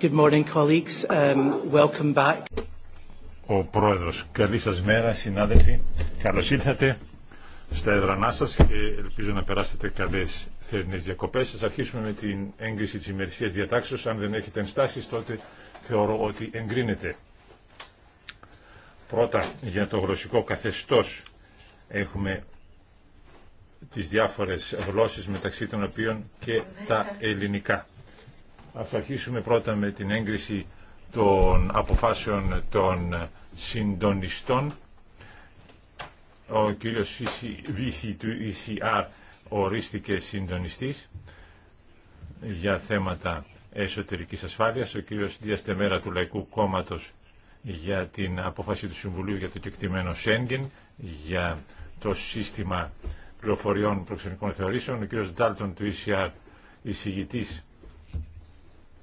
Good um, Ο Πρόεδρος. Καλή σας μέρα, συνάδελφοι. Καλώς ήρθατε στα έδρανά σας και ελπίζω να περάσετε καλές θερινές διακοπές. Σας αρχίσουμε με την έγκριση της ημερησίας διατάξεως. Αν δεν έχετε ενστάσεις, τότε θεωρώ ότι εγκρίνεται. Πρώτα, για το γλωσσικό καθεστώς έχουμε τις διάφορες γλώσσες μεταξύ των οποίων και τα ελληνικά. Ας αρχίσουμε πρώτα με την έγκριση των αποφάσεων των συντονιστών. Ο κύριος Βύση του ECR ορίστηκε συντονιστής για θέματα εσωτερικής ασφάλειας. Ο κύριος Διαστεμέρα του Λαϊκού Κόμματος για την απόφαση του Συμβουλίου για το κεκτημένο Σέγγεν, για το σύστημα πληροφοριών προξενικών θεωρήσεων. Ο κύριος Ντάλτον του ECR εισηγητής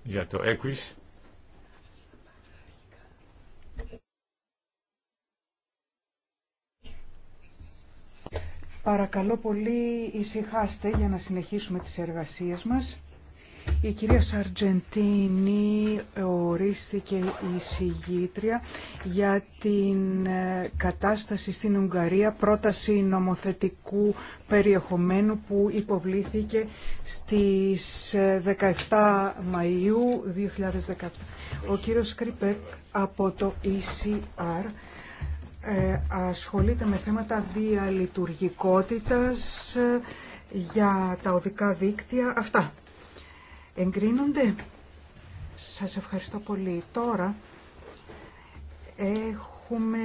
για το EQUIS. Παρακαλώ πολύ ησυχάστε για να συνεχίσουμε τις εργασίες μας. Η κυρία Σαρτζεντίνη ορίστηκε η συγγήτρια για την ε, κατάσταση στην Ουγγαρία, πρόταση νομοθετικού περιεχομένου που υποβλήθηκε στις 17 ε, Μαΐου 2017. Ο κύριος Κρυπέκ από το ECR ε, ασχολείται με θέματα διαλειτουργικότητας για τα οδικά δίκτυα. Αυτά. Εγκρίνονται. Σας ευχαριστώ πολύ. Τώρα έχουμε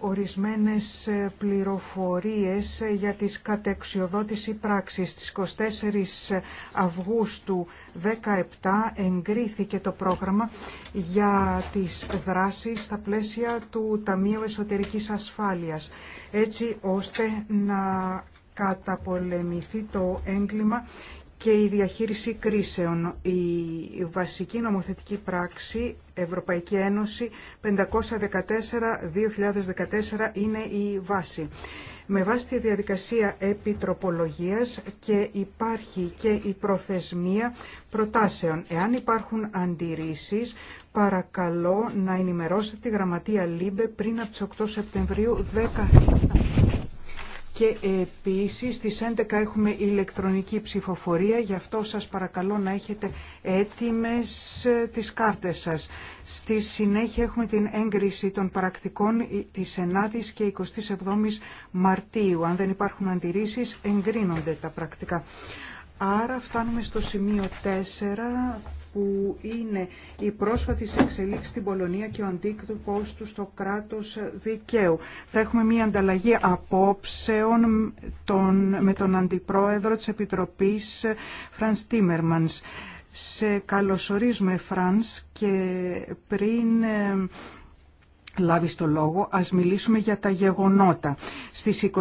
ορισμένες πληροφορίες για τις κατεξιοδότηση πράξης. Στις 24 Αυγούστου 2017 εγκρίθηκε το πρόγραμμα για τις δράσεις στα πλαίσια του Ταμείου Εσωτερικής Ασφάλειας, έτσι ώστε να καταπολεμηθεί το έγκλημα και η διαχείριση κρίσεων. Η βασική νομοθετική πράξη Ευρωπαϊκή Ένωση 514-2014 είναι η βάση. Με βάση τη διαδικασία επιτροπολογίας και υπάρχει και η προθεσμία προτάσεων. Εάν υπάρχουν αντιρρήσεις, παρακαλώ να ενημερώσετε τη Γραμματεία ΛΥΜΠΕ πριν από τις 8 Σεπτεμβρίου 10. Και επίσης στις 11 έχουμε ηλεκτρονική ψηφοφορία, γι' αυτό σας παρακαλώ να έχετε έτοιμες ε, τις κάρτες σας. Στη συνέχεια έχουμε την έγκριση των παρακτικών ε, της 9ης και 27ης Μαρτίου. Αν δεν υπάρχουν αντιρρήσεις, εγκρίνονται τα πρακτικά. Άρα φτάνουμε στο σημείο 4 που είναι η πρόσφατη εξελίξη στην Πολωνία και ο αντίκτυπο του στο κράτος δικαίου. Θα έχουμε μια ανταλλαγή απόψεων τον, με τον Αντιπρόεδρο της Επιτροπής Φραν Τίμερμανς. Σε καλωσορίζουμε Φρανς και πριν ε, λάβει το λόγο, ας μιλήσουμε για τα γεγονότα. Στις 26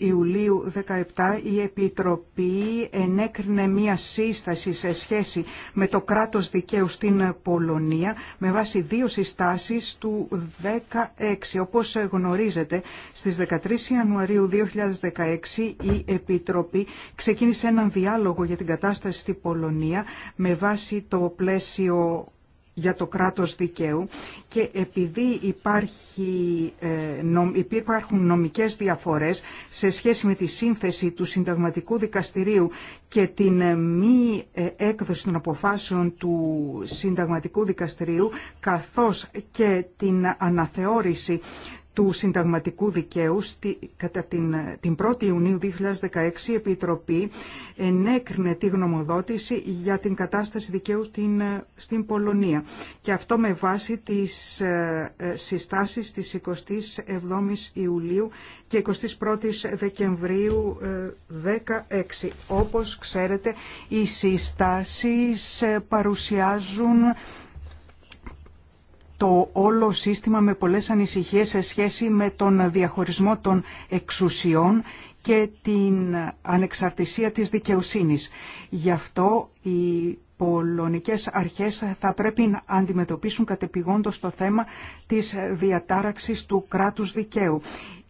Ιουλίου 17 η Επιτροπή ενέκρινε μία σύσταση σε σχέση με το κράτος δικαίου στην Πολωνία με βάση δύο συστάσεις του 16. Όπως γνωρίζετε, στις 13 Ιανουαρίου 2016 η Επιτροπή ξεκίνησε έναν διάλογο για την κατάσταση στην Πολωνία με βάση το πλαίσιο για το κράτος δικαίου και επειδή υπάρχει, ε, υπάρχουν νομικές διαφορές σε σχέση με τη σύνθεση του Συνταγματικού Δικαστηρίου και την ε, μη ε, έκδοση των αποφάσεων του Συνταγματικού Δικαστηρίου καθώς και την αναθεώρηση του συνταγματικού δικαίου στη, κατά την, την 1η Ιουνίου 2016 η Επιτροπή ενέκρινε τη γνωμοδότηση για την κατάσταση δικαίου στην, στην Πολωνία και αυτό με βάση τις ε, ε συστάσεις της 27ης Ιουλίου και 21ης Δεκεμβρίου ε, 16. Όπως ξέρετε οι συστάσεις ε, παρουσιάζουν το όλο σύστημα με πολλές ανησυχίες σε σχέση με τον διαχωρισμό των εξουσιών και την ανεξαρτησία της δικαιοσύνης. Γι' αυτό οι πολωνικές αρχές θα πρέπει να αντιμετωπίσουν κατεπηγόντως το θέμα της διατάραξης του κράτους δικαίου.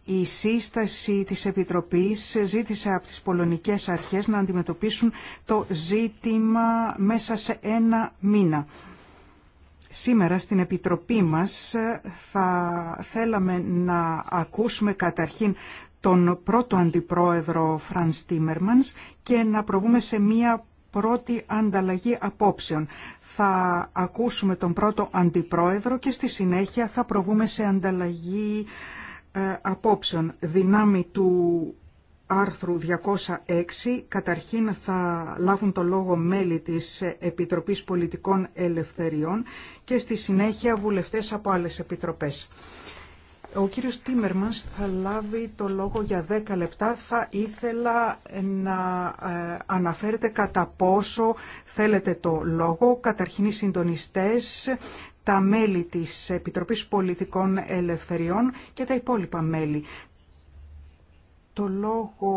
Η σύσταση της Επιτροπής ζήτησε από τις πολωνικές αρχές να αντιμετωπίσουν το ζήτημα μέσα σε ένα μήνα. Σήμερα στην Επιτροπή μας θα θέλαμε να ακούσουμε καταρχήν τον πρώτο αντιπρόεδρο Φρανς Τίμερμανς και να προβούμε σε μία πρώτη ανταλλαγή απόψεων. Θα ακούσουμε τον πρώτο αντιπρόεδρο και στη συνέχεια θα προβούμε σε ανταλλαγή ε, απόψεων δυνάμει του άρθρου 206 καταρχήν θα λάβουν το λόγο μέλη της Επιτροπής Πολιτικών Ελευθεριών και στη συνέχεια βουλευτές από άλλες επιτροπές. Ο κύριος Τίμερμανς θα λάβει το λόγο για 10 λεπτά. Θα ήθελα να ε, αναφέρετε κατά πόσο θέλετε το λόγο. Καταρχήν οι συντονιστές, τα μέλη της Επιτροπής Πολιτικών Ελευθεριών και τα υπόλοιπα μέλη. Το λόγο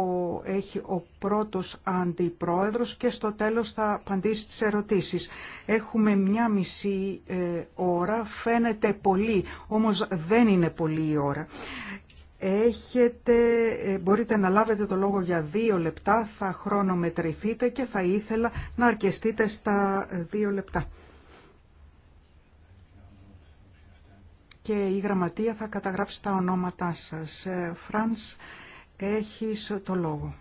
έχει ο πρώτος αντιπρόεδρος και στο τέλος θα απαντήσει τις ερωτήσεις. Έχουμε μια μισή ε, ώρα, φαίνεται πολύ, όμως δεν είναι πολύ η ώρα. Έχετε, ε, μπορείτε να λάβετε το λόγο για δύο λεπτά, θα χρονομετρηθείτε και θα ήθελα να αρκεστείτε στα ε, δύο λεπτά. Και η γραμματεία θα καταγράψει τα ονόματά σας. Φρανς, Έχεις το λόγο.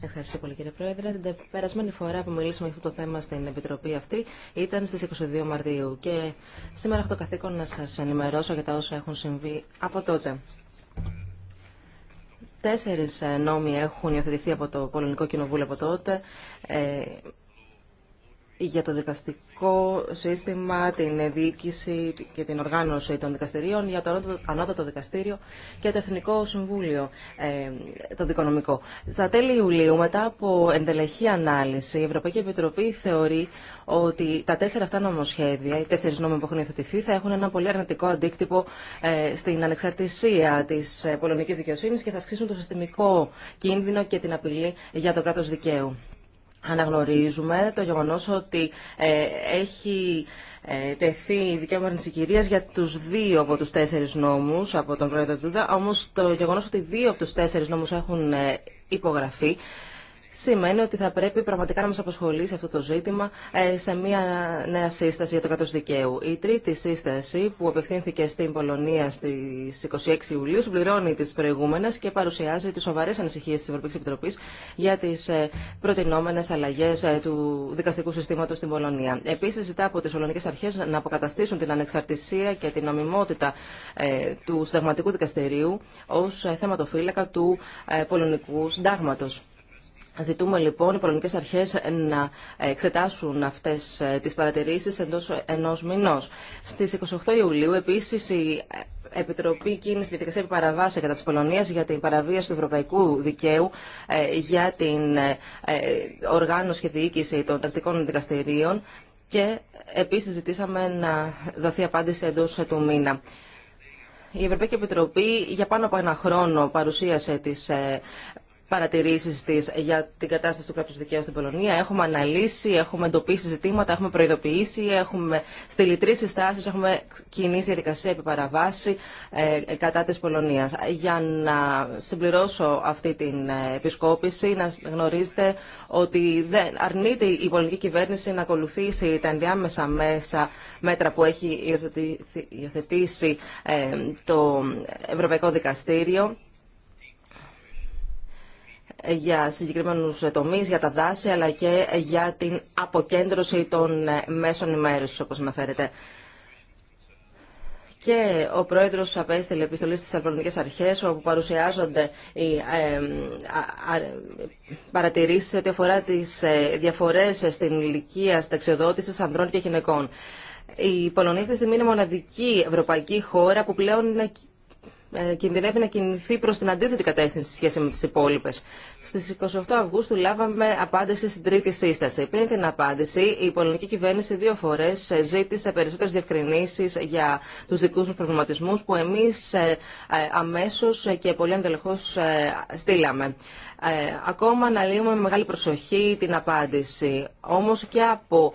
Ευχαριστώ πολύ κύριε Πρόεδρε. Την περασμένη φορά που μιλήσαμε για αυτό το θέμα στην Επιτροπή αυτή ήταν στις 22 Μαρτίου και σήμερα έχω το καθήκον να σας ενημερώσω για τα όσα έχουν συμβεί από τότε. Τέσσερις νόμοι έχουν υιοθετηθεί από το Πολωνικό Κοινοβούλιο από τότε. Ε, για το δικαστικό σύστημα, την διοίκηση και την οργάνωση των δικαστηρίων, για το ανώτατο δικαστήριο και το Εθνικό Συμβούλιο, ε, το δικονομικό. Στα τέλη Ιουλίου, μετά από εντελεχή ανάλυση, η Ευρωπαϊκή Επιτροπή θεωρεί ότι τα τέσσερα αυτά νομοσχέδια, οι τέσσερι νόμοι που έχουν υιοθετηθεί, θα έχουν ένα πολύ αρνητικό αντίκτυπο ε, στην ανεξαρτησία τη ε, πολωνική δικαιοσύνη και θα αυξήσουν το συστημικό κίνδυνο και την απειλή για το κράτο δικαίου αναγνωρίζουμε το γεγονός ότι ε, έχει ε, τεθεί η δικαίωμα κυρίας για τους δύο από τους τέσσερις νόμους από τον πρόεδρο Τούδα, όμως το γεγονός ότι δύο από τους τέσσερις νόμους έχουν ε, υπογραφεί σημαίνει ότι θα πρέπει πραγματικά να μας απασχολήσει αυτό το ζήτημα ε, σε μια νέα σύσταση για το κράτο δικαίου. Η τρίτη σύσταση που απευθύνθηκε στην Πολωνία στι 26 Ιουλίου συμπληρώνει τι προηγούμενε, και παρουσιάζει τι σοβαρέ ανησυχίε τη Ευρωπαϊκή Επιτροπή για τις ε, προτινόμενες αλλαγέ ε, του δικαστικού συστήματο στην Πολωνία. Επίση, ζητά από τι πολωνικές αρχέ να αποκαταστήσουν την ανεξαρτησία και την νομιμότητα του συνταγματικού δικαστηρίου ως θέματοφύλακα του πολωνικού Συντάγματο. Ζητούμε λοιπόν οι πολωνικές αρχές να εξετάσουν αυτές ε, τις παρατηρήσεις εντός ενός μηνός. Στις 28 Ιουλίου επίσης η ε, Επιτροπή Κίνηση δικασία Επιπαραβάση κατά της Πολωνίας για την παραβίαση του ευρωπαϊκού δικαίου ε, για την οργάνωση και διοίκηση των τακτικών δικαστηρίων και επίσης ζητήσαμε να δοθεί απάντηση εντός του μήνα. Η Ευρωπαϊκή Επιτροπή για πάνω από ένα χρόνο παρουσίασε τις Παρατηρήσει τη για την κατάσταση του κράτου δικαίου στην Πολωνία. Έχουμε αναλύσει, έχουμε εντοπίσει ζητήματα, έχουμε προειδοποιήσει, έχουμε στείλει τρεις συστάσεις, έχουμε κινήσει διαδικασία επί ε, κατά τη Πολωνία. Για να συμπληρώσω αυτή την ε, επισκόπηση, να γνωρίζετε ότι δεν αρνείται η πολιτική κυβέρνηση να ακολουθήσει τα ενδιάμεσα μέσα μέτρα που έχει υιοθετήσει ε, το Ευρωπαϊκό Δικαστήριο για συγκεκριμένους τομείς, για τα δάση, αλλά και για την αποκέντρωση των ε, μέσων ενημέρωσης, όπως αναφέρεται. Και ο πρόεδρος απέστειλε επιστολή στις αλβανικές αρχές, όπου παρουσιάζονται οι ε, παρατηρήσεις ό,τι αφορά τις ε, διαφορές στην ηλικία σταξιοδότησης ανδρών και γυναικών. Η Πολωνία αυτή τη στιγμή είναι μοναδική ευρωπαϊκή χώρα που πλέον είναι ε, κινδυνεύει να κινηθεί προς την αντίθετη κατεύθυνση σχέση με τι υπόλοιπε. Στις 28 Αυγούστου λάβαμε απάντηση στην τρίτη σύσταση. Πριν την απάντηση, η πολωνική κυβέρνηση δύο φορές ε, ζήτησε περισσότερε διευκρινήσει για τους δικού μα προβληματισμού που εμείς ε, αμέσως και πολύ εντελεχώ στείλαμε. Ακόμα αναλύουμε με μεγάλη προσοχή την απάντηση. Όμως και από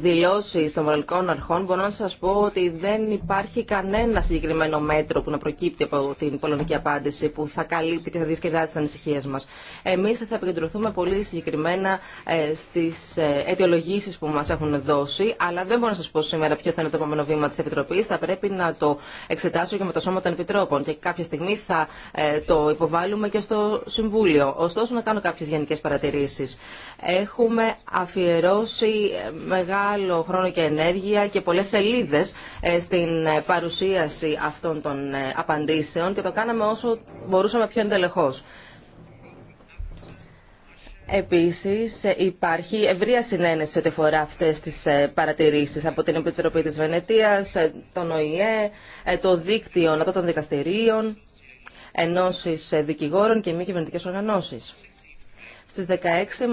Δηλώσει των βαλικών αρχών μπορώ να σα πω ότι δεν υπάρχει κανένα συγκεκριμένο μέτρο που να προκύπτει από την πολωνική απάντηση που θα καλύπτει και θα διασκεδάσει τις ανησυχίε μα. Εμεί θα επικεντρωθούμε πολύ συγκεκριμένα ε, στις ε, αιτιολογήσει που μα έχουν δώσει αλλά δεν μπορώ να σα πω σήμερα ποιο θα είναι το επόμενο βήμα τη Επιτροπή. Θα πρέπει να το εξετάσω και με το Σώμα των Επιτρόπων και κάποια στιγμή θα ε, το υποβάλουμε και στο Συμβούλιο. Ωστόσο να κάνω κάποιε γενικέ παρατηρήσει. Έχουμε αφιερώσει μεγάλη μεγάλο χρόνο και ενέργεια και πολλές σελίδες ε, στην παρουσίαση αυτών των ε, απαντήσεων και το κάναμε όσο μπορούσαμε πιο εντελεχώς. Επίσης ε, υπάρχει ευρεία συνένεση ότι αφορά αυτές τις παρατηρήσεις από την Επιτροπή της Βενετίας, τον ΟΗΕ, το Δίκτυο των Δικαστηρίων, Ενώσεις Δικηγόρων και Μη Κυβερνητικές Οργανώσεις. Στις 16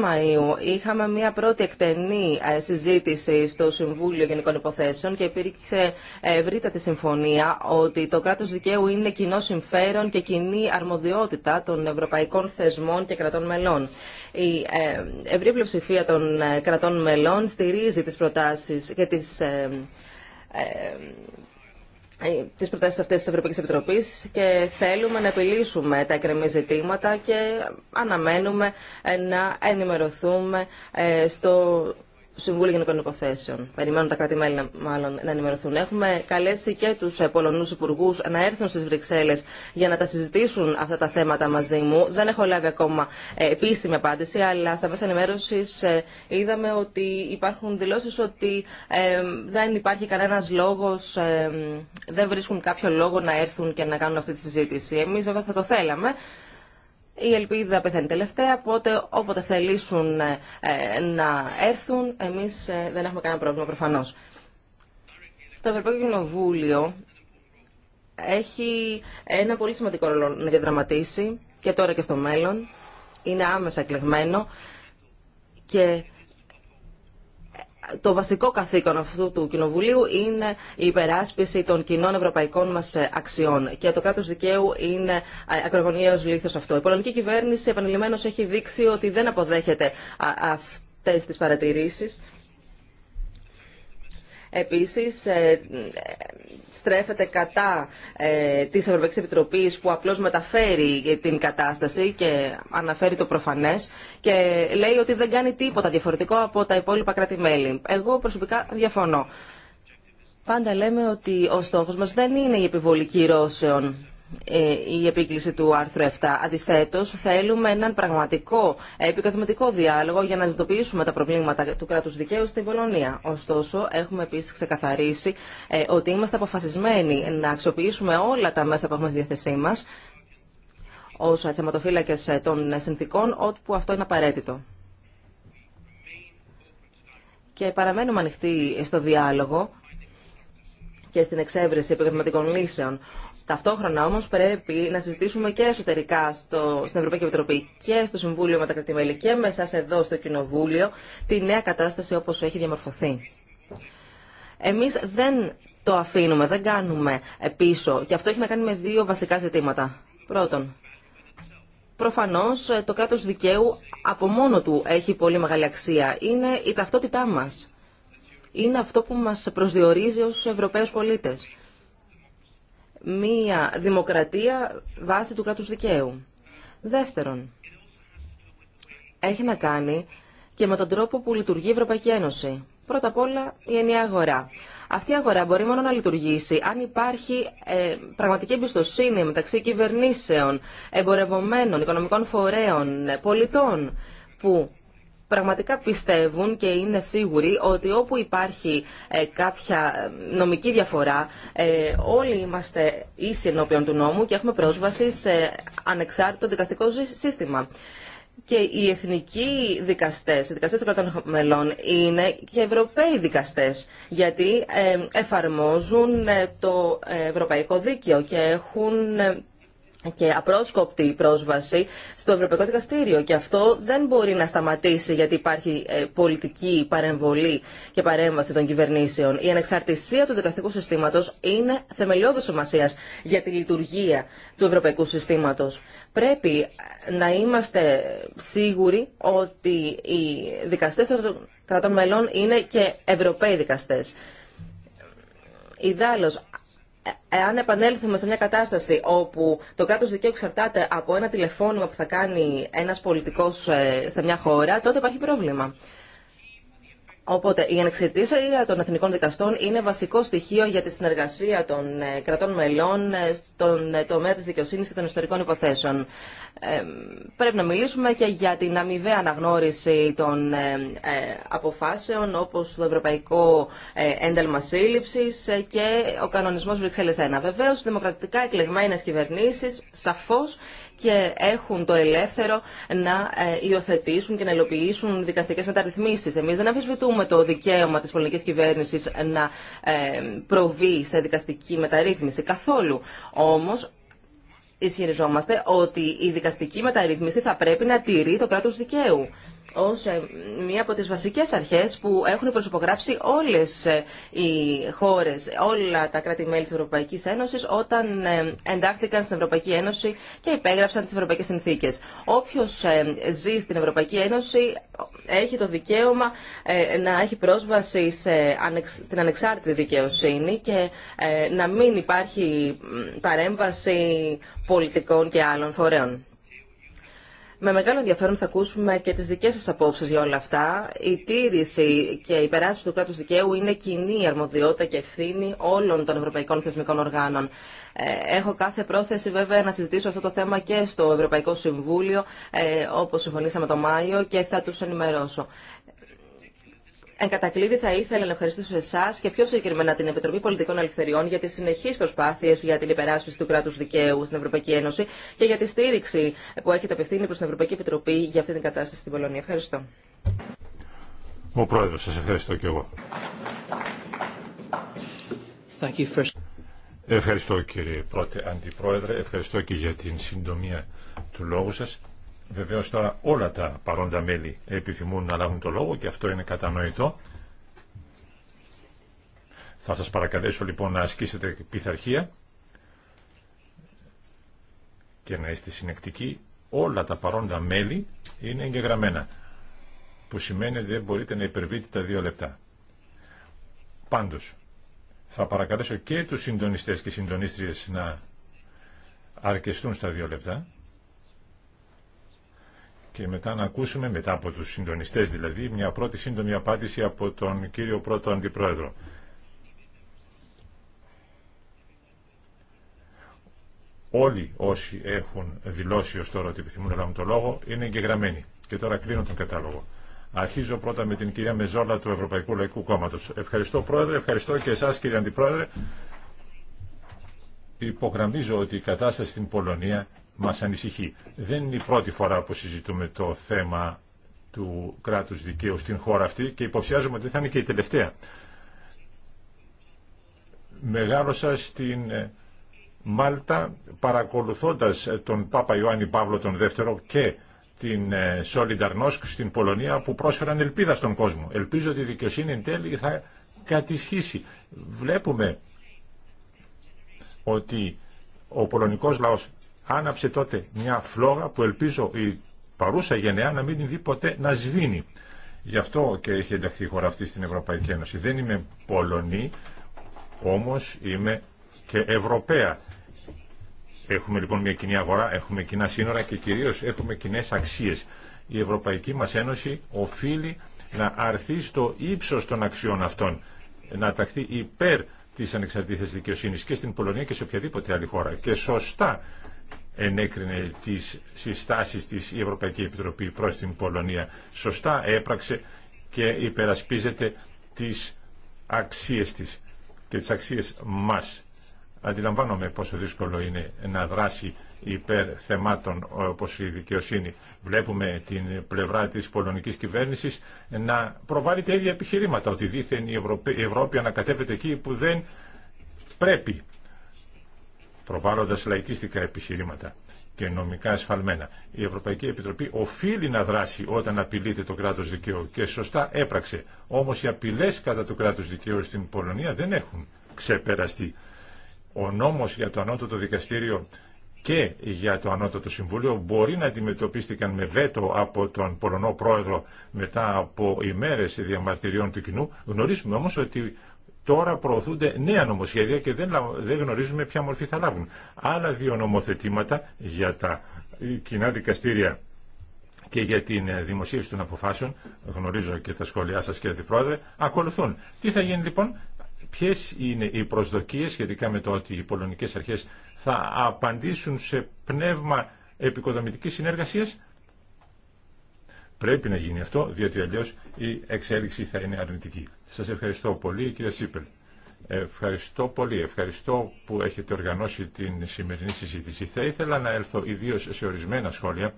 Μαΐου είχαμε μια πρώτη εκτενή ε, συζήτηση στο Συμβούλιο Γενικών Υποθέσεων και υπήρξε ε, ευρύτατη συμφωνία ότι το κράτος δικαίου είναι κοινό συμφέρον και κοινή αρμοδιότητα των ευρωπαϊκών θεσμών και κρατών μελών. Η ε, ευρύ πλειοψηφία των κρατών μελών στηρίζει τις προτάσεις και τις ε, τις προτάσεις αυτές της Ευρωπαϊκής Επιτροπής και θέλουμε να επιλύσουμε τα εκκρεμή ζητήματα και αναμένουμε να ενημερωθούμε ε, στο Συμβούλιο Γενικών Υποθέσεων. Περιμένουν τα κράτη-μέλη μάλλον να ενημερωθούν. Έχουμε καλέσει και του ε, Πολωνού Υπουργού να έρθουν στι Βρυξέλλε για να τα συζητήσουν αυτά τα θέματα μαζί μου. Δεν έχω λάβει ακόμα ε, επίσημη απάντηση, αλλά στα μέσα ενημέρωση ε, είδαμε ότι υπάρχουν δηλώσει ότι δεν υπάρχει κανένα λόγο, δεν βρίσκουν κάποιο λόγο να έρθουν και να κάνουν αυτή τη συζήτηση. Εμεί βέβαια θα το θέλαμε. Η ελπίδα πεθαίνει τελευταία, οπότε όποτε θελήσουν ε, να έρθουν, εμείς ε, δεν έχουμε κανένα πρόβλημα προφανώς. Το Ευρωπαϊκό Κοινοβούλιο έχει ένα πολύ σημαντικό ρόλο να διαδραματίσει και τώρα και στο μέλλον. Είναι άμεσα εκλεγμένο και το βασικό καθήκον αυτού του Κοινοβουλίου είναι η υπεράσπιση των κοινών ευρωπαϊκών μα ε, αξιών. Και το κράτο δικαίου είναι ε, ακρογωνιαίο λήθο αυτό. Η πολωνική κυβέρνηση επανειλημμένω έχει δείξει ότι δεν αποδέχεται αυτέ τι παρατηρήσει Επίσης, ε, στρέφεται κατά ε, της Ευρωπαϊκής Επιτροπής που απλώς μεταφέρει την κατάσταση και αναφέρει το προφανές και λέει ότι δεν κάνει τίποτα διαφορετικό από τα υπόλοιπα κράτη-μέλη. Εγώ προσωπικά διαφωνώ. Πάντα λέμε ότι ο στόχος μας δεν είναι η επιβολή κυρώσεων ε, η επίκληση του άρθρου 7. Αντιθέτω, θέλουμε έναν πραγματικό ε, επικαθηματικό διάλογο για να αντιμετωπίσουμε τα προβλήματα του κράτου δικαίου στην Πολωνία. Ωστόσο, έχουμε επίση ξεκαθαρίσει ε, ότι είμαστε αποφασισμένοι να αξιοποιήσουμε όλα τα μέσα που έχουμε στη διάθεσή μα ω θεματοφύλακε των συνθήκων, όπου αυτό είναι απαραίτητο. Και παραμένουμε ανοιχτοί στο διάλογο και στην εξέβρεση επικαθηματικών λύσεων. Ταυτόχρονα όμω πρέπει να συζητήσουμε και εσωτερικά στο, στην Ευρωπαϊκή Επιτροπή και στο Συμβούλιο με τα κρατημέλη και με εσά εδώ στο Κοινοβούλιο τη νέα κατάσταση όπω έχει διαμορφωθεί. Εμεί δεν το αφήνουμε, δεν κάνουμε πίσω και αυτό έχει να κάνει με δύο βασικά ζητήματα. Πρώτον, προφανώ το κράτο δικαίου από μόνο του έχει πολύ μεγάλη αξία. Είναι η ταυτότητά μα. Είναι αυτό που μα προσδιορίζει ω Ευρωπαίου πολίτε μία δημοκρατία βάσει του κράτους δικαίου. Δεύτερον, έχει να κάνει και με τον τρόπο που λειτουργεί η Ευρωπαϊκή Ένωση. Πρώτα απ' όλα η ενιαία αγορά. Αυτή η αγορά μπορεί μόνο να λειτουργήσει αν υπάρχει ε, πραγματική εμπιστοσύνη μεταξύ κυβερνήσεων, εμπορευομένων, οικονομικών φορέων, ε, πολιτών που πραγματικά πιστεύουν και είναι σίγουροι ότι όπου υπάρχει ε, κάποια ε, νομική διαφορά ε, όλοι είμαστε ίσοι ενώπιον του νόμου και έχουμε πρόσβαση σε ανεξάρτητο δικαστικό σύστημα. Και οι εθνικοί δικαστές, οι δικαστές των κρατών μελών είναι και ευρωπαίοι δικαστές γιατί εφαρμόζουν το ευρωπαϊκό δίκαιο και έχουν και απρόσκοπτη πρόσβαση στο Ευρωπαϊκό Δικαστήριο. Και αυτό δεν μπορεί να σταματήσει γιατί υπάρχει ε, πολιτική παρεμβολή και παρέμβαση των κυβερνήσεων. Η ανεξαρτησία του δικαστικού συστήματο είναι θεμελιώδη σημασία για τη λειτουργία του Ευρωπαϊκού συστήματο. Πρέπει ε, να είμαστε σίγουροι ότι οι δικαστέ των κρατών μελών είναι και Ευρωπαίοι δικαστέ. Ιδάλλως, εάν επανέλθουμε σε μια κατάσταση όπου το κράτος δικαίου εξαρτάται από ένα τηλεφώνημα που θα κάνει ένας πολιτικός ε, σε μια χώρα, τότε υπάρχει πρόβλημα. Οπότε η ανεξαρτησία των εθνικών δικαστών είναι βασικό στοιχείο για τη συνεργασία των ε, κρατών μελών ε, στον ε, τομέα της δικαιοσύνης και των ιστορικών υποθέσεων. πρέπει να μιλήσουμε και για την αμοιβαία αναγνώριση των αποφάσεων όπως το Ευρωπαϊκό Ένταλμα Σύλληψης και ο κανονισμός Βρυξέλλες 1. Βεβαίως, δημοκρατικά εκλεγμένες κυβερνήσεις σαφώς και έχουν το ελεύθερο να ε, υιοθετήσουν και να υλοποιήσουν δικαστικέ μεταρρυθμίσει. Εμεί δεν αμφισβητούμε το δικαίωμα τη πολιτική κυβέρνηση να ε, προβεί σε δικαστική μεταρρύθμιση καθόλου. Όμω, ισχυριζόμαστε ότι η δικαστική μεταρρύθμιση θα πρέπει να τηρεί το κράτο δικαίου. Ω ε, μία από τι βασικές αρχές που έχουν προσυπογράψει όλες ε, οι χώρες, όλα τα κράτη-μέλη της Ευρωπαϊκής Ένωσης όταν ε, εντάχθηκαν στην Ευρωπαϊκή Ένωση και υπέγραψαν τις Ευρωπαϊκές Συνθήκες. Όποιο ζει στην Ευρωπαϊκή Ένωση έχει το δικαίωμα να έχει πρόσβαση στην ανεξάρτητη δικαιοσύνη και να μην υπάρχει παρέμβαση πολιτικών και άλλων φορέων. Με μεγάλο ενδιαφέρον θα ακούσουμε και τις δικές σας απόψεις για όλα αυτά. Η τήρηση και η περάσπιση του κράτους δικαίου είναι κοινή αρμοδιότητα και ευθύνη όλων των ευρωπαϊκών θεσμικών οργάνων. Ε, έχω κάθε πρόθεση βέβαια να συζητήσω αυτό το θέμα και στο Ευρωπαϊκό Συμβούλιο, ε, όπως συμφωνήσαμε το Μάιο, και θα τους ενημερώσω. Εν κατακλείδη θα ήθελα να ευχαριστήσω εσά και πιο συγκεκριμένα την Επιτροπή Πολιτικών Ελευθεριών για τι συνεχεί προσπάθειε για την υπεράσπιση του κράτου δικαίου στην Ευρωπαϊκή Ένωση και για τη στήριξη που έχετε απευθύνει προ την Ευρωπαϊκή Επιτροπή για αυτή την κατάσταση στην Πολωνία. Ευχαριστώ. Ο Πρόεδρο, σας ευχαριστώ και εγώ. Ευχαριστώ κύριε Πρώτε Αντιπρόεδρε, ευχαριστώ και για την συντομία του λόγου σας. Βεβαίω τώρα όλα τα παρόντα μέλη επιθυμούν να λάβουν το λόγο και αυτό είναι κατανοητό. Θα σας παρακαλέσω λοιπόν να ασκήσετε πειθαρχία και να είστε συνεκτικοί. Όλα τα παρόντα μέλη είναι εγγεγραμμένα, που σημαίνει ότι δεν μπορείτε να υπερβείτε τα δύο λεπτά. Πάντως, θα παρακαλέσω και τους συντονιστές και συντονίστριες να αρκεστούν στα δύο λεπτά και μετά να ακούσουμε, μετά από τους συντονιστές δηλαδή, μια πρώτη σύντομη απάντηση από τον κύριο πρώτο αντιπρόεδρο. Όλοι όσοι έχουν δηλώσει ως τώρα ότι επιθυμούν να λάβουν το λόγο είναι εγγεγραμμένοι. Και τώρα κλείνω τον κατάλογο. Αρχίζω πρώτα με την κυρία Μεζόλα του Ευρωπαϊκού Λαϊκού Κόμματος. Ευχαριστώ πρόεδρε, ευχαριστώ και εσάς κύριε αντιπρόεδρε. Υπογραμμίζω ότι η κατάσταση στην Πολωνία μας ανησυχεί. Δεν είναι η πρώτη φορά που συζητούμε το θέμα του κράτους δικαίου στην χώρα αυτή και υποψιάζομαι ότι θα είναι και η τελευταία. Μεγάλωσα στην ε, Μάλτα παρακολουθώντας ε, τον Πάπα Ιωάννη Παύλο τον Δεύτερο και την Solidarność ε, στην Πολωνία που πρόσφεραν ελπίδα στον κόσμο. Ελπίζω ότι η δικαιοσύνη εν τέλει θα κατησχύσει. Βλέπουμε ότι ο πολωνικός λαός άναψε τότε μια φλόγα που ελπίζω η παρούσα γενεά να μην την δει ποτέ να σβήνει. Γι' αυτό και έχει ενταχθεί η χώρα αυτή στην Ευρωπαϊκή Ένωση. Δεν είμαι Πολωνή, όμως είμαι και Ευρωπαία. Έχουμε λοιπόν μια κοινή αγορά, έχουμε κοινά σύνορα και κυρίως έχουμε κοινέ αξίες. Η Ευρωπαϊκή μας Ένωση οφείλει να αρθεί στο ύψος των αξιών αυτών, να ταχθεί υπέρ της ανεξαρτήθειας δικαιοσύνης και στην Πολωνία και σε οποιαδήποτε άλλη χώρα. Και σωστά ενέκρινε τις συστάσεις της η Ευρωπαϊκή Επιτροπή προς την Πολωνία. Σωστά έπραξε και υπερασπίζεται τις αξίες της και τις αξίες μας. Αντιλαμβάνομαι πόσο δύσκολο είναι να δράσει υπέρ θεμάτων όπως η δικαιοσύνη. Βλέπουμε την πλευρά της πολωνικής κυβέρνησης να προβάλλει τα ίδια επιχειρήματα ότι δήθεν η Ευρώπη ανακατεύεται εκεί που δεν πρέπει προβάλλοντας λαϊκίστικα επιχειρήματα και νομικά ασφαλμένα. Η Ευρωπαϊκή Επιτροπή οφείλει να δράσει όταν απειλείται το κράτος δικαίου και σωστά έπραξε. Όμως οι απειλές κατά του κράτους δικαίου στην Πολωνία δεν έχουν ξεπεραστεί. Ο νόμος για το ανώτατο δικαστήριο και για το Ανώτατο Συμβούλιο μπορεί να αντιμετωπίστηκαν με βέτο από τον Πολωνό Πρόεδρο μετά από ημέρες διαμαρτυριών του κοινού. Γνωρίζουμε όμως ότι Τώρα προωθούνται νέα νομοσχέδια και δεν, δεν γνωρίζουμε ποια μορφή θα λάβουν. Άλλα δύο νομοθετήματα για τα ε, κοινά δικαστήρια και για την ε, δημοσίευση των αποφάσεων, γνωρίζω και τα σχόλιά σας κύριε Αντιπρόεδρε, ακολουθούν. Τι θα γίνει λοιπόν, ποιες είναι οι προσδοκίες σχετικά με το ότι οι πολωνικές αρχές θα απαντήσουν σε πνεύμα επικοδομητικής συνεργασίας Πρέπει να γίνει αυτό, διότι αλλιώ η εξέλιξη θα είναι αρνητική. Σα ευχαριστώ πολύ, κύριε Σίπελ. Ευχαριστώ πολύ. Ευχαριστώ που έχετε οργανώσει την σημερινή συζήτηση. Θα ήθελα να έλθω ιδίω σε ορισμένα σχόλια.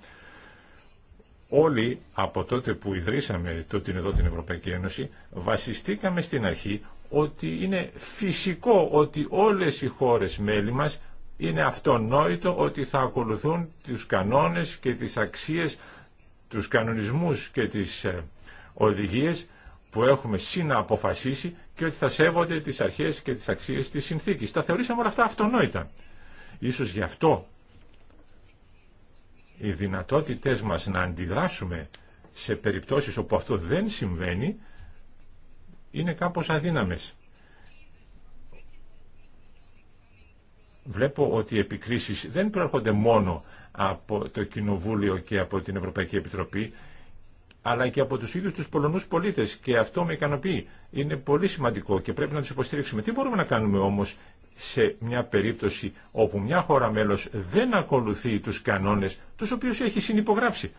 Όλοι από τότε που ιδρύσαμε το την εδώ την Ευρωπαϊκή Ένωση βασιστήκαμε στην αρχή ότι είναι φυσικό ότι όλες οι χώρες μέλη μας είναι αυτονόητο ότι θα ακολουθούν τους κανόνες και τις αξίες τους κανονισμούς και τις ε, οδηγίες που έχουμε συναποφασίσει και ότι θα σέβονται τις αρχές και τις αξίες της συνθήκης. Τα θεωρήσαμε όλα αυτά αυτονόητα. Ίσως γι' αυτό οι δυνατότητες μας να αντιδράσουμε σε περιπτώσεις όπου αυτό δεν συμβαίνει είναι κάπως αδύναμες. Βλέπω ότι οι επικρίσεις δεν προέρχονται μόνο από το Κοινοβούλιο και από την Ευρωπαϊκή Επιτροπή, αλλά και από τους ίδιους τους Πολωνούς πολίτες. Και αυτό με ικανοποιεί. Είναι πολύ σημαντικό και πρέπει να τους υποστηρίξουμε. Τι μπορούμε να κάνουμε όμως σε μια περίπτωση όπου μια χώρα μέλος δεν ακολουθεί τους κανόνες τους οποίους έχει συνυπογράψει.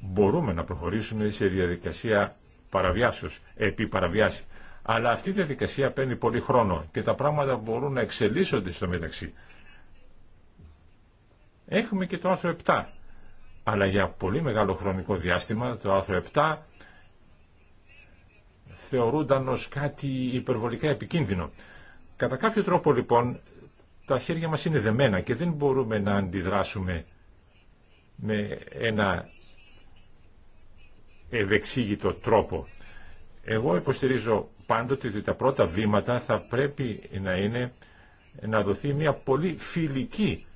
Μπορούμε να προχωρήσουμε σε διαδικασία παραβιάσεως, επί παραβιάση. Αλλά αυτή η διαδικασία παίρνει πολύ χρόνο και τα πράγματα μπορούν να εξελίσσονται στο μεταξύ. Έχουμε και το άρθρο 7. Αλλά για πολύ μεγάλο χρονικό διάστημα το άρθρο 7 θεωρούνταν ως κάτι υπερβολικά επικίνδυνο. Κατά κάποιο τρόπο λοιπόν τα χέρια μας είναι δεμένα και δεν μπορούμε να αντιδράσουμε με ένα ευεξήγητο τρόπο. Εγώ υποστηρίζω πάντοτε ότι τα πρώτα βήματα θα πρέπει να είναι να δοθεί μια πολύ φιλική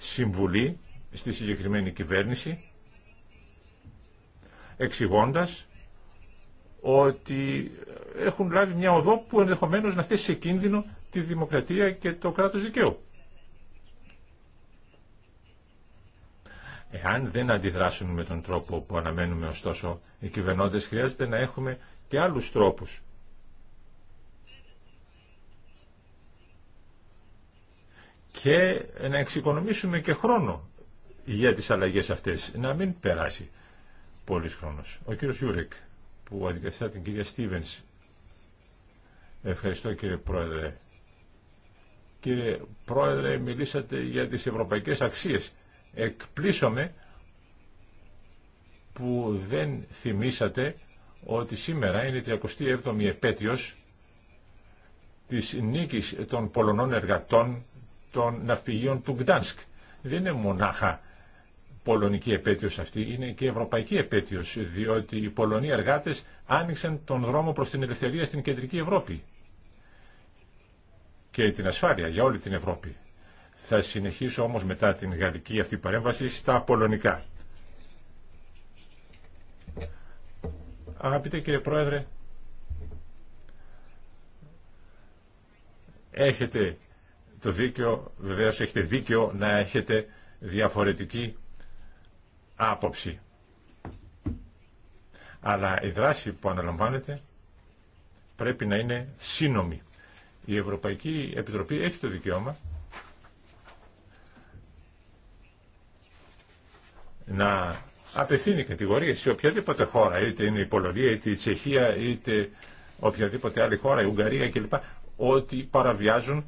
συμβουλή στη συγκεκριμένη κυβέρνηση εξηγώντας ότι έχουν λάβει μια οδό που ενδεχομένως να θέσει σε κίνδυνο τη δημοκρατία και το κράτος δικαίου. Εάν δεν αντιδράσουν με τον τρόπο που αναμένουμε ωστόσο οι κυβερνώντες χρειάζεται να έχουμε και άλλους τρόπους και να εξοικονομήσουμε και χρόνο για τις αλλαγές αυτές, να μην περάσει πολύς χρόνος. Ο κύριος Γιούρεκ που αντικαθιστά την κυρία Στίβενς. Ευχαριστώ κύριε Πρόεδρε. Κύριε Πρόεδρε, μιλήσατε για τις ευρωπαϊκές αξίες. Εκπλήσωμε που δεν θυμήσατε ότι σήμερα είναι η 37η επέτειος της νίκης των Πολωνών εργατών των ναυπηγείων του Γκτάνσκ. Δεν είναι μονάχα πολωνική επέτειος αυτή, είναι και ευρωπαϊκή επέτειος, διότι οι Πολωνοί εργάτες άνοιξαν τον δρόμο προς την ελευθερία στην κεντρική Ευρώπη και την ασφάλεια για όλη την Ευρώπη. Θα συνεχίσω όμως μετά την γαλλική αυτή παρέμβαση στα πολωνικά. Αγαπητέ κύριε Πρόεδρε, έχετε το δίκαιο, βεβαίως έχετε δίκαιο να έχετε διαφορετική άποψη. Αλλά η δράση που αναλαμβάνετε πρέπει να είναι σύνομη. Η Ευρωπαϊκή Επιτροπή έχει το δικαίωμα να απευθύνει κατηγορίες σε οποιαδήποτε χώρα, είτε είναι η Πολωνία, είτε η Τσεχία, είτε οποιαδήποτε άλλη χώρα, η Ουγγαρία κλπ, ότι παραβιάζουν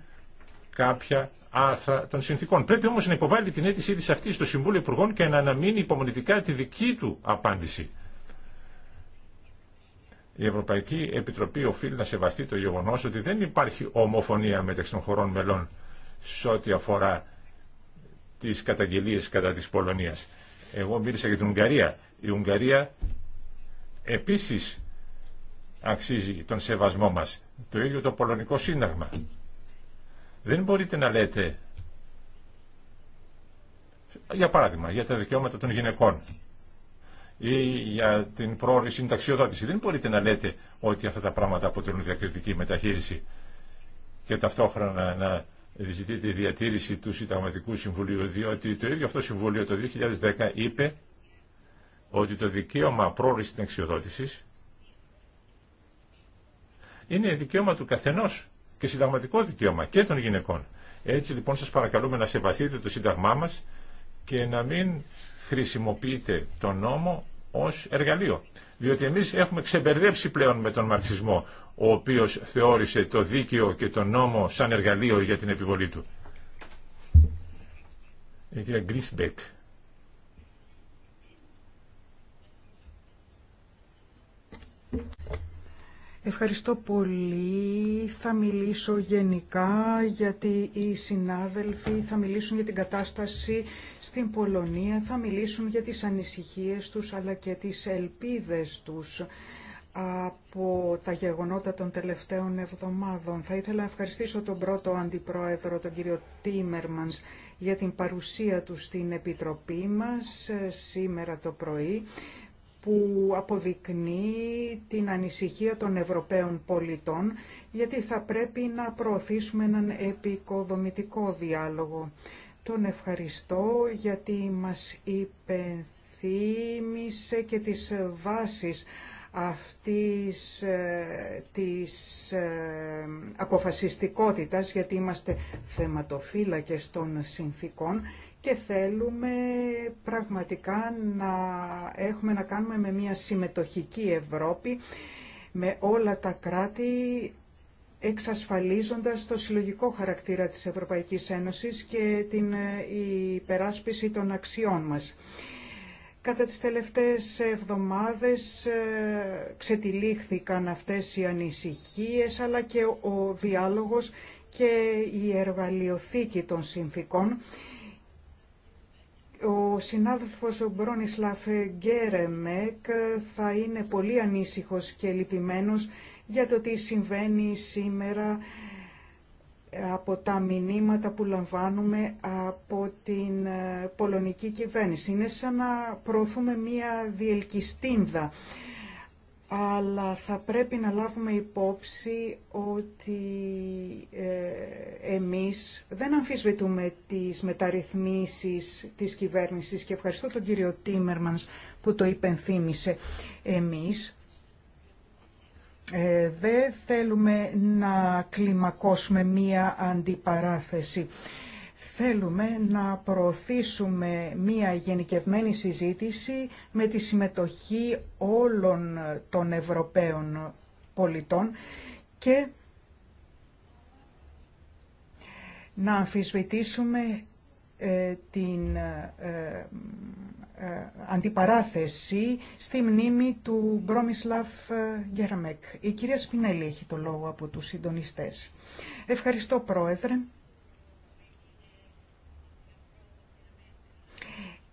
κάποια άρθρα των συνθήκων. Πρέπει όμως να υποβάλει την αίτησή της αυτή στο Συμβούλιο Υπουργών και να αναμείνει υπομονητικά τη δική του απάντηση. Η Ευρωπαϊκή Επιτροπή οφείλει να σεβαστεί το γεγονό ότι δεν υπάρχει ομοφωνία μεταξύ των χωρών μελών σε ό,τι αφορά τι καταγγελίε κατά της Πολωνία. Εγώ μίλησα για την Ουγγαρία. Η Ουγγαρία επίση αξίζει τον σεβασμό μα Το ίδιο το πολωνικό σύνταγμα. Δεν μπορείτε να λέτε, για παράδειγμα, για τα δικαιώματα των γυναικών ή για την πρόορη συνταξιοδότηση. Δεν μπορείτε να λέτε ότι αυτά τα πράγματα αποτελούν διακριτική μεταχείριση και ταυτόχρονα να ζητείτε η διατήρηση του Συνταγματικού Συμβουλίου, διότι το ίδιο αυτό Συμβούλιο το 2010 είπε ότι το δικαίωμα πρόορης συνταξιοδότησης είναι δικαίωμα του καθενός και συνταγματικό δικαίωμα και των γυναικών. Έτσι λοιπόν σας παρακαλούμε να σεβαστείτε το σύνταγμά μας και να μην χρησιμοποιείτε τον νόμο ως εργαλείο. Διότι εμείς έχουμε ξεμπερδέψει πλέον με τον μαρξισμό, ο οποίος θεώρησε το δίκαιο και τον νόμο σαν εργαλείο για την επιβολή του. Η κυρία Ευχαριστώ πολύ. Θα μιλήσω γενικά γιατί οι συνάδελφοι θα μιλήσουν για την κατάσταση στην Πολωνία, θα μιλήσουν για τις ανησυχίες τους αλλά και τις ελπίδες τους από τα γεγονότα των τελευταίων εβδομάδων. Θα ήθελα να ευχαριστήσω τον πρώτο αντιπρόεδρο, τον κύριο Τίμερμανς, για την παρουσία του στην Επιτροπή μας ε, σήμερα το πρωί που αποδεικνύει την ανησυχία των Ευρωπαίων πολιτών, γιατί θα πρέπει να προωθήσουμε έναν επικοδομητικό διάλογο. Τον ευχαριστώ γιατί μας υπενθύμησε και τις βάσεις αυτής ε, της ε, αποφασιστικότητας, γιατί είμαστε θεματοφύλακες των συνθήκων και θέλουμε πραγματικά να έχουμε να κάνουμε με μια συμμετοχική Ευρώπη με όλα τα κράτη εξασφαλίζοντας το συλλογικό χαρακτήρα της Ευρωπαϊκής Ένωσης και την ε, υπεράσπιση των αξιών μας. Κατά τις τελευταίες εβδομάδες ε, ξετυλίχθηκαν αυτές οι ανησυχίες, αλλά και ο διάλογος και η εργαλειοθήκη των συνθήκων ο συνάδελφος Μπρόνισλαφ Γκέρεμεκ θα είναι πολύ ανήσυχος και λυπημένος για το τι συμβαίνει σήμερα από τα μηνύματα που λαμβάνουμε από την ε, πολωνική κυβέρνηση. Είναι σαν να προωθούμε μία διελκυστίνδα αλλά θα πρέπει να λάβουμε υπόψη ότι ε, εμείς δεν αμφισβητούμε τις μεταρρυθμίσεις της κυβέρνησης και ευχαριστώ τον κύριο Τίμερμανς που το υπενθύμησε. Εμείς ε, δεν θέλουμε να κλιμακώσουμε μία αντιπαράθεση θέλουμε να προωθήσουμε μία γενικευμένη συζήτηση με τη συμμετοχή όλων των Ευρωπαίων πολιτών και να αμφισβητήσουμε ε, την ε, ε, αντιπαράθεση στη μνήμη του Μπρόμισλαφ Γκέραμεκ. Η κυρία Σπινέλη έχει το λόγο από τους συντονιστές. Ευχαριστώ πρόεδρε.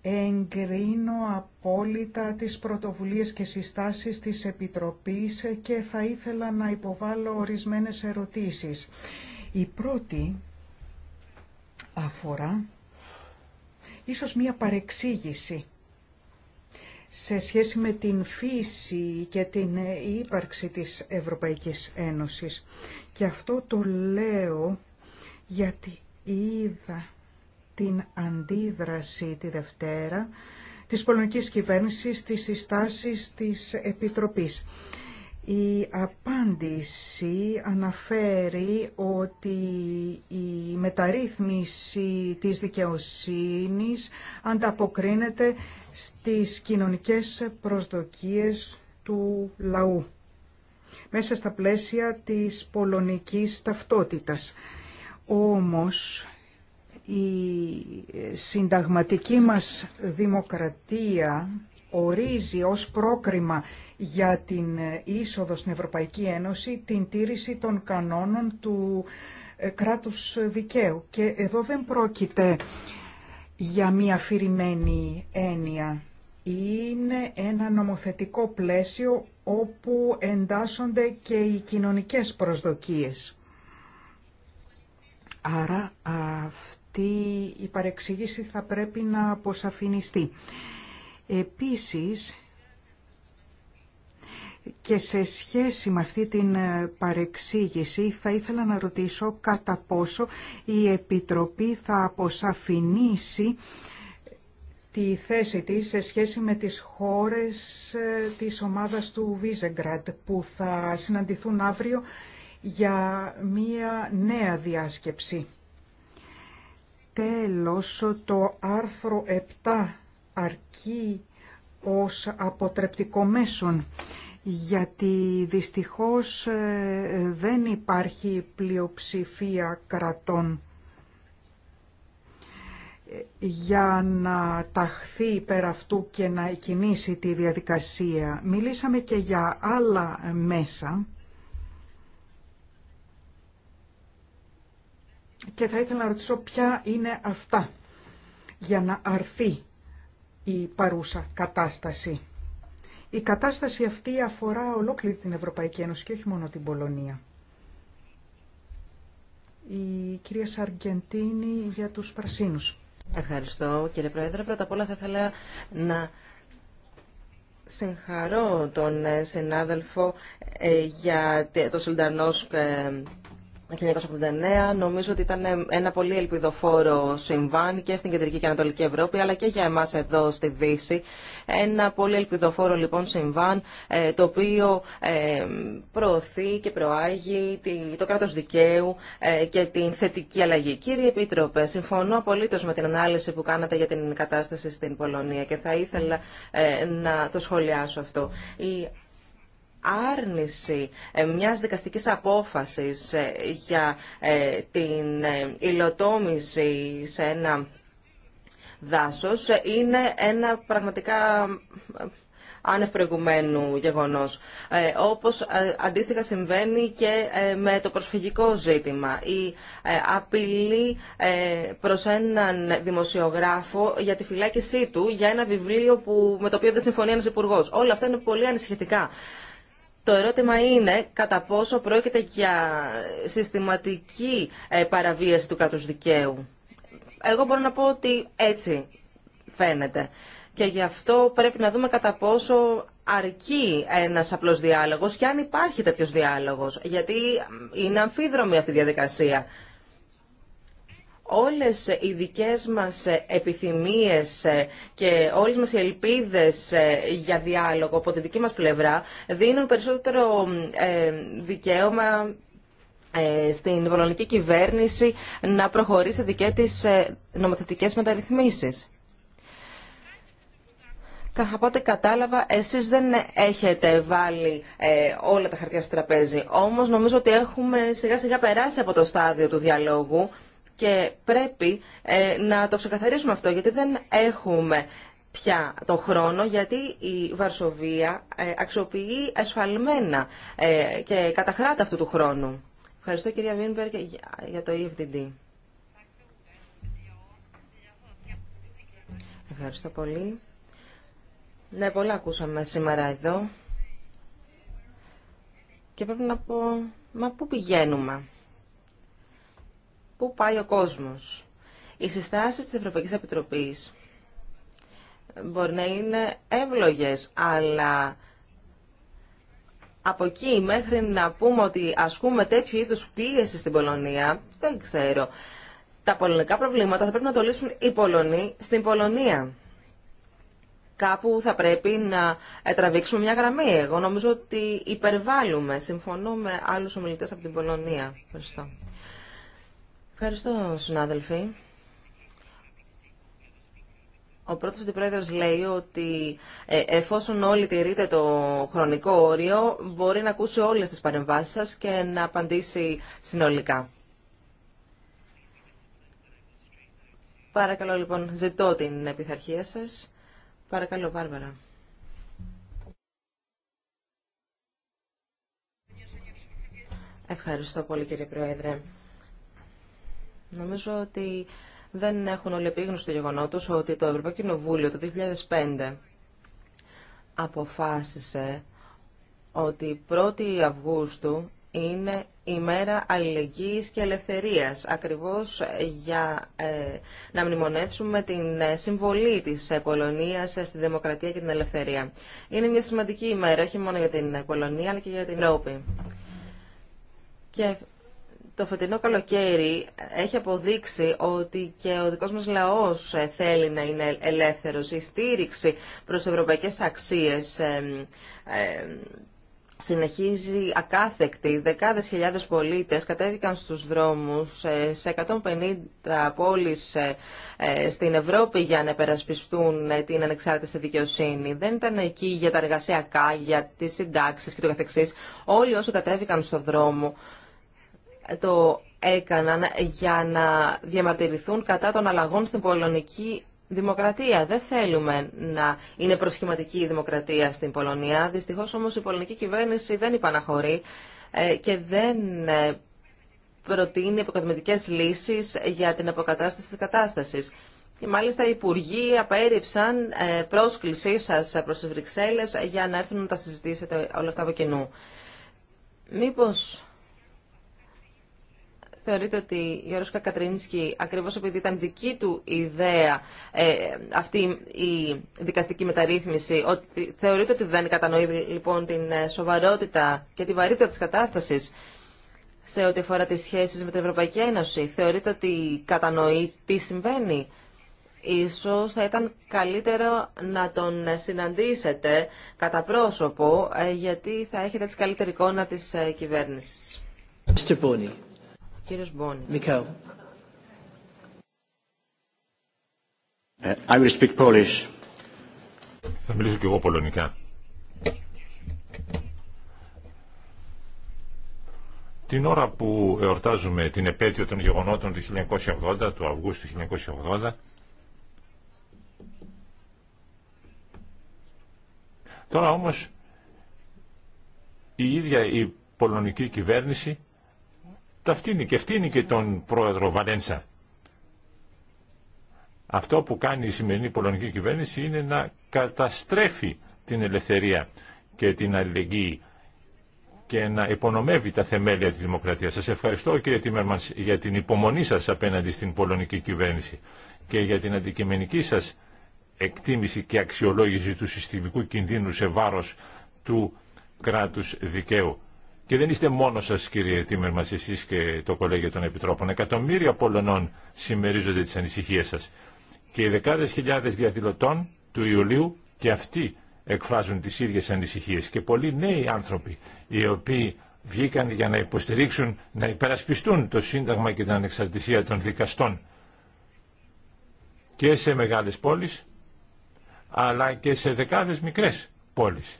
εγκρίνω απόλυτα τις πρωτοβουλίες και συστάσεις της Επιτροπής και θα ήθελα να υποβάλω ορισμένες ερωτήσεις. Η πρώτη αφορά ίσως μία παρεξήγηση σε σχέση με την φύση και την ύπαρξη της Ευρωπαϊκής Ένωσης. Και αυτό το λέω γιατί είδα την αντίδραση τη Δευτέρα της πολωνικής κυβέρνησης στις συστάσεις της Επιτροπής. Η απάντηση αναφέρει ότι η μεταρρύθμιση της δικαιοσύνης ανταποκρίνεται στις κοινωνικές προσδοκίες του λαού μέσα στα πλαίσια της πολωνικής ταυτότητας. Όμως η συνταγματική μας δημοκρατία ορίζει ως πρόκριμα για την είσοδο στην Ευρωπαϊκή Ένωση την τήρηση των κανόνων του ε, κράτους δικαίου. Και εδώ δεν πρόκειται για μία αφηρημένη έννοια. Είναι ένα νομοθετικό πλαίσιο όπου εντάσσονται και οι κοινωνικές προσδοκίες. Άρα αυτό αυτή η παρεξήγηση θα πρέπει να αποσαφινιστεί. Επίσης, και σε σχέση με αυτή την ε, παρεξήγηση θα ήθελα να ρωτήσω κατά πόσο η Επιτροπή θα αποσαφηνίσει ε, τη θέση της σε σχέση με τις χώρες ε, της ομάδας του Βίζεγκραντ που θα συναντηθούν αύριο για μία νέα διάσκεψη τέλος το άρθρο 7 αρκεί ως αποτρεπτικό μέσον γιατί δυστυχώς ε, δεν υπάρχει πλειοψηφία κρατών για να ταχθεί πέρα αυτού και να κινήσει τη διαδικασία. Μιλήσαμε και για άλλα μέσα και θα ήθελα να ρωτήσω ποια είναι αυτά για να αρθεί η παρούσα κατάσταση. Η κατάσταση αυτή αφορά ολόκληρη την Ευρωπαϊκή Ένωση και όχι μόνο την Πολωνία. Η κυρία Σαργκεντίνη για τους Πρασίνους. Ευχαριστώ κύριε Πρόεδρε. Πρώτα απ' όλα θα ήθελα να συγχαρώ τον ε, συνάδελφο ε, για το Σολντανόσκ ε, 1989 νομίζω ότι ήταν ένα πολύ ελπιδοφόρο συμβάν και στην Κεντρική και Ανατολική Ευρώπη αλλά και για εμάς εδώ στη Δύση. Ένα πολύ ελπιδοφόρο λοιπόν συμβάν ε, το οποίο ε, προωθεί και προάγει το κράτος δικαίου ε, και την θετική αλλαγή. Κύριε Επίτροπε, συμφωνώ απολύτως με την ανάλυση που κάνατε για την κατάσταση στην Πολωνία και θα ήθελα να το σχολιάσω αυτό. Η άρνηση ε, μιας δικαστικής απόφασης ε, για ε, την υλοτόμηση σε ένα δάσος είναι ένα πραγματικά άνευ προηγουμένου γεγονός. όπως αντίστοιχα συμβαίνει και με το προσφυγικό ζήτημα. Η απειλή προς έναν δημοσιογράφο για τη φυλάκισή του για ένα βιβλίο που, με το οποίο δεν συμφωνεί ένας υπουργός. Όλα αυτά είναι πολύ ανησυχητικά. Το ερώτημα είναι κατά πόσο πρόκειται για συστηματική ε, παραβίαση του κράτους δικαίου. Εγώ μπορώ να πω ότι έτσι φαίνεται. Και γι' αυτό πρέπει να δούμε κατά πόσο αρκεί ένας απλός διάλογος και αν υπάρχει τέτοιος διάλογος. Γιατί είναι αμφίδρομη αυτή η διαδικασία όλες οι δικές μας επιθυμίες ε, και όλες μας οι ελπίδες ε, για διάλογο από τη δική μας πλευρά δίνουν περισσότερο ε, δικαίωμα στην πολωνική κυβέρνηση να προχωρήσει δικέ της νομοθετικές μεταρρυθμίσεις. Από ό,τι κατάλαβα, εσείς δεν έχετε βάλει όλα τα χαρτιά στο τραπέζι. Όμως νομίζω ότι έχουμε σιγά σιγά περάσει από το στάδιο του διαλόγου και πρέπει ε, να το ξεκαθαρίσουμε αυτό, γιατί δεν έχουμε πια το χρόνο, γιατί η Βαρσοβία ε, αξιοποιεί ασφαλμένα ε, και καταχράτα αυτού του χρόνου. Ευχαριστώ κυρία Βίνμπεργκ για το EFDD. Ευχαριστώ πολύ. Ναι, πολλά ακούσαμε σήμερα εδώ. Και πρέπει να πω, μα πού πηγαίνουμε πού πάει ο κόσμος. Οι συστάσεις της Ευρωπαϊκής Επιτροπής μπορεί να είναι εύλογες, αλλά από εκεί μέχρι να πούμε ότι ασκούμε τέτοιου είδους πίεση στην Πολωνία, δεν ξέρω. Τα πολωνικά προβλήματα θα πρέπει να το λύσουν οι Πολωνοί στην Πολωνία. Κάπου θα πρέπει να τραβήξουμε μια γραμμή. Εγώ νομίζω ότι υπερβάλλουμε. Συμφωνώ με άλλους ομιλητές από την Πολωνία. Ευχαριστώ. Ευχαριστώ, συνάδελφοι. Ο πρώτος αντιπρόεδρος λέει ότι ε, εφόσον όλοι τηρείτε το χρονικό όριο, μπορεί να ακούσει όλες τις παρεμβάσεις σας και να απαντήσει συνολικά. Παρακαλώ, λοιπόν, ζητώ την επιθαρχία σας. Παρακαλώ, Βάρβαρα. Ευχαριστώ πολύ, κύριε Πρόεδρε. Νομίζω ότι δεν έχουν όλοι επίγνωση το γεγονό ότι το Ευρωπαϊκό Κοινοβούλιο το 2005 αποφάσισε ότι 1η Αυγούστου είναι η μέρα αλληλεγγύης και ελευθερίας, ακριβώς για ε, να μνημονεύσουμε την ε, συμβολή της ε, Πολωνίας ε, στη δημοκρατία και την ελευθερία. Είναι μια σημαντική ημέρα, όχι μόνο για την Πολωνία, αλλά και για την Ευρώπη. Και το φετινό καλοκαίρι έχει αποδείξει ότι και ο δικός μας λαός ε, θέλει να είναι ελεύθερος. Η στήριξη προς ευρωπαϊκές αξίες ε, ε, συνεχίζει ακάθεκτη. Δεκάδες χιλιάδες πολίτες κατέβηκαν στους δρόμους σε 150 πόλεις στην Ευρώπη για να περασπιστούν την ανεξάρτητη δικαιοσύνη. Δεν ήταν εκεί για τα εργασιακά, για τις συντάξεις και το καθεξής. Όλοι όσοι κατέβηκαν στο δρόμο το έκαναν για να διαμαρτυρηθούν κατά των αλλαγών στην πολωνική δημοκρατία. Δεν θέλουμε να είναι προσχηματική η δημοκρατία στην Πολωνία. Δυστυχώς όμως η πολωνική κυβέρνηση δεν υπαναχωρεί ε, και δεν ε, προτείνει επικοδομητικές λύσεις για την αποκατάσταση της κατάστασης. Και μάλιστα οι υπουργοί απέριψαν ε, πρόσκλησή σας προς τις Βρυξέλλες για να έρθουν να τα συζητήσετε όλα αυτά από κοινού. Μήπως θεωρείτε ότι η Ρώσκα ακριβώς επειδή ήταν δική του ιδέα ε, αυτή η δικαστική μεταρρύθμιση, ότι θεωρείτε ότι δεν κατανοεί λοιπόν την ε, σοβαρότητα και τη βαρύτητα της κατάστασης σε ό,τι αφορά τις σχέσεις με την Ευρωπαϊκή Ένωση. Θεωρείτε ότι κατανοεί τι συμβαίνει. Ίσως θα ήταν καλύτερο να τον συναντήσετε κατά πρόσωπο, ε, γιατί θα έχετε τις καλύτερη εικόνα της κυβέρνησης. Κύριος ε, I will speak Polish. Θα μιλήσω και εγώ πολωνικά. Την ώρα που εορτάζουμε την επέτειο των γεγονότων του 1980, του Αυγούστου 1980, τώρα όμως η ίδια η πολωνική κυβέρνηση είναι και είναι και τον πρόεδρο Βαλένσα. Αυτό που κάνει η σημερινή πολωνική κυβέρνηση είναι να καταστρέφει την ελευθερία και την αλληλεγγύη και να υπονομεύει τα θεμέλια της δημοκρατίας. Σας ευχαριστώ κύριε Τίμερμανς για την υπομονή σας απέναντι στην πολωνική κυβέρνηση και για την αντικειμενική σας εκτίμηση και αξιολόγηση του συστημικού κινδύνου σε βάρος του κράτους δικαίου. Και δεν είστε μόνος σα κύριε Τίμερμας, εσεί και το Κολέγιο των Επιτρόπων. Εκατομμύρια Πολωνών συμμερίζονται τις ανησυχίες σας. Και οι δεκάδε χιλιάδες διαδηλωτών του Ιουλίου και αυτοί εκφράζουν τις ίδιες ανησυχίες. Και πολλοί νέοι άνθρωποι οι οποίοι βγήκαν για να υποστηρίξουν, να υπερασπιστούν το Σύνταγμα και την ανεξαρτησία των δικαστών και σε μεγάλες πόλεις, αλλά και σε δεκάδες μικρές πόλεις.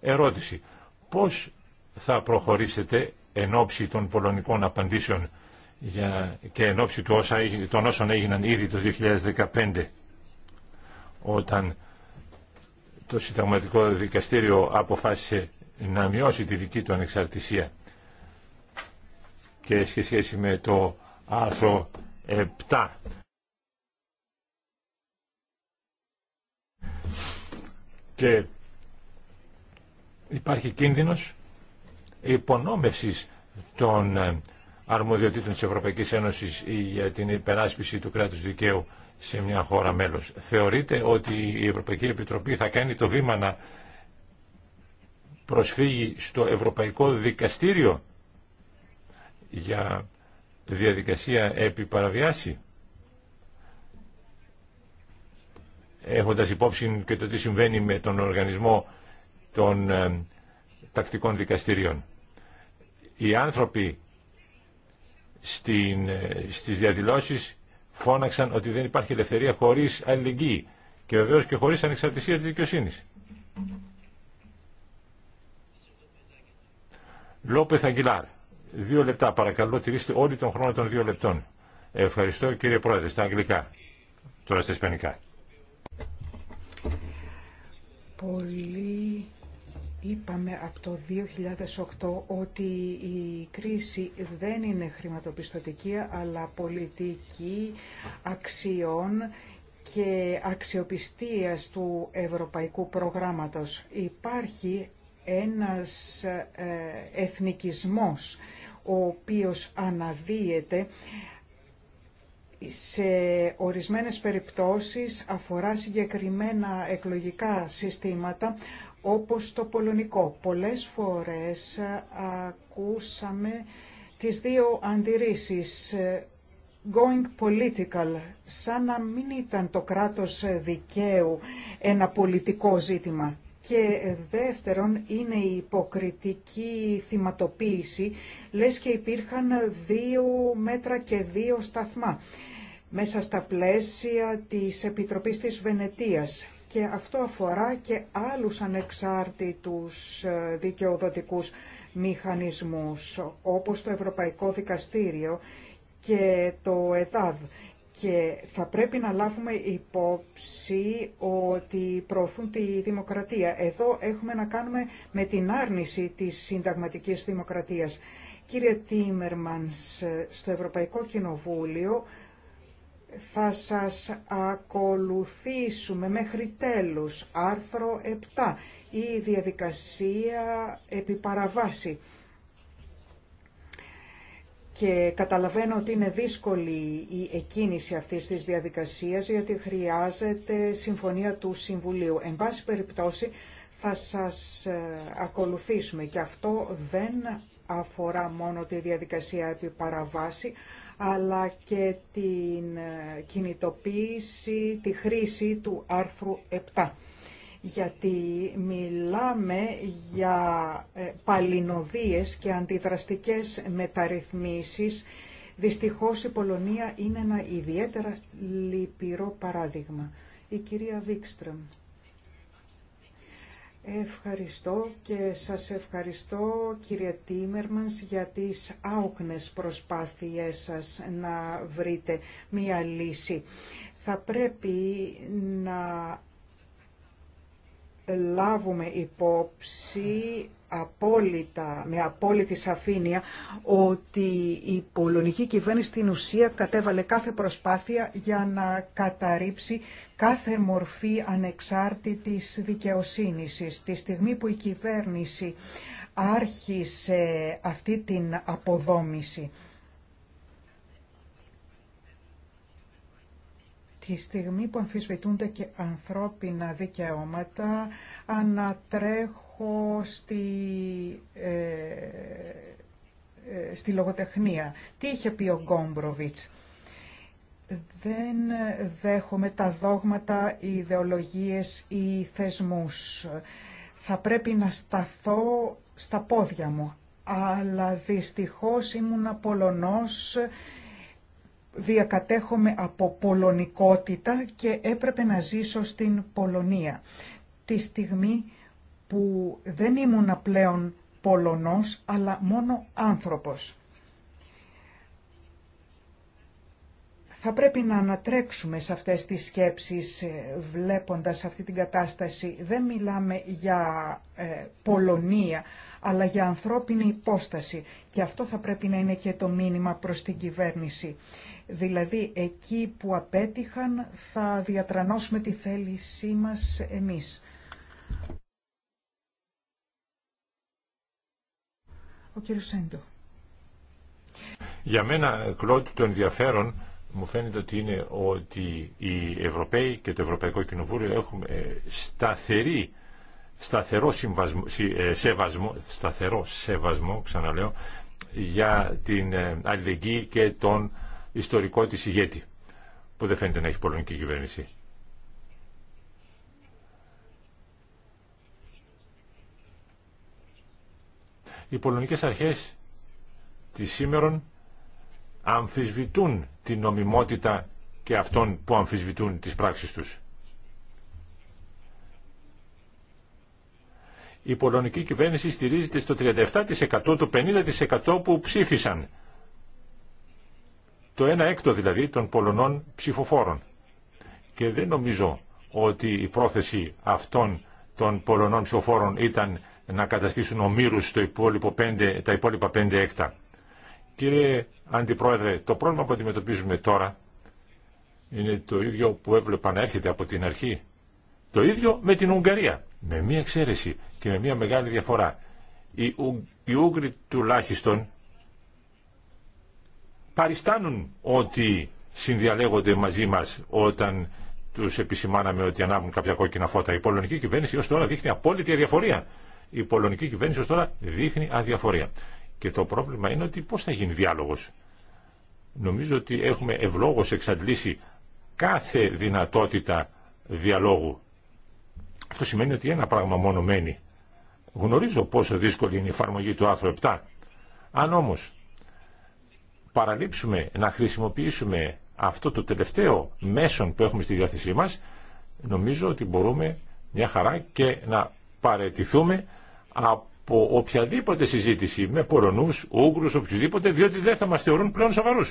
Ερώτηση. Πώς θα προχωρήσετε εν ώψη των πολωνικών απαντήσεων για, και εν ώψη του όσα, των όσων έγιναν ήδη το 2015 όταν το Συνταγματικό Δικαστήριο αποφάσισε να μειώσει τη δική του ανεξαρτησία και σε σχέση με το άρθρο 7 και υπάρχει κίνδυνος υπονόμευσης των ε, αρμοδιοτήτων της Ευρωπαϊκής Ένωσης για την υπεράσπιση του κράτους δικαίου σε μια χώρα μέλος. Θεωρείτε ότι η Ευρωπαϊκή Επιτροπή θα κάνει το βήμα να προσφύγει στο Ευρωπαϊκό Δικαστήριο για διαδικασία επί παραβιάση έχοντας υπόψη και το τι συμβαίνει με τον οργανισμό των ε, τακτικών δικαστηρίων. Οι άνθρωποι στην, ε, στις διαδηλώσεις φώναξαν ότι δεν υπάρχει ελευθερία χωρίς αλληλεγγύη και βεβαίως και χωρίς ανεξαρτησία της δικαιοσύνης. Λόπεθ Αγγιλάρ, δύο λεπτά παρακαλώ, τηρήστε όλη τον χρόνο των δύο λεπτών. Ευχαριστώ κύριε Πρόεδρε, στα αγγλικά, τώρα στα ισπανικά. Πολύ Είπαμε από το 2008 ότι η κρίση δεν είναι χρηματοπιστωτική αλλά πολιτική αξιών και αξιοπιστίας του ευρωπαϊκού προγράμματος. Υπάρχει ένας ε, εθνικισμός ο οποίος αναδύεται σε ορισμένες περιπτώσεις αφορά συγκεκριμένα εκλογικά συστήματα όπως το πολωνικό. Πολλές φορές ε, ακούσαμε τις δύο αντιρρήσεις ε, going political, σαν να μην ήταν το κράτος ε, δικαίου ένα πολιτικό ζήτημα. Και δεύτερον είναι η υποκριτική θυματοποίηση, λες και υπήρχαν δύο μέτρα και δύο σταθμά μέσα στα πλαίσια της Επιτροπής της Βενετίας και αυτό αφορά και άλλους ανεξάρτητους ε, δικαιοδοτικούς μηχανισμούς, όπως το Ευρωπαϊκό Δικαστήριο και το ΕΔΑΔ. Και θα πρέπει να λάβουμε υπόψη ότι προωθούν τη δημοκρατία. Εδώ έχουμε να κάνουμε με την άρνηση της συνταγματικής δημοκρατίας. Κύριε Τίμερμανς, ε, στο Ευρωπαϊκό Κοινοβούλιο θα σας ακολουθήσουμε μέχρι τέλους. Άρθρο 7. Η διαδικασία επιπαραβάση. Και καταλαβαίνω ότι είναι δύσκολη η εκκίνηση αυτής της διαδικασίας γιατί χρειάζεται συμφωνία του Συμβουλίου. Εν πάση περιπτώσει θα σας ε, ακολουθήσουμε και αυτό δεν αφορά μόνο τη διαδικασία επιπαραβάση αλλά και την ε, κινητοποίηση, τη χρήση του άρθρου 7. Γιατί μιλάμε για ε, παλινοδίες και αντιδραστικές μεταρρυθμίσεις. Δυστυχώς η Πολωνία είναι ένα ιδιαίτερα λυπηρό παράδειγμα. Η κυρία Βίκστρεμ. Ευχαριστώ και σας ευχαριστώ κύριε Τίμερμανς για τις άοκνες προσπάθειές σας να βρείτε μία λύση. Θα πρέπει να λάβουμε υπόψη απόλυτα, με απόλυτη σαφήνεια ότι η πολωνική κυβέρνηση στην ουσία κατέβαλε κάθε προσπάθεια για να καταρρύψει κάθε μορφή ανεξάρτητης δικαιοσύνης. Τη στιγμή που η κυβέρνηση άρχισε αυτή την αποδόμηση, τη στιγμή που αμφισβητούνται και ανθρώπινα δικαιώματα, ανατρέχω στη, ε, ε στη λογοτεχνία. Τι είχε πει ο Γκόμπροβιτς δεν δέχομαι τα δόγματα, οι ιδεολογίες ή θεσμούς. Θα πρέπει να σταθώ στα πόδια μου. Αλλά δυστυχώς ήμουν Πολωνός, διακατέχομαι από πολωνικότητα και έπρεπε να ζήσω στην Πολωνία. Τη στιγμή που δεν ήμουν πλέον Πολωνός, αλλά μόνο άνθρωπος. Θα πρέπει να ανατρέξουμε σε αυτές τις σκέψεις ε, βλέποντας αυτή την κατάσταση. Δεν μιλάμε για ε, Πολωνία, αλλά για ανθρώπινη υπόσταση. Και αυτό θα πρέπει να είναι και το μήνυμα προς την κυβέρνηση. Δηλαδή, εκεί που απέτυχαν θα διατρανώσουμε τη θέλησή μας εμείς. Ο κύριος Σέντο. Για μένα, Κλώτη, το ενδιαφέρον μου φαίνεται ότι είναι ότι οι Ευρωπαίοι και το Ευρωπαϊκό Κοινοβούλιο έχουν ε, σταθερή, σταθερό, ε, σεβασμό, σταθερό σεβασμό, ξαναλέω, για την ε, αλληλεγγύη και τον ιστορικό της ηγέτη, που δεν φαίνεται να έχει πολωνική κυβέρνηση. Οι πολωνικές αρχές της σήμερον αμφισβητούν την νομιμότητα και αυτών που αμφισβητούν τις πράξεις τους. Η πολωνική κυβέρνηση στηρίζεται στο 37% του 50% που ψήφισαν. Το 1 έκτο δηλαδή των πολωνών ψηφοφόρων. Και δεν νομίζω ότι η πρόθεση αυτών των πολωνών ψηφοφόρων ήταν να καταστήσουν ομήρους τα υπόλοιπα 5 έκτα. Κύριε Αντιπρόεδρε, το πρόβλημα που αντιμετωπίζουμε τώρα είναι το ίδιο που έβλεπα να έρχεται από την αρχή. Το ίδιο με την Ουγγαρία. Με μία εξαίρεση και με μία μεγάλη διαφορά. Οι, Ουγ, Ούγγροι τουλάχιστον παριστάνουν ότι συνδιαλέγονται μαζί μας όταν τους επισημάναμε ότι ανάβουν κάποια κόκκινα φώτα. Η πολωνική κυβέρνηση ως τώρα δείχνει απόλυτη αδιαφορία. Η πολωνική κυβέρνηση ως τώρα δείχνει αδιαφορία. Και το πρόβλημα είναι ότι πώς θα γίνει διάλογος. Νομίζω ότι έχουμε ευλόγως εξαντλήσει κάθε δυνατότητα διαλόγου. Αυτό σημαίνει ότι ένα πράγμα μόνο μένει. Γνωρίζω πόσο δύσκολη είναι η εφαρμογή του άρθρου 7. Αν όμως παραλείψουμε να χρησιμοποιήσουμε αυτό το τελευταίο μέσον που έχουμε στη διάθεσή μας, νομίζω ότι μπορούμε μια χαρά και να παρετηθούμε από από οποιαδήποτε συζήτηση με Πολωνού, Ούγγρου, οποιουσδήποτε, διότι δεν θα μας θεωρούν πλέον σοβαρού.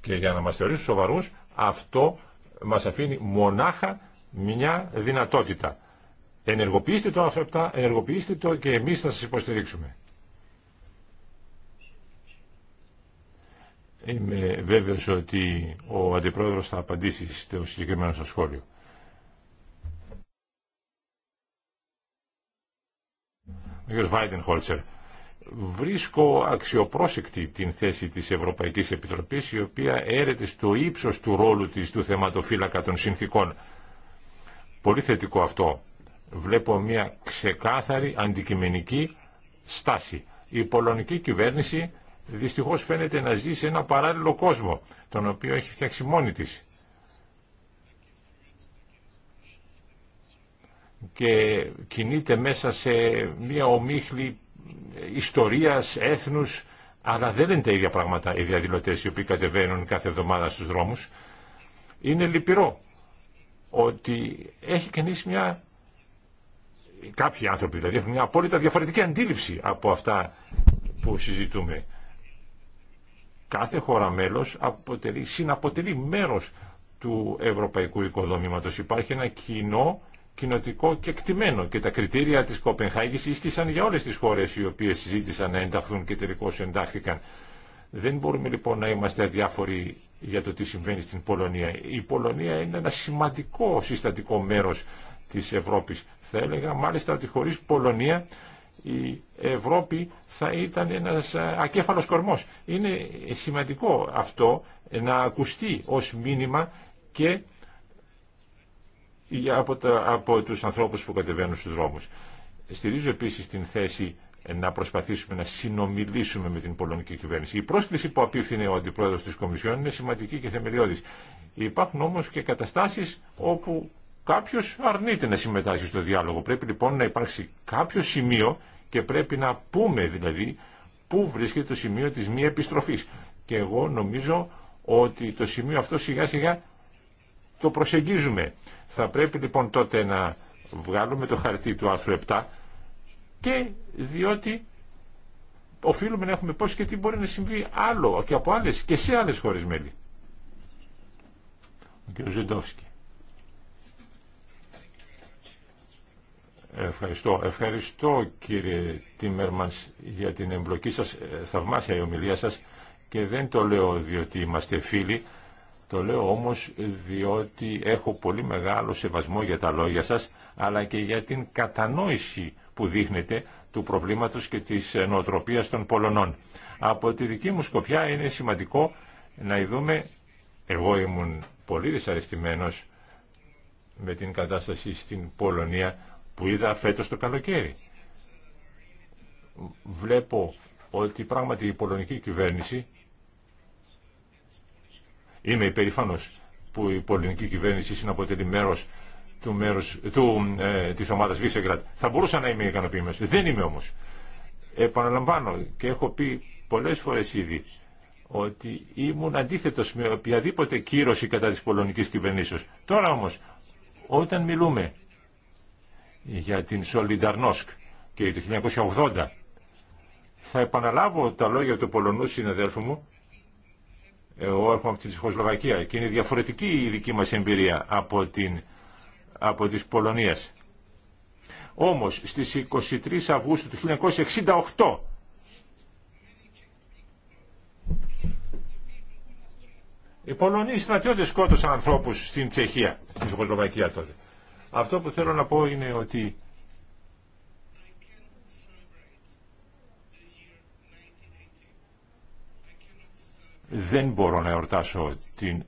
Και για να μας θεωρήσουν σοβαρού, αυτό μα αφήνει μονάχα μια δυνατότητα. Ενεργοποιήστε το αυτά, ενεργοποιήστε το και εμείς θα σας υποστηρίξουμε. Είμαι βέβαιος ότι ο Αντιπρόεδρος θα απαντήσει στο συγκεκριμένο σας σχόλιο. ο κ. Βάιντενχολτσερ. Βρίσκω αξιοπρόσεκτη την θέση της Ευρωπαϊκής Επιτροπής η οποία έρεται στο ύψος του ρόλου της του θεματοφύλακα των συνθήκων. Πολύ θετικό αυτό. Βλέπω μια ξεκάθαρη αντικειμενική στάση. Η πολωνική κυβέρνηση δυστυχώς φαίνεται να ζει σε ένα παράλληλο κόσμο, τον οποίο έχει φτιάξει μόνη της. και κινείται μέσα σε μια ομίχλη ιστορίας, έθνους, αλλά δεν είναι τα ίδια πράγματα οι διαδηλωτέ οι οποίοι κατεβαίνουν κάθε εβδομάδα στους δρόμους. Είναι λυπηρό ότι έχει κανείς μια... Κάποιοι άνθρωποι δηλαδή έχουν μια απόλυτα διαφορετική αντίληψη από αυτά που συζητούμε. Κάθε χώρα μέλος αποτελεί, συναποτελεί μέρος του ευρωπαϊκού οικοδομήματος. Υπάρχει ένα κοινό κοινοτικό και κτημένο και τα κριτήρια της Κοπενχάγης ίσχυσαν για όλες τις χώρες οι οποίες συζήτησαν να ενταχθούν και τελικώς εντάχθηκαν. Δεν μπορούμε λοιπόν να είμαστε αδιάφοροι για το τι συμβαίνει στην Πολωνία. Η Πολωνία είναι ένα σημαντικό συστατικό μέρος της Ευρώπης. Θα έλεγα μάλιστα ότι χωρίς Πολωνία η Ευρώπη θα ήταν ένας ε, ακέφαλος κορμός. Είναι σημαντικό αυτό να ακουστεί ως μήνυμα και από, τα, από τους ανθρώπους που κατεβαίνουν στους δρόμους. Στηρίζω επίσης την θέση να προσπαθήσουμε να συνομιλήσουμε με την πολωνική κυβέρνηση. Η πρόσκληση που απίφθινε ο αντιπρόεδρος της Κομισιόν είναι σημαντική και θεμελιώδης. Υπάρχουν όμως και καταστάσεις όπου κάποιος αρνείται να συμμετάσχει στο διάλογο. Πρέπει λοιπόν να υπάρξει κάποιο σημείο και πρέπει να πούμε δηλαδή πού βρίσκεται το σημείο της μη επιστροφής. Και εγώ νομίζω ότι το σημείο αυτό σιγά σιγά το προσεγγίζουμε. Θα πρέπει λοιπόν τότε να βγάλουμε το χαρτί του άρθρου 7 και διότι οφείλουμε να έχουμε πώς και τι μπορεί να συμβεί άλλο και από άλλες και σε άλλες χώρες μέλη. Ο κ. Ζεντόφσκι. Ευχαριστώ. Ευχαριστώ κύριε Τίμερμανς για την εμπλοκή σας. Ε, θαυμάσια η ομιλία σας και δεν το λέω διότι είμαστε φίλοι το λέω όμως διότι έχω πολύ μεγάλο σεβασμό για τα λόγια σας, αλλά και για την κατανόηση που δείχνετε του προβλήματος και της νοοτροπίας των Πολωνών. Από τη δική μου σκοπιά είναι σημαντικό να ειδούμε, εγώ ήμουν πολύ δυσαρεστημένος με την κατάσταση στην Πολωνία που είδα φέτος το καλοκαίρι. Βλέπω ότι πράγματι η πολωνική κυβέρνηση Είμαι υπερηφάνος που η πολιτική κυβέρνηση συναποτελεί μέρος του μέρους, του, ε, της ομάδας Βίσεγκρατ. Θα μπορούσα να είμαι ικανοποιημένος. Δεν είμαι όμως. Επαναλαμβάνω και έχω πει πολλές φορές ήδη ότι ήμουν αντίθετος με οποιαδήποτε κύρωση κατά της πολωνικής κυβερνήσεως. Τώρα όμως, όταν μιλούμε για την Σολινταρνόσκ και το 1980, θα επαναλάβω τα λόγια του Πολωνού συναδέλφου μου εγώ έρχομαι από τη Τσεχοσλοβακία και είναι διαφορετική η δική μας εμπειρία από, την, από της Πολωνίας. Όμως στις 23 Αυγούστου του 1968 οι Πολωνοί στρατιώτες σκότωσαν ανθρώπους στην Τσεχία, στην Τσεχοσλοβακία τότε. Αυτό που θέλω να πω είναι ότι δεν μπορώ να εορτάσω την...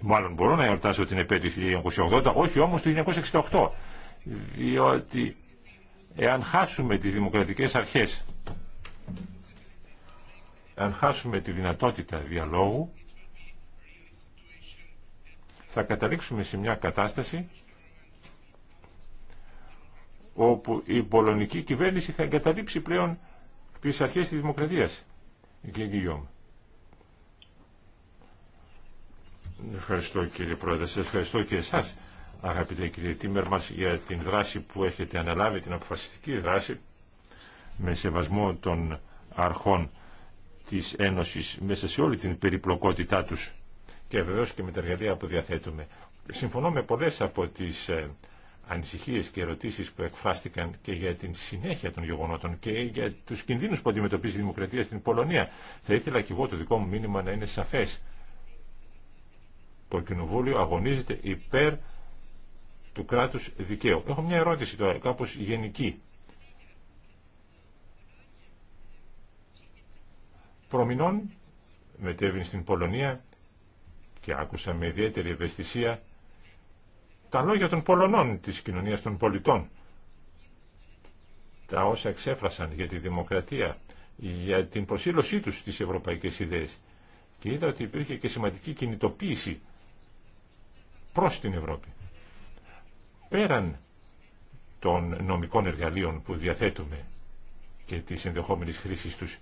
Μάλλον μπορώ να εορτάσω την επέτειο 1980, όχι όμως το 1968. Διότι εάν χάσουμε τις δημοκρατικές αρχές, εάν χάσουμε τη δυνατότητα διαλόγου, θα καταλήξουμε σε μια κατάσταση όπου η πολωνική κυβέρνηση θα εγκαταλείψει πλέον τις αρχές της δημοκρατίας. Κύριε Γκυγιώμ. Ευχαριστώ κύριε Πρόεδρε. Σας ευχαριστώ και εσάς αγαπητέ κύριε Τίμερ μας για την δράση που έχετε αναλάβει, την αποφασιστική δράση με σεβασμό των αρχών της Ένωσης μέσα σε όλη την περιπλοκότητά τους και βεβαίως και με τα εργαλεία που διαθέτουμε. Συμφωνώ με πολλές από τις ε, ανησυχίες και ερωτήσεις που εκφράστηκαν και για την συνέχεια των γεγονότων και για τους κινδύνους που αντιμετωπίζει η δημοκρατία στην Πολωνία. Θα ήθελα και εγώ το δικό μου μήνυμα να είναι σαφές. Το Κοινοβούλιο αγωνίζεται υπέρ του κράτους δικαίου. Έχω μια ερώτηση τώρα, κάπως γενική. Προμηνών μετέβη στην Πολωνία και άκουσα με ιδιαίτερη ευαισθησία τα λόγια των Πολωνών της κοινωνίας των πολιτών. Τα όσα εξέφρασαν για τη δημοκρατία, για την προσήλωσή τους στις ευρωπαϊκές ιδέες. Και είδα ότι υπήρχε και σημαντική κινητοποίηση προς την Ευρώπη. Πέραν των νομικών εργαλείων που διαθέτουμε και της ενδεχόμενης χρήσης τους,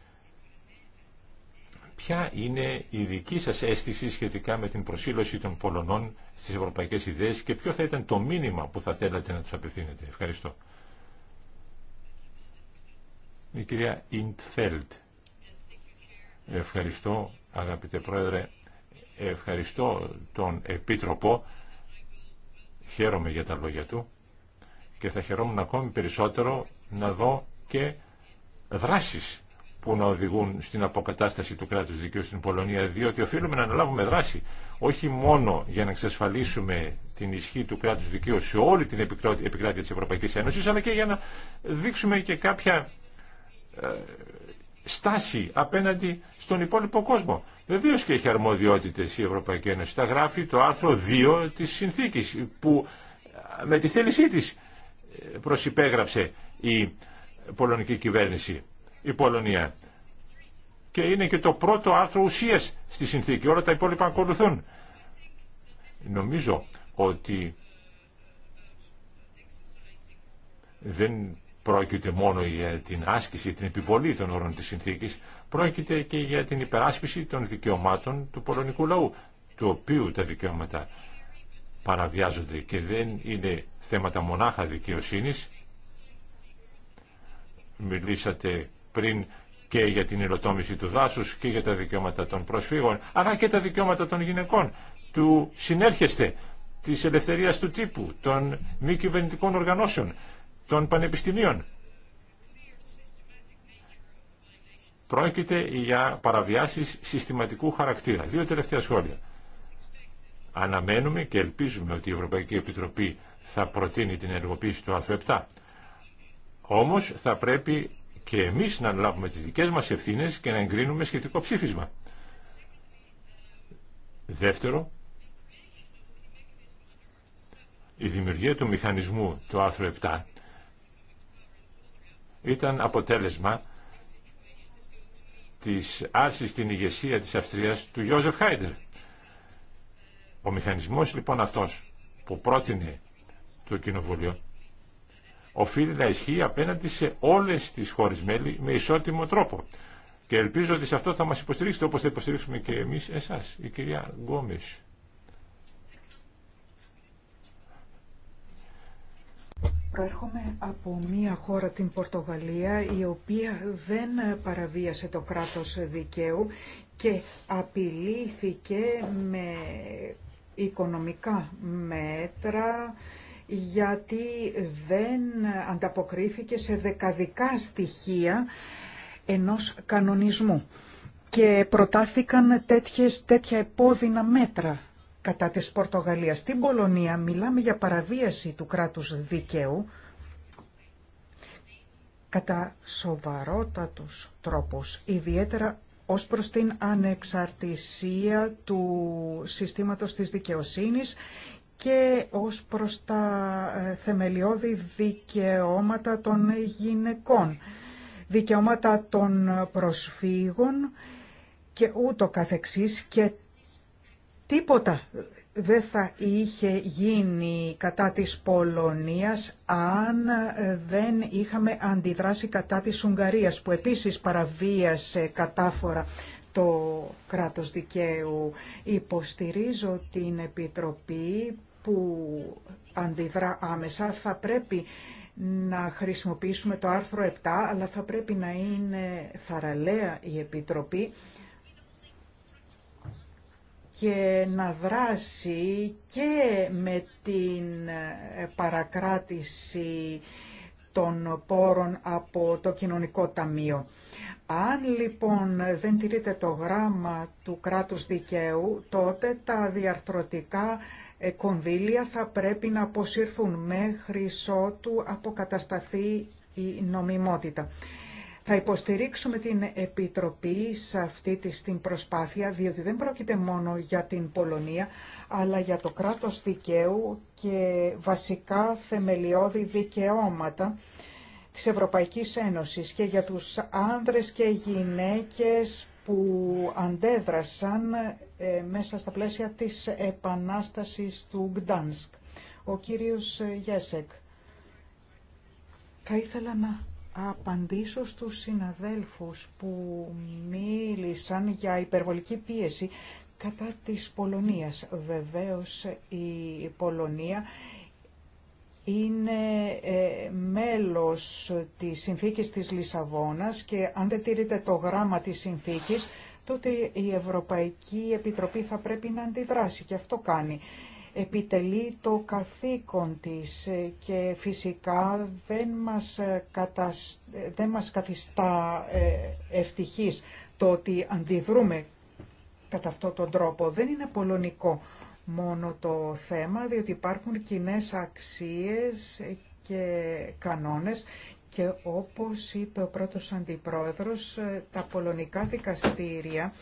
ποια είναι η δική σας αίσθηση σχετικά με την προσήλωση των Πολωνών στις ευρωπαϊκές ιδέες και ποιο θα ήταν το μήνυμα που θα θέλατε να τους απευθύνετε. Ευχαριστώ. Η κυρία Ιντφέλτ. Ευχαριστώ αγαπητέ Πρόεδρε. Ευχαριστώ τον Επίτροπο Χαίρομαι για τα λόγια του και θα χαιρόμουν ακόμη περισσότερο να δω και δράσεις που να οδηγούν στην αποκατάσταση του κράτους δικαίου στην Πολωνία, διότι οφείλουμε να αναλάβουμε δράση όχι μόνο για να εξασφαλίσουμε την ισχύ του κράτους δικαίου σε όλη την επικράτεια της Ευρωπαϊκής Ένωσης, αλλά και για να δείξουμε και κάποια ε, στάση απέναντι στον υπόλοιπο κόσμο. Βεβαίω και έχει αρμοδιότητες η Ευρωπαϊκή Ένωση. Τα γράφει το άρθρο 2 τη συνθήκη, που ε, με τη θέλησή της ε, προσυπέγραψε η πολωνική κυβέρνηση, η Πολωνία. Και είναι και το πρώτο άρθρο ουσία στη συνθήκη. Όλα τα υπόλοιπα ακολουθούν. Νομίζω ότι δεν πρόκειται μόνο για την άσκηση, την επιβολή των όρων της συνθήκης, πρόκειται και για την υπεράσπιση των δικαιωμάτων του πολωνικού λαού, του οποίου τα δικαιώματα παραβιάζονται και δεν είναι θέματα μονάχα δικαιοσύνης. Μιλήσατε πριν και για την υλοτόμηση του δάσους και για τα δικαιώματα των προσφύγων, αλλά και τα δικαιώματα των γυναικών, του συνέρχεστε, της ελευθερίας του τύπου, των μη κυβερνητικών οργανώσεων των πανεπιστημίων. Πρόκειται για παραβιάσεις συστηματικού χαρακτήρα. Δύο τελευταία σχόλια. Αναμένουμε και ελπίζουμε ότι η Ευρωπαϊκή Επιτροπή θα προτείνει την ενεργοποίηση του άρθρου 7. Όμως θα πρέπει και εμείς να λάβουμε τις δικές μας ευθύνες και να εγκρίνουμε σχετικό ψήφισμα. Δεύτερο, η δημιουργία του μηχανισμού του άρθρου 7 ήταν αποτέλεσμα της άρσης στην ηγεσία της Αυστρίας του Γιώζεφ Χάιντερ. Ο μηχανισμός λοιπόν αυτός που πρότεινε το Κοινοβούλιο οφείλει να ισχύει απέναντι σε όλες τις χώρες μέλη με ισότιμο τρόπο. Και ελπίζω ότι σε αυτό θα μας υποστηρίξετε όπως θα υποστηρίξουμε και εμείς εσάς, η κυρία Γκόμες. Προέρχομαι από μία χώρα, την Πορτογαλία, η οποία δεν παραβίασε το κράτος δικαίου και απειλήθηκε με οικονομικά μέτρα γιατί δεν ανταποκρίθηκε σε δεκαδικά στοιχεία ενός κανονισμού και προτάθηκαν τέτοιες, τέτοια επώδυνα μέτρα κατά της Πορτογαλίας. Στην Πολωνία μιλάμε για παραβίαση του κράτους δικαίου κατά σοβαρότατους τρόπους, ιδιαίτερα ως προς την ανεξαρτησία του συστήματος της δικαιοσύνης και ως προς τα ε, θεμελιώδη δικαιώματα των γυναικών, δικαιώματα των προσφύγων και ούτω καθεξής και Τίποτα δεν θα είχε γίνει κατά της Πολωνίας αν δεν είχαμε αντιδράσει κατά της Ουγγαρίας που επίσης παραβίασε κατάφορα το κράτος δικαίου. Υποστηρίζω την Επιτροπή που αντιδρά άμεσα. Θα πρέπει να χρησιμοποιήσουμε το άρθρο 7, αλλά θα πρέπει να είναι θαραλέα η Επιτροπή και να δράσει και με την ε, παρακράτηση των πόρων από το κοινωνικό ταμείο. Αν λοιπόν δεν τηρείται το γράμμα του κράτους δικαίου, τότε τα διαρθρωτικά ε, κονδύλια θα πρέπει να αποσύρθουν μέχρι ότου αποκατασταθεί η νομιμότητα. Θα υποστηρίξουμε την Επιτροπή σε αυτή τη την προσπάθεια, διότι δεν πρόκειται μόνο για την Πολωνία, αλλά για το κράτος δικαίου και βασικά θεμελιώδη δικαιώματα της Ευρωπαϊκής Ένωσης και για τους άνδρες και γυναίκες που αντέδρασαν ε, μέσα στα πλαίσια της επανάστασης του Γκτάνσκ. Ο κύριος ε, Γέσεκ. Θα ήθελα να απαντήσω στους συναδέλφους που μίλησαν για υπερβολική πίεση κατά της Πολωνίας. Βεβαίως η Πολωνία είναι ε, μέλος της συνθήκης της Λισαβόνας και αν δεν τηρείται το γράμμα της συνθήκης, τότε η Ευρωπαϊκή Επιτροπή θα πρέπει να αντιδράσει και αυτό κάνει επιτελεί το καθήκον της ε, και φυσικά δεν μας, ε, κατασ... Ε, δεν μας καθιστά ευτυχής το ότι αντιδρούμε κατά αυτόν τον τρόπο. Δεν είναι πολωνικό μόνο το θέμα, διότι υπάρχουν κοινέ αξίες και κανόνες και όπως είπε ο πρώτος αντιπρόεδρος, τα πολωνικά δικαστήρια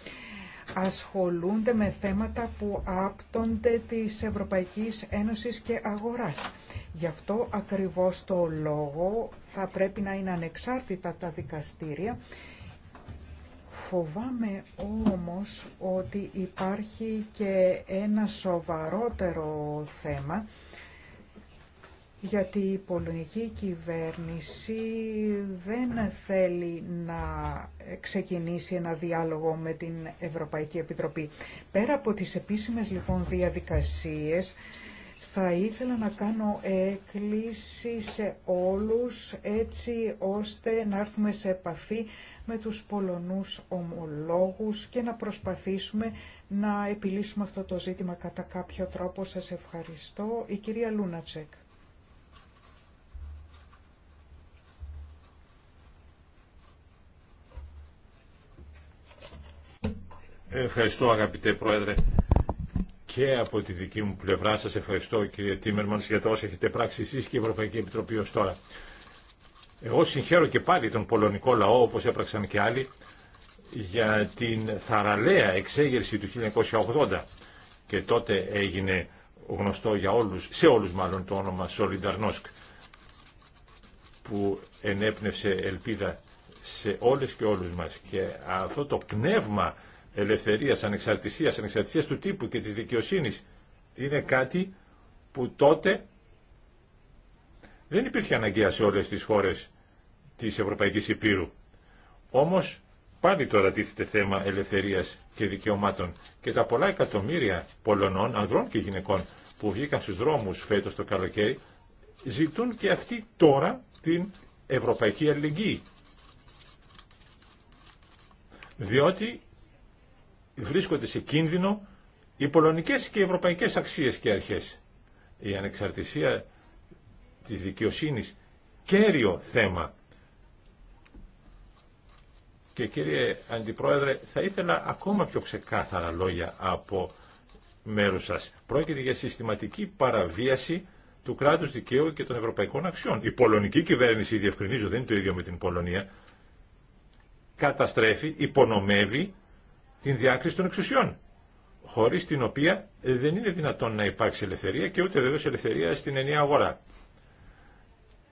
ασχολούνται με θέματα που άπτονται της Ευρωπαϊκής Ένωσης και αγοράς. Γι' αυτό ακριβώς το λόγο θα πρέπει να είναι ανεξάρτητα τα δικαστήρια. Φοβάμαι όμως ότι υπάρχει και ένα σοβαρότερο θέμα γιατί η πολωνική κυβέρνηση δεν θέλει να ξεκινήσει ένα διάλογο με την Ευρωπαϊκή Επιτροπή. Πέρα από τις επίσημες λοιπόν διαδικασίες, θα ήθελα να κάνω έκκληση σε όλους έτσι ώστε να έρθουμε σε επαφή με τους Πολωνούς ομολόγους και να προσπαθήσουμε να επιλύσουμε αυτό το ζήτημα κατά κάποιο τρόπο. Σας ευχαριστώ. Η κυρία Λούνατσεκ. Ευχαριστώ αγαπητέ Πρόεδρε και από τη δική μου πλευρά σας ευχαριστώ κύριε Τίμερμανς για το όσα έχετε πράξει εσείς και η Ευρωπαϊκή Επιτροπή ως τώρα. Εγώ συγχαίρω και πάλι τον πολωνικό λαό όπως έπραξαν και άλλοι για την θαραλέα εξέγερση του 1980 και τότε έγινε γνωστό για όλους, σε όλους μάλλον το όνομα Σολινταρνόσκ που ενέπνευσε ελπίδα σε όλες και όλους μας και αυτό το πνεύμα ελευθερίας, ανεξαρτησίας, ανεξαρτησίας του τύπου και της δικαιοσύνης είναι κάτι που τότε δεν υπήρχε αναγκαία σε όλες τις χώρες της Ευρωπαϊκής Υπήρου. Όμως πάλι τώρα τίθεται θέμα ελευθερίας και δικαιωμάτων και τα πολλά εκατομμύρια Πολωνών, ανδρών και γυναικών που βγήκαν στους δρόμους φέτος το καλοκαίρι ζητούν και αυτοί τώρα την Ευρωπαϊκή Αλληλεγγύη. Διότι βρίσκονται σε κίνδυνο οι πολωνικές και οι ευρωπαϊκές αξίες και αρχές. Η ανεξαρτησία της δικαιοσύνης, κέριο θέμα. Και κύριε Αντιπρόεδρε, θα ήθελα ακόμα πιο ξεκάθαρα λόγια από μέρους σας. Πρόκειται για συστηματική παραβίαση του κράτους δικαίου και των ευρωπαϊκών αξιών. Η πολωνική κυβέρνηση, διευκρινίζω, δεν είναι το ίδιο με την Πολωνία, καταστρέφει, υπονομεύει την διάκριση των εξουσιών, χωρί την οποία ε, δεν είναι δυνατόν να υπάρξει ελευθερία και ούτε βεβαίως ελευθερία στην ενιαία αγορά.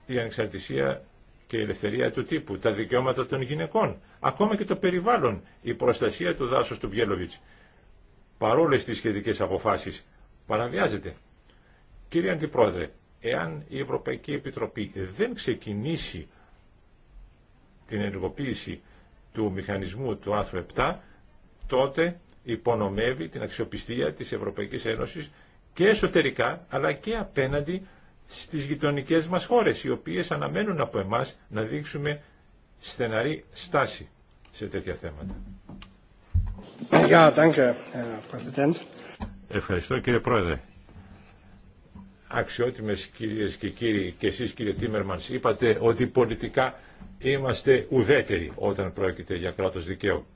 Η ανεξαρτησία και η ελευθερία του τύπου, τα δικαιώματα των γυναικών, ακόμα και το περιβάλλον, η προστασία του δάσου του Μπιέλοβιτ, Παρόλε τι σχετικέ αποφάσει. παραβιάζεται. Κύριε Αντιπρόεδρε, εάν η Ευρωπαϊκή Επιτροπή δεν ξεκινήσει την ενεργοποίηση του μηχανισμού του άρθρου 7, τότε υπονομεύει την αξιοπιστία της Ευρωπαϊκής Ένωσης και εσωτερικά αλλά και απέναντι στις γειτονικές μας χώρες οι οποίες αναμένουν από εμάς να δείξουμε στεναρή στάση σε τέτοια θέματα. Ευχαριστώ κύριε Πρόεδρε. Αξιότιμες κυρίες και κύριοι και εσείς κύριε Τίμερμανς είπατε ότι πολιτικά είμαστε ουδέτεροι όταν πρόκειται για κράτος δικαίου.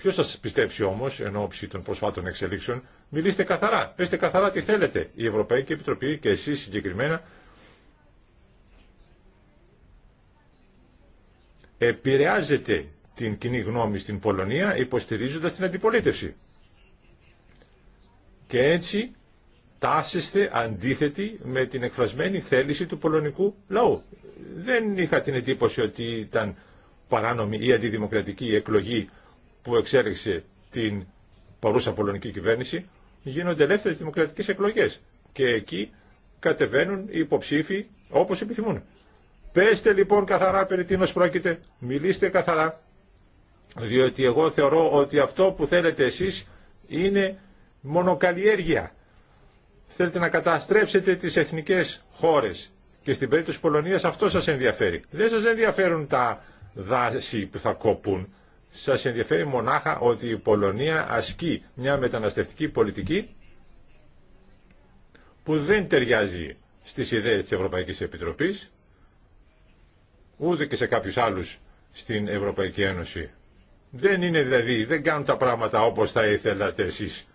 Ποιος σας πιστέψει όμω εν ώψη των προσφάτων εξελίξεων, μιλήστε καθαρά, Πετε καθαρά τι θέλετε. Η Ευρωπαϊκή Επιτροπή και εσείς συγκεκριμένα επηρεάζετε την κοινή γνώμη στην Πολωνία υποστηρίζοντας την αντιπολίτευση. Και έτσι τάσεστε αντίθετη με την εκφρασμένη θέληση του πολωνικού λαού. Δεν είχα την εντύπωση ότι ήταν παράνομη ή αντιδημοκρατική η εκλογή που εξέλιξε την παρούσα πολωνική κυβέρνηση, γίνονται ελεύθερε δημοκρατικές εκλογές και εκεί κατεβαίνουν οι υποψήφοι όπως επιθυμούν. Πέστε λοιπόν καθαρά περί τίνο πρόκειται, μιλήστε καθαρά, διότι εγώ θεωρώ ότι αυτό που θέλετε εσείς είναι μονοκαλλιέργεια. Θέλετε να καταστρέψετε τις εθνικές χώρες και στην περίπτωση της Πολωνίας αυτό σας ενδιαφέρει. Δεν σας ενδιαφέρουν τα δάση που θα κοπούν, σας ενδιαφέρει μονάχα ότι η Πολωνία ασκεί μια μεταναστευτική πολιτική που δεν ταιριάζει στις ιδέες της Ευρωπαϊκής Επιτροπής ούτε και σε κάποιους άλλους στην Ευρωπαϊκή Ένωση. Δεν είναι δηλαδή, δεν κάνουν τα πράγματα όπως θα ήθελατε εσείς.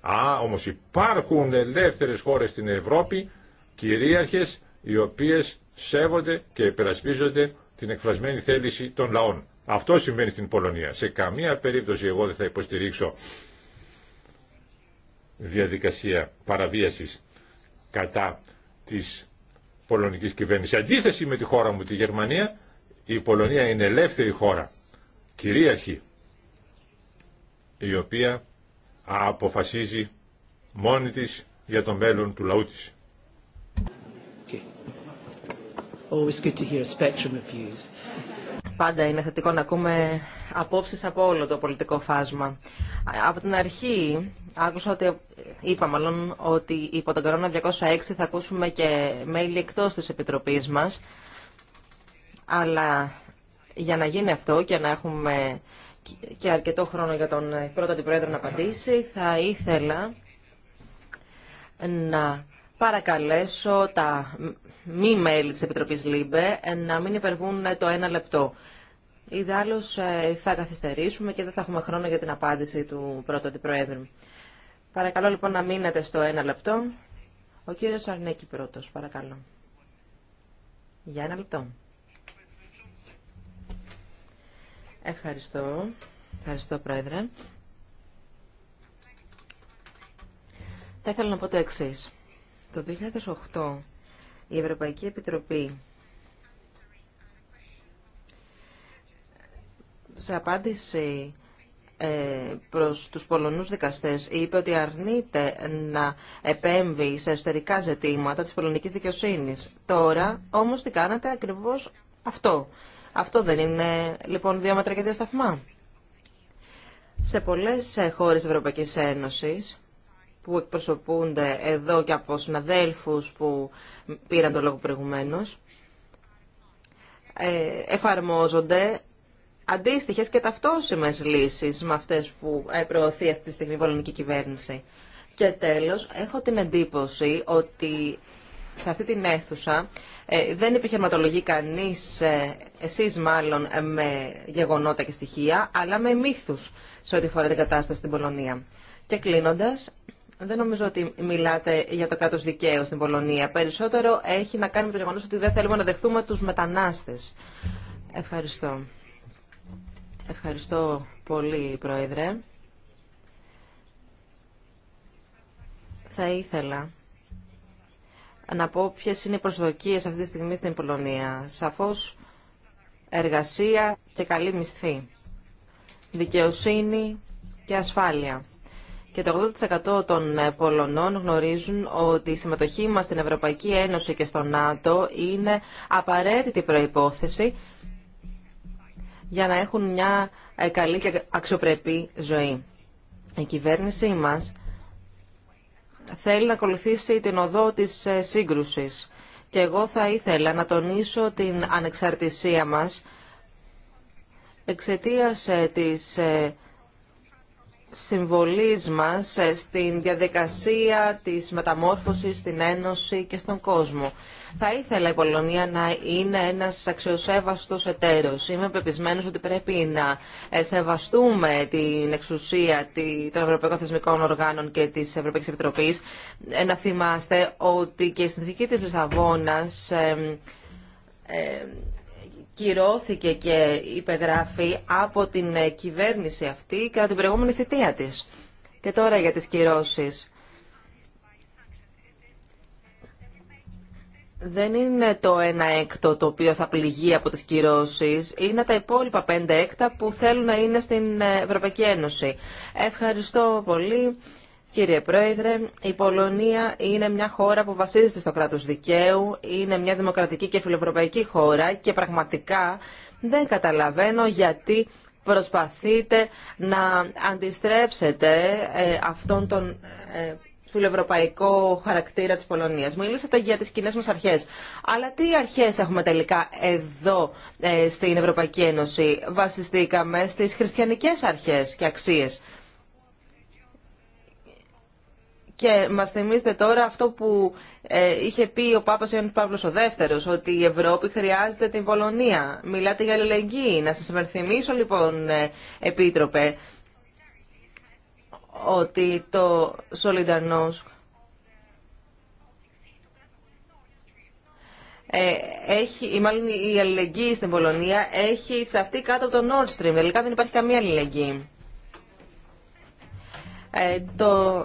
Α, όμως υπάρχουν ελεύθερες χώρες στην Ευρώπη, κυρίαρχες, οι οποίες σέβονται και υπερασπίζονται την εκφρασμένη θέληση των λαών. Αυτό σημαίνει στην Πολωνία. Σε καμία περίπτωση εγώ δεν θα υποστηρίξω διαδικασία παραβίασης κατά της πολωνικής κυβέρνησης. Αντίθεση με τη χώρα μου, τη Γερμανία, η Πολωνία είναι ελεύθερη χώρα, κυρίαρχη, η οποία αποφασίζει μόνη της για το μέλλον του λαού της πάντα είναι θετικό να ακούμε απόψεις από όλο το πολιτικό φάσμα. Από την αρχή άκουσα ότι, είπα μάλλον, ότι υπό τον κορώνα 206 θα ακούσουμε και μέλη εκτός της Επιτροπής μας. Αλλά για να γίνει αυτό και να έχουμε και αρκετό χρόνο για τον πρώτο αντιπρόεδρο να απαντήσει, θα ήθελα να παρακαλέσω τα μη μέλη της Επιτροπής ΛΥΜΠΕ να μην υπερβούν το ένα λεπτό. Ιδάλλως ε, θα καθυστερήσουμε και δεν θα έχουμε χρόνο για την απάντηση του πρώτου αντιπροέδρου. Παρακαλώ λοιπόν να μείνετε στο ένα λεπτό. Ο κύριος Αρνέκη πρώτος, παρακαλώ. Για ένα λεπτό. Ευχαριστώ. Ευχαριστώ, Πρόεδρε. Θα ήθελα να πω το εξής. Το 2008 η Ευρωπαϊκή Επιτροπή σε απάντηση ε, προς τους Πολωνούς δικαστές είπε ότι αρνείται να επέμβει σε εσωτερικά ζητήματα της πολωνικής δικαιοσύνης. Τώρα όμως τι κάνατε ακριβώς αυτό. Αυτό δεν είναι λοιπόν δύο μέτρα και δύο σταθμά. Σε πολλές ε, χώρες Ευρωπαϊκής Ένωσης που εκπροσωπούνται εδώ και από συναδέλφους που πήραν το λόγο προηγουμένως, ε, εφαρμόζονται αντίστοιχες και ταυτόσιμες λύσεις με αυτές που προωθεί αυτή τη στιγμή η πολωνική κυβέρνηση. Και τέλος, έχω την εντύπωση ότι σε αυτή την αίθουσα ε, δεν επιχειρηματολογεί κανείς, ε, εσείς μάλλον, με γεγονότα και στοιχεία, αλλά με μύθους σε ό,τι αφορά την κατάσταση στην Πολωνία. Και κλείνοντας, δεν νομίζω ότι μιλάτε για το κράτος δικαίου στην Πολωνία. Περισσότερο έχει να κάνει με το γεγονό ότι δεν θέλουμε να δεχθούμε του μετανάστε. Ευχαριστώ. Ευχαριστώ πολύ, Πρόεδρε. Θα ήθελα να πω ποιε είναι οι προσδοκίε αυτή τη στιγμή στην Πολωνία. Σαφώ εργασία και καλή μισθή, δικαιοσύνη και ασφάλεια και το 80% των ε, Πολωνών γνωρίζουν ότι η συμμετοχή μας στην Ευρωπαϊκή Ένωση και στο ΝΑΤΟ είναι απαραίτητη προϋπόθεση για να έχουν μια ε, καλή και αξιοπρεπή ζωή. Η κυβέρνησή μας θέλει να ακολουθήσει την οδό της ε, σύγκρουσης και εγώ θα ήθελα να τονίσω την ανεξαρτησία μας εξαιτίας της συμβολής μας ε, στην διαδικασία της μεταμόρφωσης στην Ένωση και στον κόσμο. Θα ήθελα η Πολωνία να είναι ένας αξιοσέβαστος εταίρος. Είμαι πεπισμένος ότι πρέπει να ε, σεβαστούμε την εξουσία των Ευρωπαϊκών Θεσμικών Οργάνων και της Ευρωπαϊκής Επιτροπής. Ε, να θυμάστε ότι και η συνθήκη της Λισαβόνας κυρώθηκε και υπεγράφει από την ε, κυβέρνηση αυτή κατά την προηγούμενη θητεία της. Και τώρα για τις κυρώσεις. Δεν είναι το ένα έκτο το οποίο θα πληγεί από τις κυρώσεις. Είναι τα υπόλοιπα πέντε έκτα που θέλουν να είναι στην ε, Ευρωπαϊκή Ένωση. Ευχαριστώ πολύ. Κύριε Πρόεδρε, η Πολωνία είναι μια χώρα που βασίζεται στο κράτος δικαίου, είναι μια δημοκρατική και φιλοευρωπαϊκή χώρα και πραγματικά δεν καταλαβαίνω γιατί προσπαθείτε να αντιστρέψετε ε, αυτόν τον ε, φιλοευρωπαϊκό χαρακτήρα της Πολωνίας. Μιλήσατε για τις κοινέ μας αρχές. Αλλά τι αρχές έχουμε τελικά εδώ ε, στην Ευρωπαϊκή Ένωση. Βασιστήκαμε στις χριστιανικές αρχές και αξίες. Και μα θυμίζετε τώρα αυτό που ε, είχε πει ο Πάπας Ιωάννης Παύλος ο ότι η Ευρώπη χρειάζεται την Πολωνία. Μιλάτε για αλληλεγγύη. Να σα υπενθυμίσω λοιπόν, ε, Επίτροπε, ότι το Ε, ή μάλλον η αλληλεγγύη στην Πολωνία έχει φταφτεί κάτω από το Nord Stream. Τελικά δεν υπάρχει καμία αλληλεγγύη. Ε, το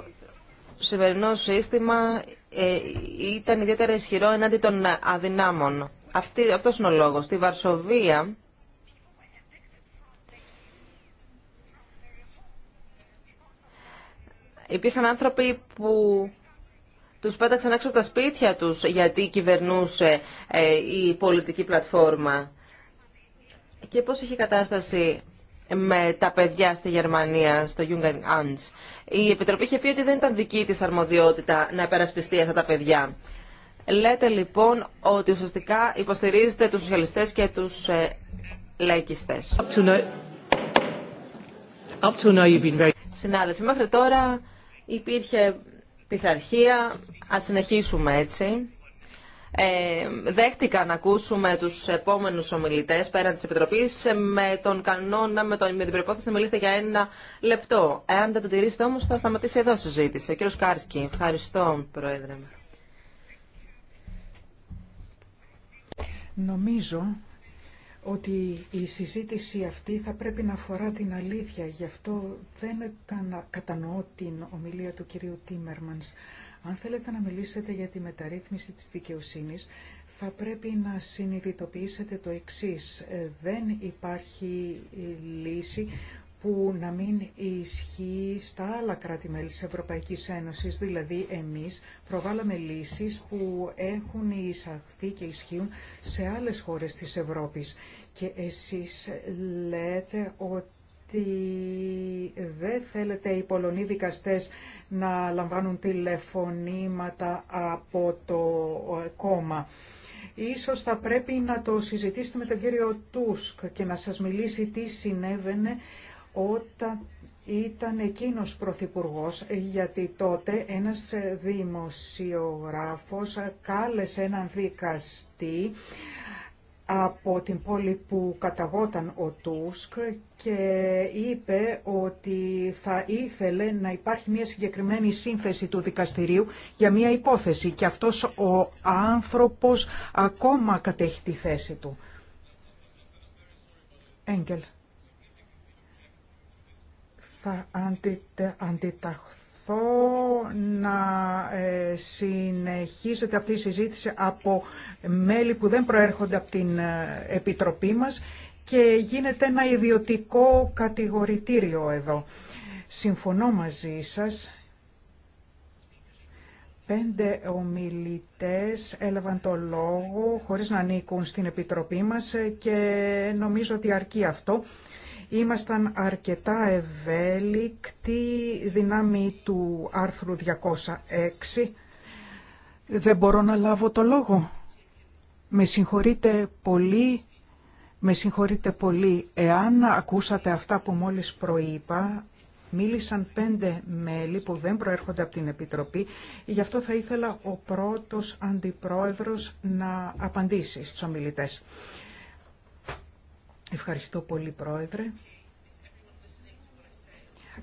σημερινό σύστημα ε, ήταν ιδιαίτερα ισχυρό εναντί των αδυνάμων. Αυτή, αυτός είναι ο λόγος. Στη Βαρσοβία υπήρχαν άνθρωποι που τους πέταξαν έξω από τα σπίτια τους γιατί κυβερνούσε ε, η πολιτική πλατφόρμα. Και πώς είχε κατάσταση με τα παιδιά στη Γερμανία, στο Jungen Ans. Η Επιτροπή είχε πει ότι δεν ήταν δική της αρμοδιότητα να επερασπιστεί αυτά τα παιδιά. Λέτε λοιπόν ότι ουσιαστικά υποστηρίζετε τους σοσιαλιστές και τους ε, λαϊκιστές. Συνάδελφοι, μέχρι τώρα υπήρχε πειθαρχία. Ας συνεχίσουμε έτσι. Ε, δέχτηκα να ακούσουμε τους επόμενους ομιλητές πέραν τη επιτροπή με τον κανόνα, με, τον, με την προπόθεση να μιλήσετε για ένα λεπτό. Εάν δεν το τηρήσετε όμω, θα σταματήσει εδώ η συζήτηση. Ο κύριος Κάρσκι, ευχαριστώ Πρόεδρε. Νομίζω ότι η συζήτηση αυτή θα πρέπει να αφορά την αλήθεια. Γι' αυτό δεν κατανοώ την ομιλία του κυρίου Τίμερμανς. Αν θέλετε να μιλήσετε για τη μεταρρύθμιση της δικαιοσύνης, θα πρέπει να συνειδητοποιήσετε το εξής. Ε, δεν υπάρχει ε, λύση που να μην ισχύει στα άλλα κράτη-μέλη της Ευρωπαϊκής Ένωσης. Δηλαδή, εμείς προβάλαμε λύσεις που έχουν εισαχθεί και ισχύουν σε άλλες χώρες της Ευρώπης. Και εσείς λέτε ότι ότι δεν θέλετε οι Πολωνοί δικαστές να λαμβάνουν τηλεφωνήματα από το κόμμα. Ίσως θα πρέπει να το συζητήσετε με τον κύριο Τούσκ και να σας μιλήσει τι συνέβαινε όταν ήταν εκείνος πρωθυπουργός, γιατί τότε ένας δημοσιογράφος κάλεσε έναν δικαστή από την πόλη που καταγόταν ο Τούσκ και είπε ότι θα ήθελε να υπάρχει μια συγκεκριμένη σύνθεση του δικαστηρίου για μια υπόθεση και αυτός ο άνθρωπος ακόμα κατέχει τη θέση του. Έγκελ. Θα αντιταχθώ προσπαθώ να ε, συνεχίσετε αυτή η συζήτηση από μέλη που δεν προέρχονται από την ε, Επιτροπή μας και γίνεται ένα ιδιωτικό κατηγορητήριο εδώ. Συμφωνώ μαζί σας. Πέντε ομιλητές έλαβαν το λόγο χωρίς να ανήκουν στην Επιτροπή μας και νομίζω ότι αρκεί αυτό Ήμασταν αρκετά ευέλικτοι δυνάμει του άρθρου 206. Δεν μπορώ να λάβω το λόγο. Με συγχωρείτε πολύ, με συγχωρείτε πολύ. Εάν ακούσατε αυτά που μόλις προείπα, μίλησαν πέντε μέλη που δεν προέρχονται από την Επιτροπή. Γι' αυτό θα ήθελα ο πρώτος αντιπρόεδρος να απαντήσει στους ομιλητές. Ευχαριστώ πολύ, Πρόεδρε.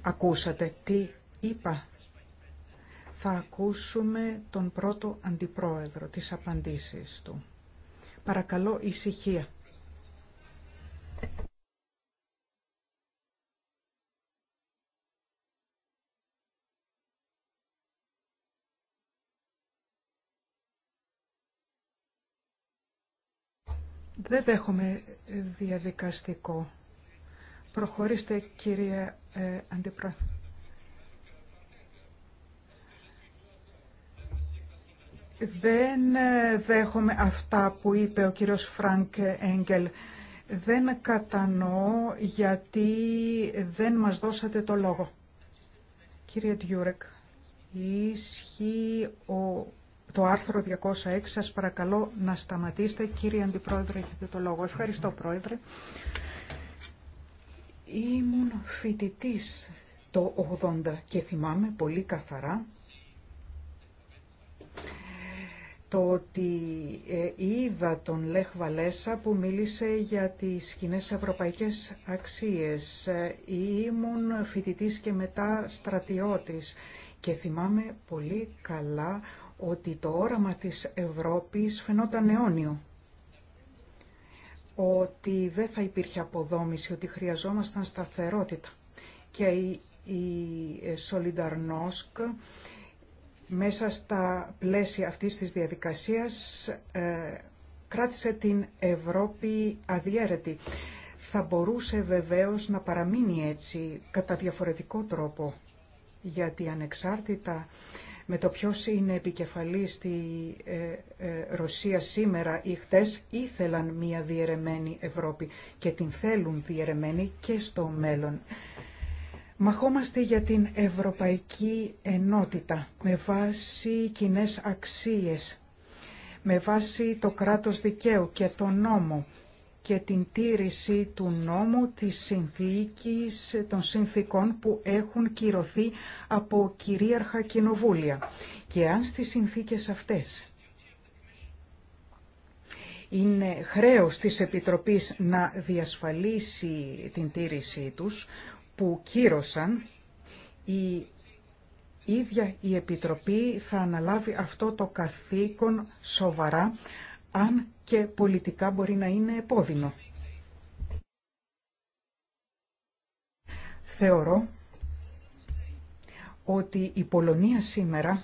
Ακούσατε τι είπα. Θα ακούσουμε τον πρώτο αντιπρόεδρο, τις απαντήσεις του. Παρακαλώ, ησυχία. Δεν δέχομαι διαδικαστικό. Προχωρήστε κύριε ε, Αντιπρόεδρε. Δεν ε, δέχομαι αυτά που είπε ο κύριος Φρανκ Έγκελ. Δεν κατανοώ γιατί δεν μας δώσατε το λόγο. Κύριε Τιούρεκ, ισχύει ο το άρθρο 206. Σας παρακαλώ να σταματήσετε. Κύριε Αντιπρόεδρε, έχετε το λόγο. Ευχαριστώ, Πρόεδρε. Ήμουν φοιτητή το 80 και θυμάμαι πολύ καθαρά το ότι ε, είδα τον Λέχ Βαλέσα που μίλησε για τις κοινέ ευρωπαϊκές αξίες. Ε, ήμουν φοιτητής και μετά στρατιώτης και θυμάμαι πολύ καλά ότι το όραμα της Ευρώπης φαινόταν αιώνιο. Ότι δεν θα υπήρχε αποδόμηση, ότι χρειαζόμασταν σταθερότητα. Και η, η μέσα στα πλαίσια αυτής της διαδικασίας ε, κράτησε την Ευρώπη αδιέρετη. Θα μπορούσε βεβαίως να παραμείνει έτσι κατά διαφορετικό τρόπο, γιατί ανεξάρτητα με το ποιος είναι επικεφαλής στη ε, ε, Ρωσία σήμερα ή χτες ήθελαν μια διαιρεμένη Ευρώπη και την θέλουν διαιρεμένη και στο μέλλον. Μαχόμαστε για την ευρωπαϊκή ενότητα με βάση κοινές αξίες, με βάση το κράτος δικαίου και το νόμο και την τήρηση του νόμου της συνθήκης των συνθήκων που έχουν κυρωθεί από κυρίαρχα κοινοβούλια. Και αν στις συνθήκες αυτές είναι χρέος της Επιτροπής να διασφαλίσει την τήρησή τους που κύρωσαν, η ίδια η Επιτροπή θα αναλάβει αυτό το καθήκον σοβαρά αν και πολιτικά μπορεί να είναι επώδυνο. Θεωρώ ότι η Πολωνία σήμερα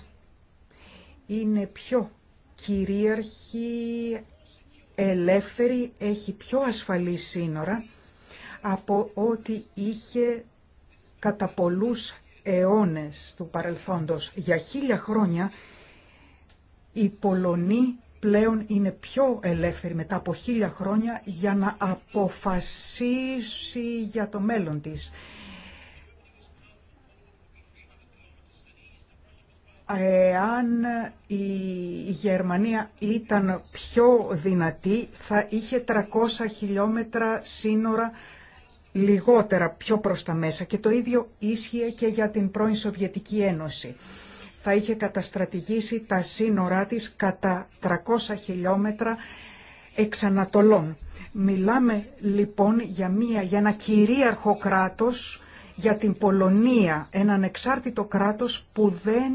είναι πιο κυρίαρχη, ελεύθερη, έχει πιο ασφαλή σύνορα από ό,τι είχε κατά πολλούς αιώνες του παρελθόντος. Για χίλια χρόνια η Πολωνοί πλέον είναι πιο ελεύθερη μετά από χίλια χρόνια για να αποφασίσει για το μέλλον της. Εάν η Γερμανία ήταν πιο δυνατή θα είχε 300 χιλιόμετρα σύνορα λιγότερα πιο προς τα μέσα και το ίδιο ίσχυε και για την πρώην Σοβιετική Ένωση θα είχε καταστρατηγήσει τα σύνορά της κατά 300 χιλιόμετρα εξανατολών. Μιλάμε λοιπόν για, μια, για ένα κυρίαρχο κράτος, για την Πολωνία, έναν εξάρτητο κράτος που δεν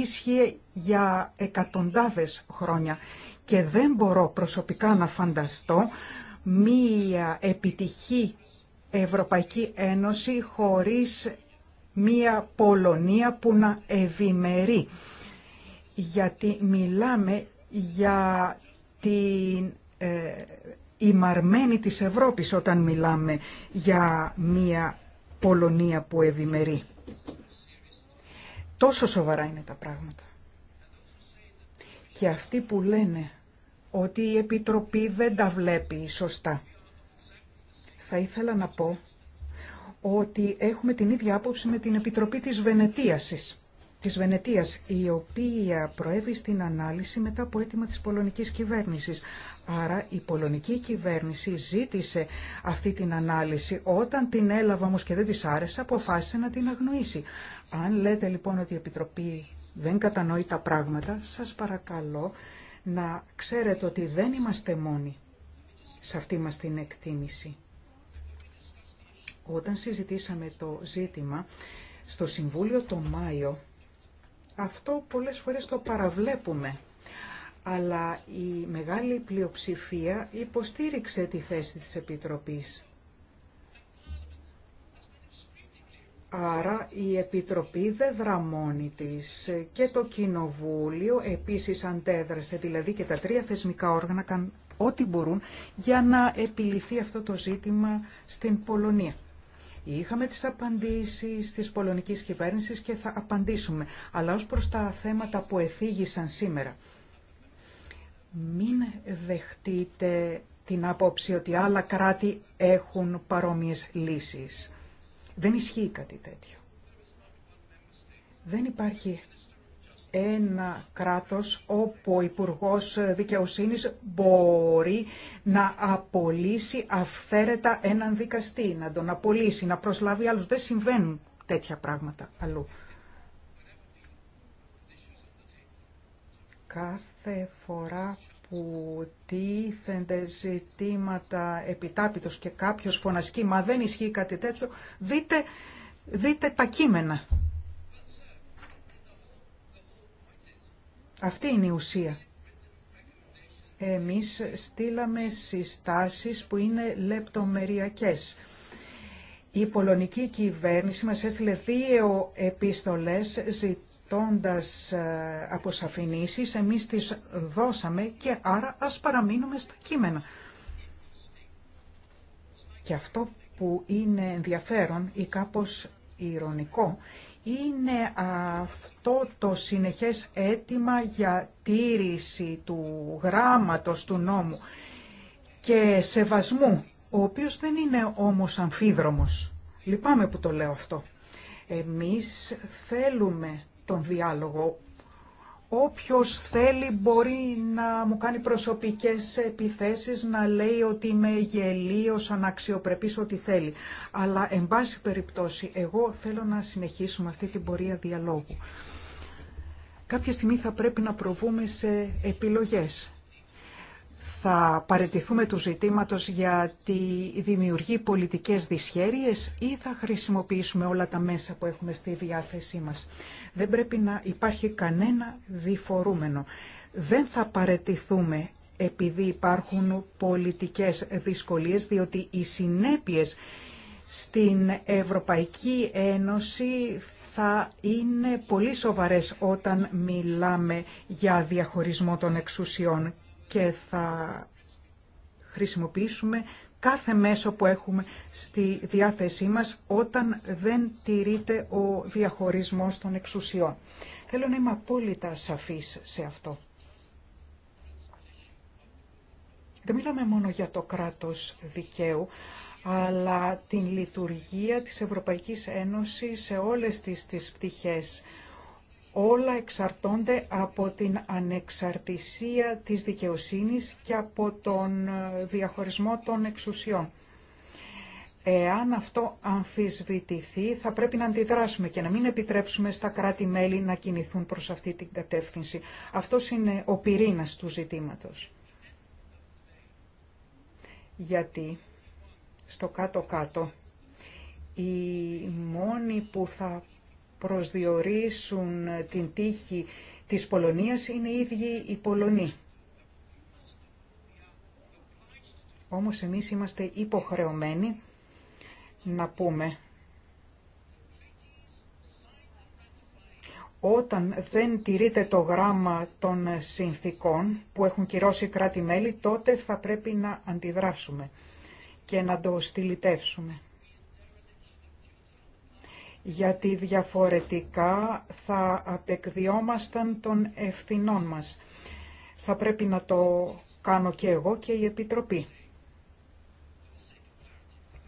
ίσχυε για εκατοντάδες χρόνια. Και δεν μπορώ προσωπικά να φανταστώ μία επιτυχή Ευρωπαϊκή Ένωση χωρίς μία Πολωνία που να ευημερεί. Γιατί μιλάμε για την ε, ημαρμένη της Ευρώπης όταν μιλάμε για μία Πολωνία που ευημερεί. Τόσο σοβαρά είναι τα πράγματα. Και αυτοί που λένε ότι η Επιτροπή δεν τα βλέπει σωστά. Θα ήθελα να πω ότι έχουμε την ίδια άποψη με την Επιτροπή της Βενετίασης. Της Βενετίας, η οποία προέβη στην ανάλυση μετά από αίτημα της πολωνικής κυβέρνησης. Άρα η πολωνική κυβέρνηση ζήτησε αυτή την ανάλυση. Όταν την έλαβα όμως και δεν της άρεσε, αποφάσισε να την αγνοήσει. Αν λέτε λοιπόν ότι η Επιτροπή δεν κατανοεί τα πράγματα, σας παρακαλώ να ξέρετε ότι δεν είμαστε μόνοι σε αυτή μας την εκτίμηση. Όταν συζητήσαμε το ζήτημα στο Συμβούλιο το Μάιο, αυτό πολλές φορές το παραβλέπουμε, αλλά η μεγάλη πλειοψηφία υποστήριξε τη θέση της Επιτροπής. Άρα η Επιτροπή δεν δραμώνει της και το Κοινοβούλιο επίσης αντέδρασε, δηλαδή και τα τρία θεσμικά όργανα κάνουν ό,τι μπορούν για να επιληθεί αυτό το ζήτημα στην Πολωνία. Είχαμε τις απαντήσεις της πολωνικής κυβέρνησης και θα απαντήσουμε. Αλλά ως προς τα θέματα που εφήγησαν σήμερα. Μην δεχτείτε την άποψη ότι άλλα κράτη έχουν παρόμοιες λύσεις. Δεν ισχύει κάτι τέτοιο. Δεν υπάρχει ένα κράτος όπου ο υπουργό Δικαιοσύνης μπορεί να απολύσει αυθαίρετα έναν δικαστή, να τον απολύσει, να προσλάβει άλλους. Δεν συμβαίνουν τέτοια πράγματα αλλού. Κάθε φορά που τίθενται ζητήματα επιτάπητος και κάποιος φωνασκεί «Μα δεν ισχύει κάτι τέτοιο», δείτε, δείτε τα κείμενα Αυτή είναι η ουσία. Εμείς στείλαμε συστάσεις που είναι λεπτομεριακές. Η πολωνική κυβέρνηση μας έστειλε δύο επιστολές ζητώντας ε, αποσαφηνήσεις. Εμείς τις δώσαμε και άρα ας παραμείνουμε στα κείμενα. Και αυτό που είναι ενδιαφέρον ή κάπως ηρωνικό είναι αυτό το συνεχές αίτημα για τήρηση του γράμματος του νόμου και σεβασμού, ο οποίος δεν είναι όμως αμφίδρομος. Λυπάμαι που το λέω αυτό. Εμείς θέλουμε τον διάλογο Όποιος θέλει μπορεί να μου κάνει προσωπικές επιθέσεις, να λέει ότι είμαι γελίος, αναξιοπρεπής, ό,τι θέλει. Αλλά, εν πάση περιπτώσει, εγώ θέλω να συνεχίσουμε αυτή την πορεία διαλόγου. Κάποια στιγμή θα πρέπει να προβούμε σε επιλογές θα παρετηθούμε του ζητήματος γιατί δημιουργεί πολιτικές δυσχέρειες ή θα χρησιμοποιήσουμε όλα τα μέσα που έχουμε στη διάθεσή μας. Δεν πρέπει να υπάρχει κανένα διφορούμενο. Δεν θα παρετηθούμε επειδή υπάρχουν πολιτικές δυσκολίες, διότι οι συνέπειες στην Ευρωπαϊκή Ένωση θα είναι πολύ σοβαρές όταν μιλάμε για διαχωρισμό των εξουσιών και θα χρησιμοποιήσουμε κάθε μέσο που έχουμε στη διάθεσή μας όταν δεν τηρείται ο διαχωρισμός των εξουσιών. Θέλω να είμαι απόλυτα σαφής σε αυτό. Δεν μιλάμε μόνο για το κράτος δικαίου, αλλά την λειτουργία της Ευρωπαϊκής Ένωσης σε όλες τις, τις πτυχές όλα εξαρτώνται από την ανεξαρτησία της δικαιοσύνης και από τον ε, διαχωρισμό των εξουσιών. Εάν αυτό αμφισβητηθεί, θα πρέπει να αντιδράσουμε και να μην επιτρέψουμε στα κράτη-μέλη να κινηθούν προς αυτή την κατεύθυνση. Αυτό είναι ο πυρήνας του ζητήματος. Γιατί στο κάτω-κάτω, οι μόνοι που θα προσδιορίσουν την τύχη της Πολωνίας είναι οι ίδιοι οι Πολωνοί. Όμως εμείς είμαστε υποχρεωμένοι να πούμε όταν δεν τηρείται το γράμμα των συνθήκων που έχουν κυρώσει κράτη-μέλη, τότε θα πρέπει να αντιδράσουμε και να το στυλιτεύσουμε γιατί διαφορετικά θα απεκδιόμασταν των ευθυνών μας. Θα πρέπει να το κάνω και εγώ και η Επιτροπή.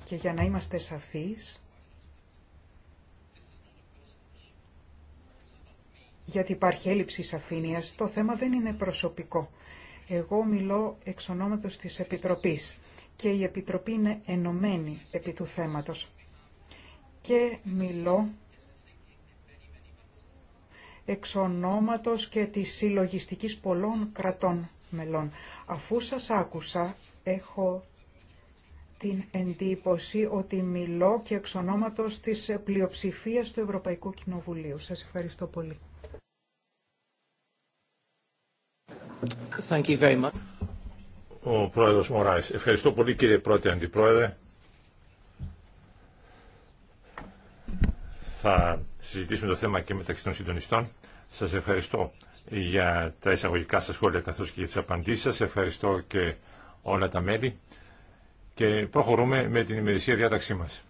Και για να είμαστε σαφείς, γιατί υπάρχει έλλειψη σαφήνειας, το θέμα δεν είναι προσωπικό. Εγώ μιλώ εξ ονόματος της Επιτροπής και η Επιτροπή είναι ενωμένη επί του θέματος και μιλώ εξ ονόματος και της συλλογιστικής πολλών κρατών μελών. Αφού σας άκουσα, έχω την εντύπωση ότι μιλώ και εξ ονόματος της πλειοψηφίας του Ευρωπαϊκού Κοινοβουλίου. Σας ευχαριστώ πολύ. Thank you very much. Ο Πρόεδρος Μωράης. Ευχαριστώ πολύ κύριε Πρώτη Αντιπρόεδρε. θα συζητήσουμε το θέμα και μεταξύ των συντονιστών. Σας ευχαριστώ για τα εισαγωγικά σας σχόλια καθώς και για τις απαντήσεις σας. Ευχαριστώ και όλα τα μέλη και προχωρούμε με την ημερησία διάταξή μας.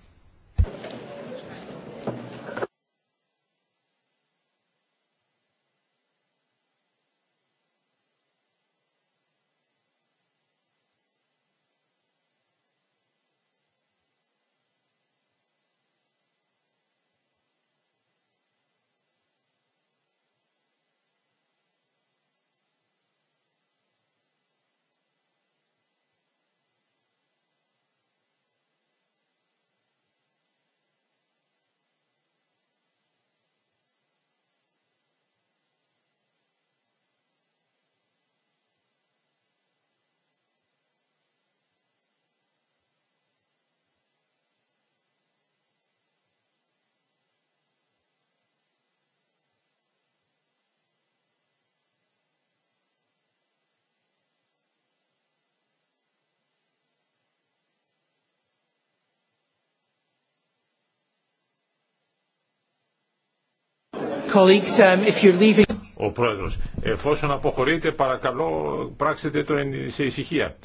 Um, Ο πρόεδρος, εφόσον αποχωρείτε παρακαλώ πράξετε το σε ησυχία.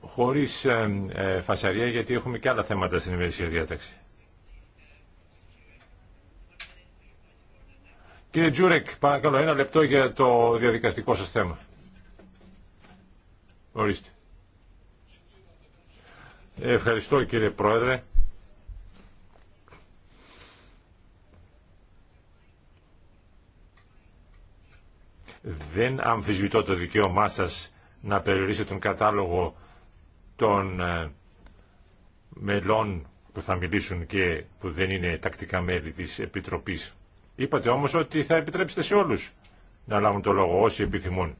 Χωρίς ε, φασαρία γιατί έχουμε και άλλα θέματα στην ημερησία διάταξη. Κύριε Τζούρεκ, παρακαλώ ένα λεπτό για το διαδικαστικό σας θέμα. Ορίστε. Ευχαριστώ κύριε Πρόεδρε. Δεν αμφισβητώ το δικαίωμά σας να περιορίσετε τον κατάλογο των ε, μελών που θα μιλήσουν και που δεν είναι τακτικά μέλη της Επιτροπής. Είπατε όμως ότι θα επιτρέψετε σε όλους να λάβουν το λόγο όσοι επιθυμούν.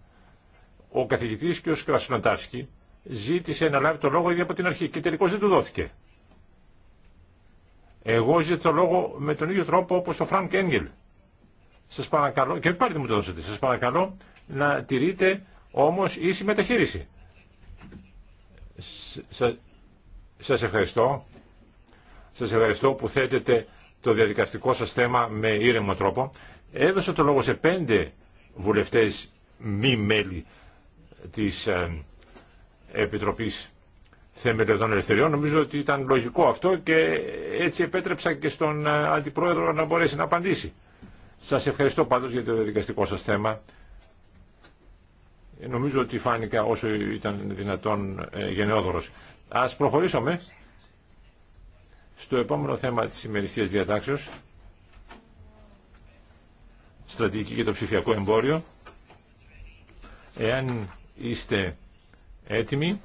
Ο καθηγητής ο Κρασνοτάρσκι ζήτησε να λάβει το λόγο ήδη από την αρχή και τελικώς δεν του δόθηκε. Εγώ ζήτησα το λόγο με τον ίδιο τρόπο όπως ο Φρανκ Έγγελ σας παρακαλώ, και πάλι μου το δώσετε, σας παρακαλώ να τηρείτε όμως ίση μεταχείριση. Σα, σας ευχαριστώ. Σας ευχαριστώ που θέτετε το διαδικαστικό σας θέμα με ήρεμο τρόπο. Έδωσα το λόγο σε πέντε βουλευτές μη μέλη της ε, Επιτροπής Θεμελιωδών Ελευθεριών. Νομίζω ότι ήταν λογικό αυτό και έτσι επέτρεψα και στον ε, Αντιπρόεδρο να μπορέσει να απαντήσει. Σας ευχαριστώ πάντως για το δικαστικό σας θέμα. Νομίζω ότι φάνηκα όσο ήταν δυνατόν ε, γενναιόδωρος. Ας προχωρήσουμε στο επόμενο θέμα της ημερησίας διατάξεως. Στρατηγική και το ψηφιακό εμπόριο. Εάν είστε έτοιμοι...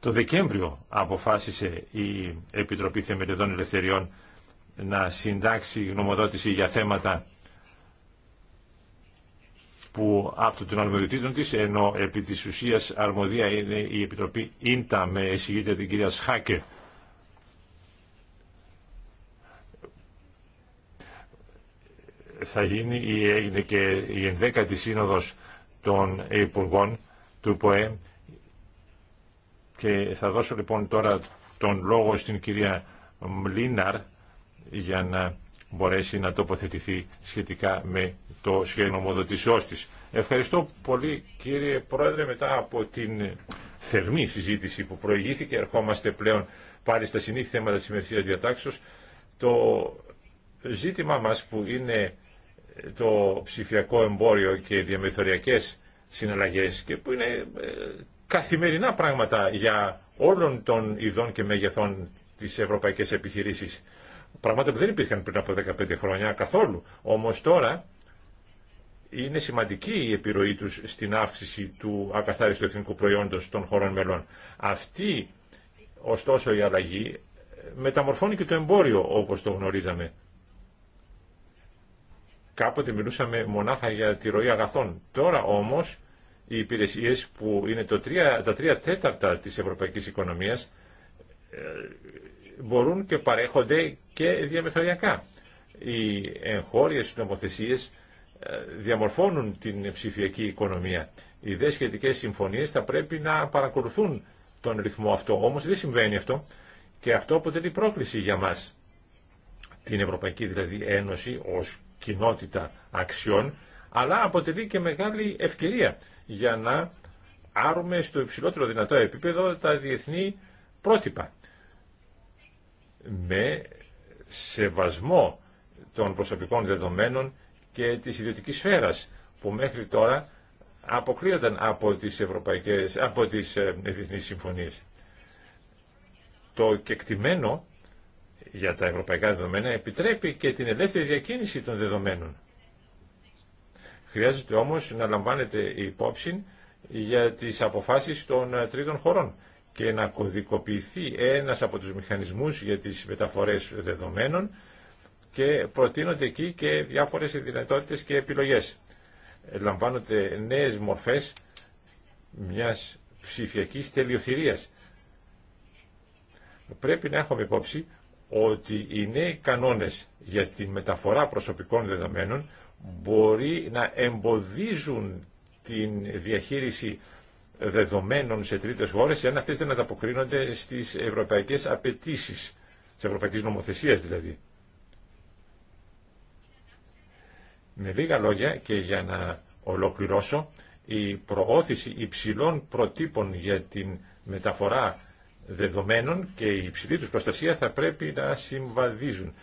Το Δεκέμβριο αποφάσισε η Επιτροπή Θεμελιωδών Ελευθεριών να συντάξει γνωμοδότηση για θέματα που το των αρμοδιοτήτων της, ενώ επί της ουσίας αρμοδία είναι η Επιτροπή Ίντα με εισηγήτρια την κυρία Σχάκε. Θα γίνει ή έγινε και η ενδέκατη σύνοδος των Υπουργών του ΠΟΕ και θα δώσω λοιπόν τώρα τον λόγο στην κυρία Μλίναρ για να μπορέσει να τοποθετηθεί σχετικά με το σχέδιο ομοδοτησιός της. Ευχαριστώ πολύ κύριε Πρόεδρε μετά από την θερμή συζήτηση που προηγήθηκε. Ερχόμαστε πλέον πάλι στα συνήθη θέματα της ημερησίας διατάξεως. Το ζήτημά μας που είναι το ψηφιακό εμπόριο και διαμεθοριακές συναλλαγές και που είναι ε, καθημερινά πράγματα για όλων των ειδών και μεγεθών τις ευρωπαϊκές επιχειρήσεις. Πράγματα που δεν υπήρχαν πριν από 15 χρόνια καθόλου. Όμως τώρα είναι σημαντική η επιρροή τους στην αύξηση του ακαθάριστου εθνικού προϊόντος των χωρών μελών. Αυτή, ωστόσο, η αλλαγή ε, μεταμορφώνει και το εμπόριο όπως το γνωρίζαμε. Κάποτε μιλούσαμε μονάχα για τη ροή αγαθών. Τώρα όμως οι υπηρεσίε που είναι το 3, τα τρία τέταρτα της ευρωπαϊκής οικονομίας ε, μπορούν και παρέχονται και διαμεθοριακά. Οι εγχώριες νομοθεσίε ε, διαμορφώνουν την ψηφιακή οικονομία. Οι δε σχετικέ συμφωνίες θα πρέπει να παρακολουθούν τον ρυθμό αυτό. Όμως δεν συμβαίνει αυτό και αυτό αποτελεί πρόκληση για μας. Την Ευρωπαϊκή δηλαδή Ένωση ως κοινότητα αξιών αλλά αποτελεί και μεγάλη ευκαιρία για να άρουμε στο υψηλότερο δυνατό επίπεδο τα διεθνή πρότυπα. Με σεβασμό των προσωπικών δεδομένων και της ιδιωτικής σφαίρας που μέχρι τώρα αποκλείονταν από τις, ευρωπαϊκές, από τις ε, διεθνείς συμφωνίες. Το κεκτημένο για τα ευρωπαϊκά δεδομένα επιτρέπει και την ελεύθερη διακίνηση των δεδομένων. Χρειάζεται όμως να λαμβάνεται υπόψη για τις αποφάσεις των ε, τρίτων χωρών και να κωδικοποιηθεί ένας από τους μηχανισμούς για τις μεταφορές δεδομένων και προτείνονται εκεί και διάφορες δυνατότητες και επιλογές. Λαμβάνονται νέες μορφές μιας ψηφιακής τελειοθυρίας. Πρέπει να έχουμε υπόψη ότι οι νέοι κανόνες για τη μεταφορά προσωπικών δεδομένων μπορεί να εμποδίζουν την διαχείριση δεδομένων σε τρίτες χώρες εάν αυτές δεν ανταποκρίνονται στις ευρωπαϊκές απαιτήσεις, της ευρωπαϊκής νομοθεσίας δηλαδή. Με λίγα λόγια και για να ολοκληρώσω, η προώθηση υψηλών προτύπων για την μεταφορά δεδομένων και η υψηλή τους προστασία θα πρέπει να συμβαδίζουν.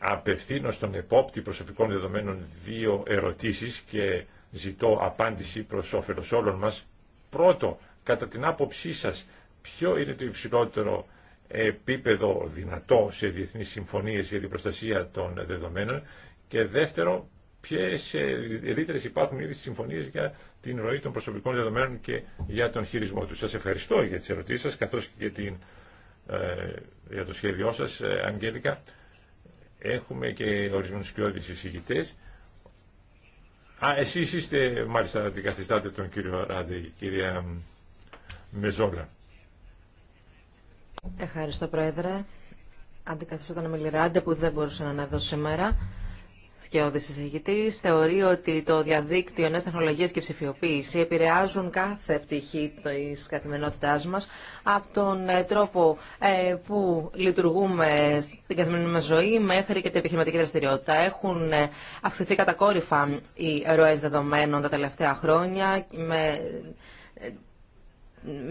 απευθύνω στον επόπτη προσωπικών δεδομένων δύο ερωτήσεις και ζητώ απάντηση προς όφελος όλων μας. Πρώτο, κατά την άποψή σας, ποιο είναι το υψηλότερο επίπεδο δυνατό σε διεθνείς συμφωνίες για την προστασία των δεδομένων και δεύτερο, ποιες ρήτρες υπάρχουν ήδη συμφωνίες για την ροή των προσωπικών δεδομένων και για τον χειρισμό τους. Σας ευχαριστώ για τις ερωτήσεις σας καθώς και για, την, ε, για το σχέδιό σας, ε, Αγγέλικα. Έχουμε και ορισμένους κοιόδης εισηγητές. Α, εσείς είστε, μάλιστα, αντικαθιστάτε τον κύριο Ράντε, κυρία Μεζόλα. Ευχαριστώ, Πρόεδρε. Αντικαθιστώ τον Μιλιράντε που δεν μπορούσε να εδώ σήμερα. Σκιώδης εισηγητής θεωρεί ότι το διαδίκτυο, νέες τεχνολογίες και ψηφιοποίηση επηρεάζουν κάθε πτυχή τη καθημερινότητάς μας από τον ε, τρόπο ε, που λειτουργούμε στην καθημερινή μας ζωή μέχρι και την επιχειρηματική δραστηριότητα. Έχουν ε, αυξηθεί κατακόρυφα οι ροέ δεδομένων τα τελευταία χρόνια με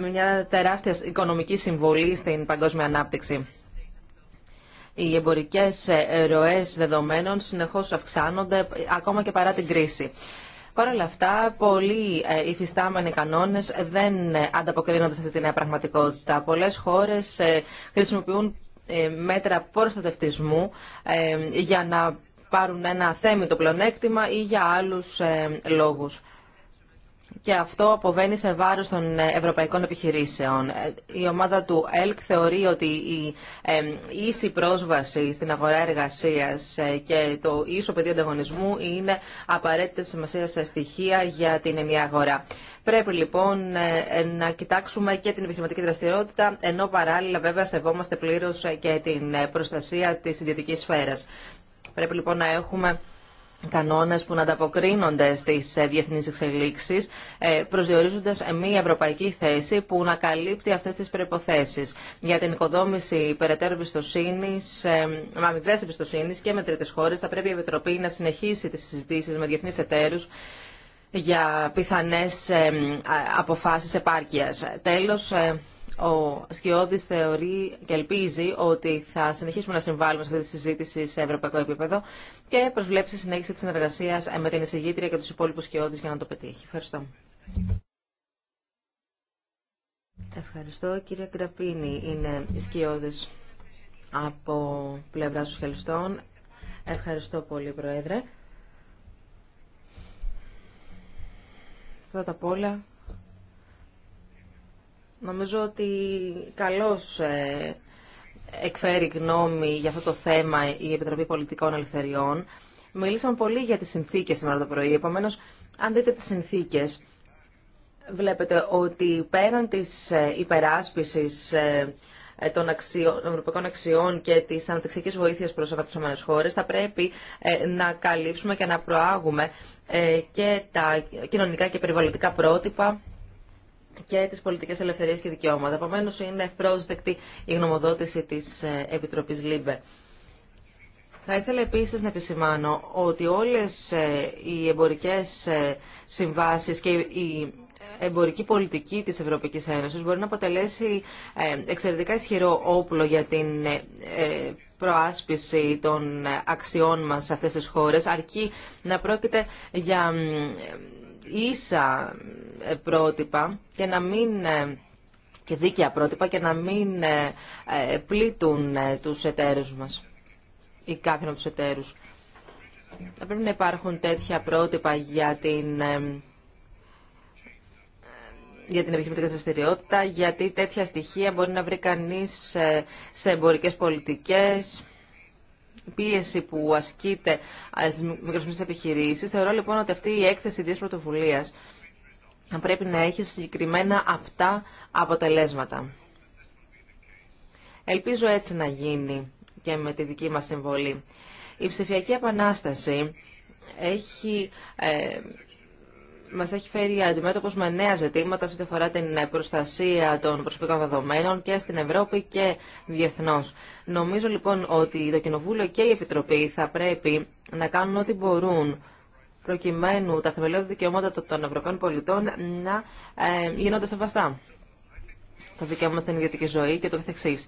μια τεράστια οικονομική συμβολή στην παγκόσμια ανάπτυξη οι εμπορικέ ε, ροέ δεδομένων συνεχώ αυξάνονται ακόμα και παρά την κρίση. Παρ' όλα αυτά, πολλοί ε, υφιστάμενοι κανόνε δεν ε, ανταποκρίνονται σε αυτή τη νέα πραγματικότητα. Πολλέ χώρε χρησιμοποιούν μέτρα προστατευτισμού για να πάρουν ένα θέμητο πλονέκτημα ή για άλλου λόγους και αυτό αποβαίνει σε βάρος των ε, ευρωπαϊκών επιχειρήσεων. Ε, η ομάδα του ΕΛΚ θεωρεί ότι η ε, ίση πρόσβαση στην αγορά εργασίας και το ίσο πεδίο ανταγωνισμού είναι απαραίτητες σημασία σε στοιχεία για την ενιαία αγορά. Πρέπει λοιπόν να κοιτάξουμε και την επιχειρηματική δραστηριότητα, ενώ παράλληλα βέβαια σεβόμαστε πλήρως και την προστασία της ιδιωτικής σφαίρας. Πρέπει λοιπόν να έχουμε κανόνες που να ανταποκρίνονται στις ε, διεθνείς εξελίξεις, ε, προσδιορίζοντας ε, μια ευρωπαϊκή θέση που να καλύπτει αυτές τις προϋποθέσεις για την οικοδόμηση περαιτέρω εμπιστοσύνης, αμοιβές εμπιστοσύνης και με χώρες. Θα πρέπει η Επιτροπή να συνεχίσει τις συζητήσεις με διεθνείς εταίρους για πιθανές αποφάσεις επάρκειας. Τέλος, ο Σκιώδη θεωρεί και ελπίζει ότι θα συνεχίσουμε να συμβάλλουμε σε αυτή τη συζήτηση σε ευρωπαϊκό επίπεδο και προσβλέψει συνέχιση τη συνεργασία με την εισηγήτρια και τους υπόλοιπου Σκιώδη για να το πετύχει. Ευχαριστώ. Ευχαριστώ. Κυρία Κραπίνη είναι η Σκιώδης από πλευρά του Χελστών. Ευχαριστώ πολύ, Πρόεδρε. Πρώτα απ' όλα Νομίζω ότι καλώς ε, εκφέρει γνώμη για αυτό το θέμα η Επιτροπή Πολιτικών Ελευθεριών. Μιλήσαμε πολύ για τις συνθήκες σήμερα το πρωί, επομένως αν δείτε τις συνθήκες βλέπετε ότι πέραν της ε, υπεράσπισης ε, των, αξιών, ευρωπαϊκών αξιών και τη αναπτυξιακή βοήθεια προ αναπτυσσόμενε χώρε, θα πρέπει να καλύψουμε και να προάγουμε και τα κοινωνικά και περιβαλλοντικά πρότυπα και τις πολιτικές ελευθερίες και δικαιώματα. Επομένω είναι ευπρόσδεκτη η γνωμοδότηση της ε, Επιτροπής ΛΥΜΠΕ. Θα ήθελα επίσης να επισημάνω ότι όλες ε, οι εμπορικές ε, συμβάσεις και η εμπορική πολιτική της Ευρωπαϊκής Ένωσης μπορεί να αποτελέσει εξαιρετικά ισχυρό όπλο για την προάσπιση των αξιών μας σε αυτές τις χώρες, αρκεί να πρόκειται για ίσα ε, πρότυπα και να μην ε, και δίκαια πρότυπα και να μην ε, πλήττουν τους εταίρους μας ή κάποιον από τους εταίρους. Θα πρέπει να υπάρχουν τέτοια πρότυπα για την, για την επιχειρηματική δραστηριότητα, γιατί τέτοια στοιχεία μπορεί να βρει κανείς σε εμπορικές πολιτικές πίεση που ασκείται στι μικρομεσαίες επιχειρήσει. Θεωρώ λοιπόν ότι αυτή η έκθεση της πρωτοβουλία πρέπει να έχει συγκεκριμένα απτά αποτελέσματα. Ελπίζω έτσι να γίνει και με τη δική μας συμβολή. Η ψηφιακή επανάσταση έχει ε, Μα έχει φέρει αντιμέτωπο με νέα ζητήματα σε ό,τι αφορά την προστασία των προσωπικών δεδομένων και στην Ευρώπη και διεθνώ. Νομίζω λοιπόν ότι το Κοινοβούλιο και η Επιτροπή θα πρέπει να κάνουν ό,τι μπορούν προκειμένου τα θεμελιώδη δικαιώματα των Ευρωπαίων πολιτών να ε, γίνονται σεβαστά. Το δικαίωμα στην ιδιωτική ζωή και το καθεξής.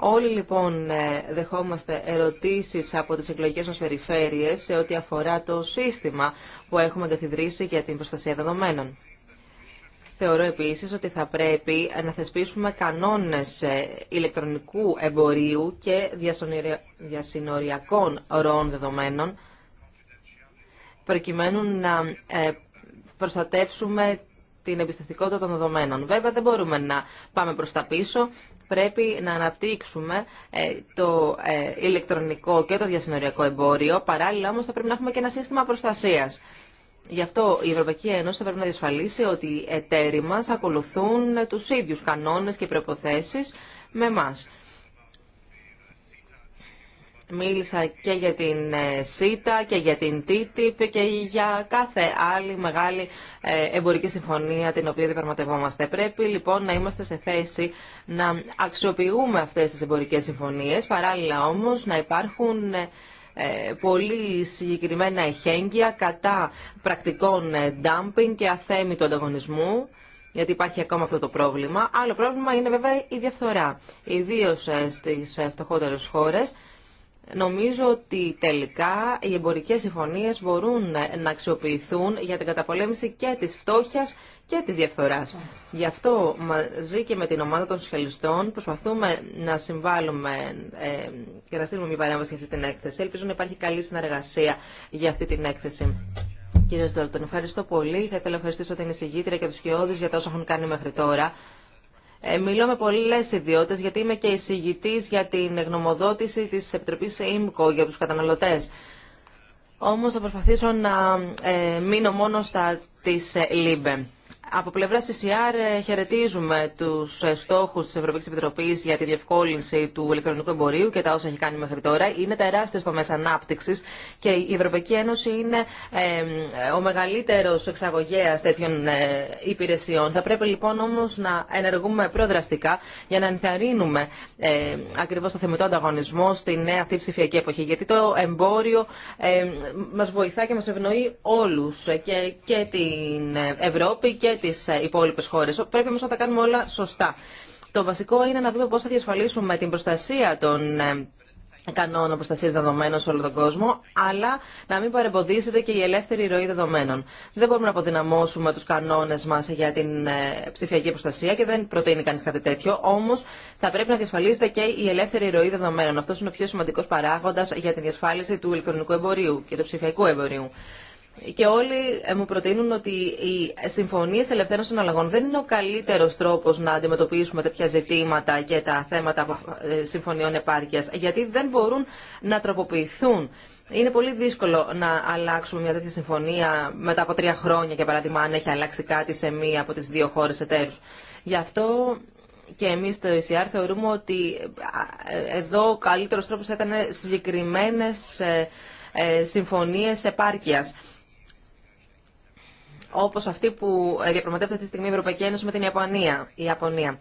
Όλοι λοιπόν ε, δεχόμαστε ερωτήσεις από τις εκλογικές μας περιφέρειες σε ό,τι αφορά το σύστημα που έχουμε εγκαθιδρύσει για την προστασία δεδομένων. Θεωρώ επίσης ότι θα πρέπει να θεσπίσουμε κανόνες ε, ηλεκτρονικού εμπορίου και διασυνοριακών ροών δεδομένων προκειμένου να ε, προστατεύσουμε την εμπιστευτικότητα των δεδομένων. Βέβαια δεν μπορούμε να πάμε προς τα πίσω, πρέπει να αναπτύξουμε ε, το ε, ηλεκτρονικό και το διασυνοριακό εμπόριο. Παράλληλα όμως θα πρέπει να έχουμε και ένα σύστημα προστασίας. Γι' αυτό η Ευρωπαϊκή Ένωση θα πρέπει να διασφαλίσει ότι οι εταίροι μας ακολουθούν τους ίδιους κανόνες και προϋποθέσεις με εμάς. Μίλησα και για την ε, ΣΥΤΑ και για την ΤΙΤΙΠ και για κάθε άλλη μεγάλη ε, εμπορική συμφωνία την οποία διαπραγματευόμαστε. Πρέπει λοιπόν να είμαστε σε θέση να αξιοποιούμε αυτές τις εμπορικές συμφωνίες, παράλληλα όμως να υπάρχουν ε, πολύ συγκεκριμένα εχέγγυα κατά πρακτικών ντάμπινγκ και του ανταγωνισμού γιατί υπάρχει ακόμα αυτό το πρόβλημα. Άλλο πρόβλημα είναι βέβαια η διαφθορά, ιδίω στις φτωχότερες χώρες. Νομίζω ότι τελικά οι εμπορικέ συμφωνίε μπορούν να αξιοποιηθούν για την καταπολέμηση και τη φτώχεια και τη διαφθορά. Γι' αυτό μαζί και με την ομάδα των σοσιαλιστών προσπαθούμε να συμβάλλουμε ε, και να στείλουμε μια παρέμβαση για αυτή την έκθεση. Ελπίζω να υπάρχει καλή συνεργασία για αυτή την έκθεση. Κύριε Στόλτον, ευχαριστώ πολύ. Θα ήθελα να ευχαριστήσω την εισηγήτρια και του Χιώδη για τα όσα έχουν κάνει μέχρι τώρα. Ε, μιλώ με πολλές ιδιώτε, γιατί είμαι και εισηγητή για την γνωμοδότηση της Επιτροπής ΕΙΜΚΟ για τους καταναλωτές. Όμως θα προσπαθήσω να ε, μείνω μόνο στα της ε, ΛΥΜΠΕ. Από πλευρά ΕΣΥΑΡ ε, χαιρετίζουμε του ε, στόχου τη Ευρωπαϊκή Επιτροπή για τη διευκόλυνση του ηλεκτρονικού εμπορίου και τα όσα έχει κάνει μέχρι τώρα. Είναι τεράστιε τομέ ανάπτυξη και η Ευρωπαϊκή Ένωση είναι ο μεγαλύτερο εξαγωγέα τέτοιων ε, υπηρεσιών. Θα πρέπει λοιπόν όμω να ενεργούμε προδραστικά για να ενθαρρύνουμε ακριβώ το θεμητό ανταγωνισμό στη νέα αυτή ψηφιακή εποχή. Γιατί το εμπόριο μα βοηθά και μα ευνοεί όλου και την Ευρώπη και τι ε, υπόλοιπε χώρε. Πρέπει όμω να τα κάνουμε όλα σωστά. Το βασικό είναι να δούμε πώ θα διασφαλίσουμε την προστασία των ε, κανόνων προστασία δεδομένων σε όλο τον κόσμο, αλλά να μην παρεμποδίζεται και η ελεύθερη ροή δεδομένων. Δεν μπορούμε να αποδυναμώσουμε του κανόνε μα για την ε, ψηφιακή προστασία και δεν προτείνει κανεί κάτι τέτοιο. Όμω θα πρέπει να διασφαλίζεται και η ελεύθερη ροή δεδομένων. Αυτό είναι ο πιο σημαντικό παράγοντα για την διασφάλιση του ηλεκτρονικού εμπορίου και του ψηφιακού εμπορίου και όλοι ε, μου προτείνουν ότι οι συμφωνίε ελευθέρων συναλλαγών δεν είναι ο καλύτερο τρόπο να αντιμετωπίσουμε τέτοια ζητήματα και τα θέματα ε, συμφωνιών επάρκεια, γιατί δεν μπορούν να τροποποιηθούν. Είναι πολύ δύσκολο να αλλάξουμε μια τέτοια συμφωνία μετά από τρία χρόνια, για παράδειγμα, αν έχει αλλάξει κάτι σε μία από τι δύο χώρε εταίρου. Γι' αυτό και εμεί στο ECR θεωρούμε ότι ε, εδώ ο καλύτερο τρόπο θα ήταν συγκεκριμένε συμφωνίε επάρκεια όπως αυτή που ε, διαπραγματεύεται αυτή τη στιγμή η Ευρωπαϊκή Ένωση με την Ιαπωνία. Η Ιαπωνία.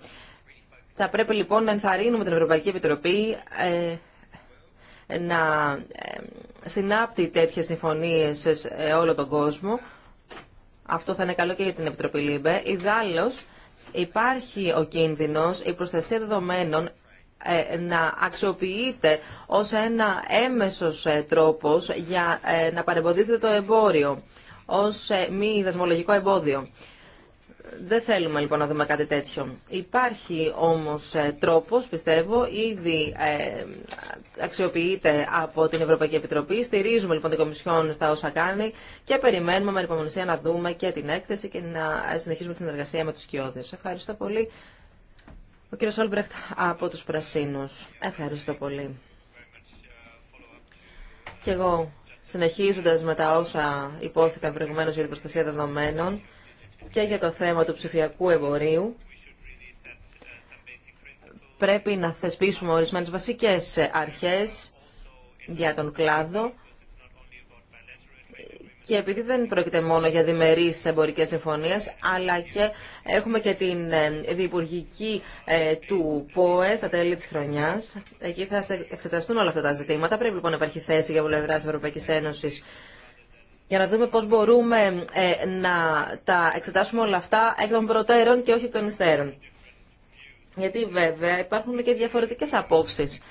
Θα πρέπει λοιπόν να ενθαρρύνουμε την Ευρωπαϊκή Επιτροπή ε, να ε, συνάπτει τέτοιες συμφωνίες σε όλο τον κόσμο. Αυτό θα είναι καλό και για την Επιτροπή Λίμπε. Ιδάλλως υπάρχει ο κίνδυνος, η προστασία δεδομένων ε, να αξιοποιείται ως ένα έμεσος τρόπος για να παρεμποδίζεται το εμπόριο ως ε, μη δεσμολογικό εμπόδιο. Δεν θέλουμε λοιπόν να δούμε κάτι τέτοιο. Υπάρχει όμως ε, τρόπος, πιστεύω, ήδη ε, αξιοποιείται από την Ευρωπαϊκή Επιτροπή. Στηρίζουμε λοιπόν την Κομισιόν στα όσα κάνει και περιμένουμε με υπομονησία να δούμε και την έκθεση και να συνεχίσουμε τη συνεργασία με τους κοιότες. Ευχαριστώ πολύ. Ο κύριο Όλμπρεχτ από τους Πρασίνους. Ευχαριστώ πολύ. Και εγώ συνεχίζοντας με τα όσα υπόθηκαν προηγουμένω για την προστασία δεδομένων και για το θέμα του ψηφιακού εμπορίου, πρέπει να θεσπίσουμε ορισμένες βασικές αρχές για τον κλάδο και επειδή δεν πρόκειται μόνο για διμερείς εμπορικές συμφωνίες, αλλά και έχουμε και την ε, διυπουργική ε, του ΠΟΕ στα τέλη της χρονιάς. Εκεί θα εξεταστούν όλα αυτά τα ζητήματα. Πρέπει λοιπόν να υπάρχει θέση για βουλευρά της Ευρωπαϊκής Ένωσης για να δούμε πώς μπορούμε ε, να τα εξετάσουμε όλα αυτά εκ των προτέρων και όχι εκ των υστέρων. Γιατί βέβαια υπάρχουν και διαφορετικές απόψεις.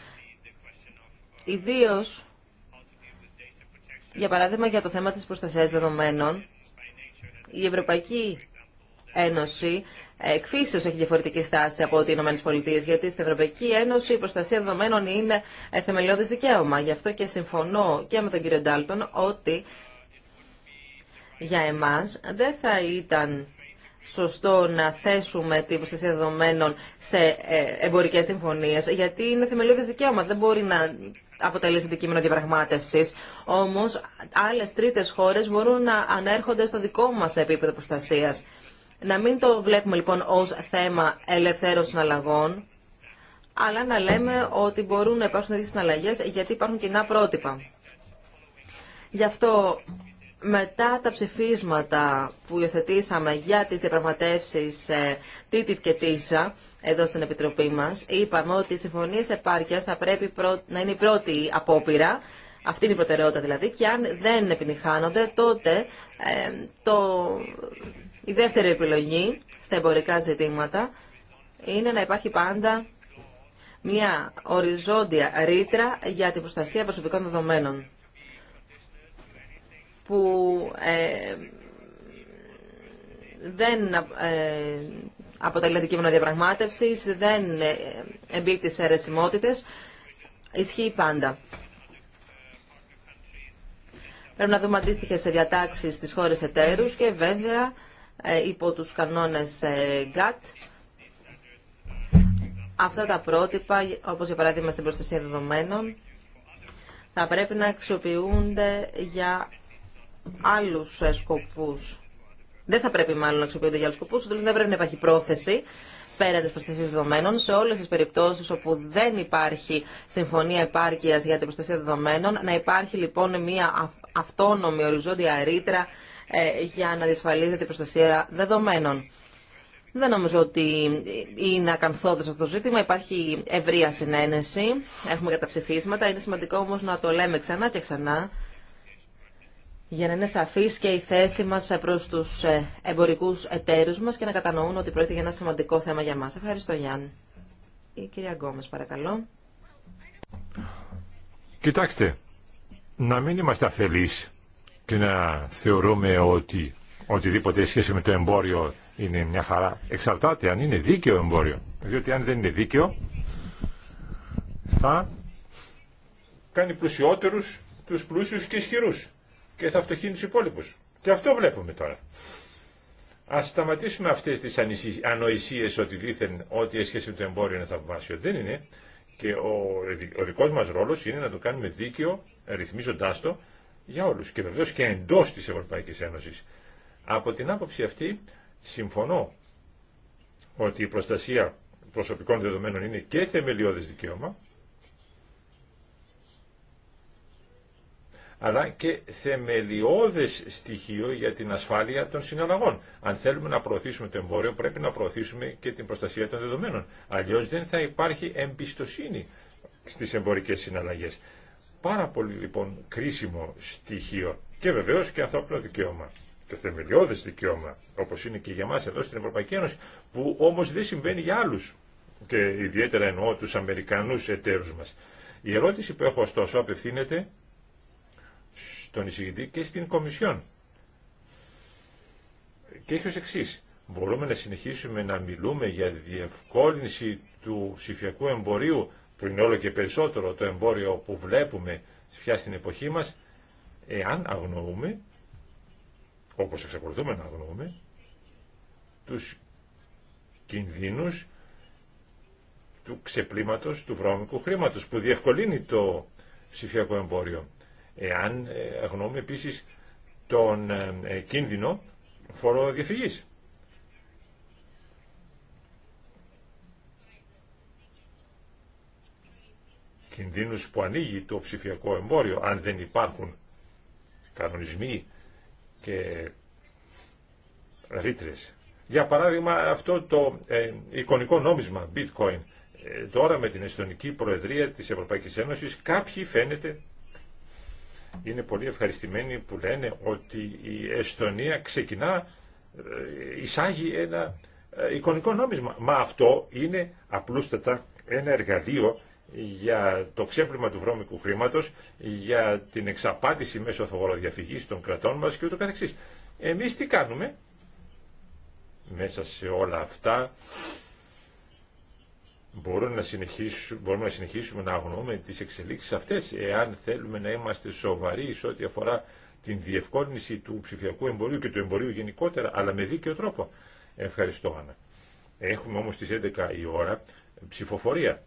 Ιδίως για παράδειγμα, για το θέμα της προστασίας δεδομένων, η Ευρωπαϊκή Ένωση εκφύσεως έχει διαφορετική στάση από ό,τι οι Ηνωμένες Πολιτείες, γιατί στην Ευρωπαϊκή Ένωση η προστασία δεδομένων είναι ε, θεμελιώδης δικαίωμα. Γι' αυτό και συμφωνώ και με τον κύριο Ντάλτον ότι για εμάς δεν θα ήταν σωστό να θέσουμε την προστασία δεδομένων σε ε, εμπορικές συμφωνίες, γιατί είναι θεμελιώδης δικαίωμα. Δεν μπορεί να αποτελεί αντικείμενο διαπραγμάτευση. Όμω, άλλε τρίτε χώρε μπορούν να ανέρχονται στο δικό μα επίπεδο προστασία. Να μην το βλέπουμε λοιπόν ω θέμα ελευθέρω συναλλαγών, αλλά να λέμε ότι μπορούν να υπάρξουν τέτοιε συναλλαγέ γιατί υπάρχουν κοινά πρότυπα. Γι' αυτό μετά τα ψηφίσματα που υιοθετήσαμε για τις διαπραγματεύσεις ε, TTIP και TISA εδώ στην Επιτροπή μας, είπαμε ότι οι συμφωνίες επάρκειας θα πρέπει να είναι η πρώτη απόπειρα, αυτή είναι η προτεραιότητα δηλαδή, και αν δεν επιτυχάνονται τότε ε, το... η δεύτερη επιλογή στα εμπορικά ζητήματα είναι να υπάρχει πάντα μια οριζόντια ρήτρα για την προστασία προσωπικών δεδομένων που ε, δεν ε, αποτελεί αντικείμενο διαπραγμάτευση, δεν ε, εμπίπτει σε αιρεσιμότητε. Ισχύει πάντα. Πρέπει να δούμε αντίστοιχε διατάξει στι χώρε εταίρου και βέβαια ε, υπό τους κανόνες GATT αυτά τα πρότυπα, όπως για παράδειγμα στην προστασία δεδομένων, θα πρέπει να αξιοποιούνται για Άλλου ε, σκοπού. Δεν θα πρέπει μάλλον να αξιοποιούνται για άλλου σκοπού. δηλαδή δεν πρέπει να υπάρχει πρόθεση πέραν τη προστασία δεδομένων, σε όλε τι περιπτώσει όπου δεν υπάρχει συμφωνία επάρκεια για την προστασία δεδομένων, να υπάρχει λοιπόν μια αυτόνομη οριζόντια ρήτρα ε, για να διασφαλίζεται η προστασία δεδομένων. Δεν νομίζω ότι είναι ακαθόδε αυτό το ζήτημα. Υπάρχει ευρεία συνένεση. Έχουμε ψηφίσματα. Είναι σημαντικό όμω να το λέμε ξανά και ξανά για να είναι σαφή και η θέση μας προ τους ε, εμπορικούς εταίρους μας και να κατανοούν ότι πρόκειται για ένα σημαντικό θέμα για μας. Ευχαριστώ Γιάννη. Η κυρία Γκόμες παρακαλώ. Κοιτάξτε, να μην είμαστε αφελεί και να θεωρούμε ότι οτιδήποτε σχέση με το εμπόριο είναι μια χαρά. Εξαρτάται αν είναι δίκαιο εμπόριο. Διότι αν δεν είναι δίκαιο θα κάνει πλουσιότερους τους πλούσιους και ισχυρούς και θα φτωχύνει του υπόλοιπου. Και αυτό βλέπουμε τώρα. Α σταματήσουμε αυτές τις ανοησίες ότι δήθεν ότι η σχέση με το εμπόριο είναι θαυμάσιο. Δεν είναι. Και ο, ο δικός μας ρόλος είναι να το κάνουμε δίκαιο, ρυθμίζοντά το, για όλους. Και βεβαίω και εντό τη Ευρωπαϊκή Ένωση. Από την άποψη αυτή, συμφωνώ ότι η προστασία προσωπικών δεδομένων είναι και θεμελιώδες δικαίωμα, αλλά και θεμελιώδες στοιχείο για την ασφάλεια των συναλλαγών. Αν θέλουμε να προωθήσουμε το εμπόριο, πρέπει να προωθήσουμε και την προστασία των δεδομένων. Αλλιώς δεν θα υπάρχει εμπιστοσύνη στις εμπορικές συναλλαγές. Πάρα πολύ λοιπόν κρίσιμο στοιχείο και βεβαίως και ανθρώπινο δικαίωμα και θεμελιώδες δικαίωμα, όπως είναι και για μας εδώ στην Ευρωπαϊκή Ένωση, που όμως δεν συμβαίνει για άλλους και ιδιαίτερα εννοώ τους Αμερικανούς εταίρους μας. Η ερώτηση που έχω ωστόσο απευθύνεται τον εισηγητή και στην Κομισιόν. Και έχει ως εξής. Μπορούμε να συνεχίσουμε να μιλούμε για διευκόλυνση του ψηφιακού εμπορίου που είναι όλο και περισσότερο το εμπόριο που βλέπουμε πια στην εποχή μας εάν αγνοούμε όπως εξακολουθούμε να αγνοούμε τους κινδύνους του ξεπλήματος του βρώμικου χρήματος που διευκολύνει το ψηφιακό εμπόριο εάν ε, αγνοούμε επίσης τον ε, ε, κίνδυνο φοροδιαφυγής. Κινδύνους που ανοίγει το ψηφιακό εμπόριο αν δεν υπάρχουν κανονισμοί και ρήτρες. Για παράδειγμα αυτό το εικονικό νόμισμα bitcoin τώρα με την Εστονική Προεδρία της Ευρωπαϊκής Ένωσης κάποιοι φαίνεται είναι πολύ ευχαριστημένοι που λένε ότι η Εστονία ξεκινά, ε, εισάγει ένα ε, εικονικό νόμισμα. Μα αυτό είναι απλούστατα ένα εργαλείο για το ξέπλυμα του βρώμικου χρήματος, για την εξαπάτηση μέσω θογοροδιαφυγής των κρατών μας και ούτω καθεξής. Εμείς τι κάνουμε μέσα σε όλα αυτά μπορούμε να συνεχίσουμε, να, συνεχίσουμε να αγνοούμε τις εξελίξεις αυτές εάν θέλουμε να είμαστε σοβαροί σε ό,τι αφορά την διευκόλυνση του ψηφιακού εμπορίου και του εμπορίου γενικότερα, αλλά με δίκαιο τρόπο. Ευχαριστώ, Άννα. Έχουμε όμως στις 11 η ώρα ψηφοφορία.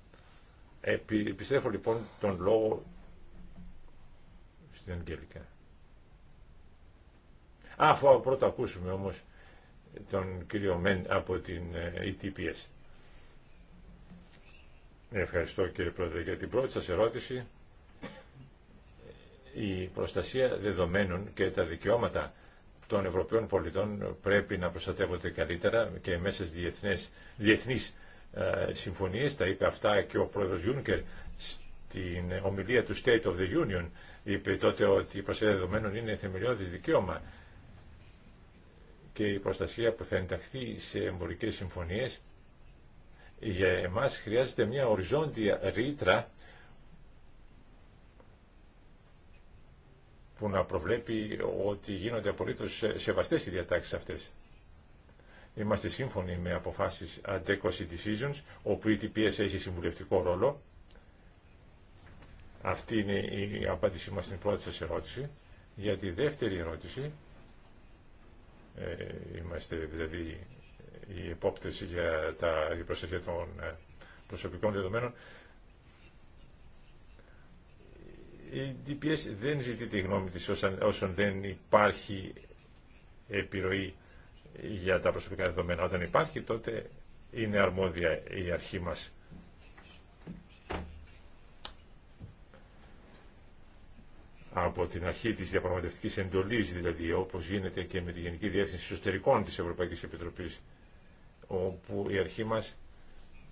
επιστρέφω λοιπόν τον λόγο στην Αγγέλικα. αφού πρώτα ακούσουμε όμως τον κύριο Μεν από την ETPS. Ε, Ευχαριστώ κύριε Πρόεδρε για την πρώτη σας ερώτηση. Η προστασία δεδομένων και τα δικαιώματα των Ευρωπαίων πολιτών πρέπει να προστατεύονται καλύτερα και μέσα στις διεθνές, διεθνείς ε, συμφωνίες. Τα είπε αυτά και ο Πρόεδρος Γιούνκερ στην ομιλία του State of the Union. Είπε τότε ότι η προστασία δεδομένων είναι θεμελιώδης δικαίωμα και η προστασία που θα ενταχθεί σε εμπορικές συμφωνίες για εμάς χρειάζεται μια οριζόντια ρήτρα που να προβλέπει ότι γίνονται απολύτως σεβαστές οι διατάξεις αυτές. Είμαστε σύμφωνοι με αποφάσεις adequacy decisions, όπου η TPS έχει συμβουλευτικό ρόλο. Αυτή είναι η απάντησή μας στην πρώτη σας ερώτηση. Για τη δεύτερη ερώτηση, ε, είμαστε δηλαδή η υπόπτηση για, τα, για των ε, προσωπικών δεδομένων. Η DPS δεν ζητεί τη γνώμη της όσον, όσον δεν υπάρχει επιρροή για τα προσωπικά δεδομένα. Όταν υπάρχει τότε είναι αρμόδια η αρχή μας. από την αρχή της διαπραγματευτικής εντολής, δηλαδή όπως γίνεται και με τη Γενική Διεύθυνση σωστερικών της Ευρωπαϊκής Επιτροπής όπου η αρχή μας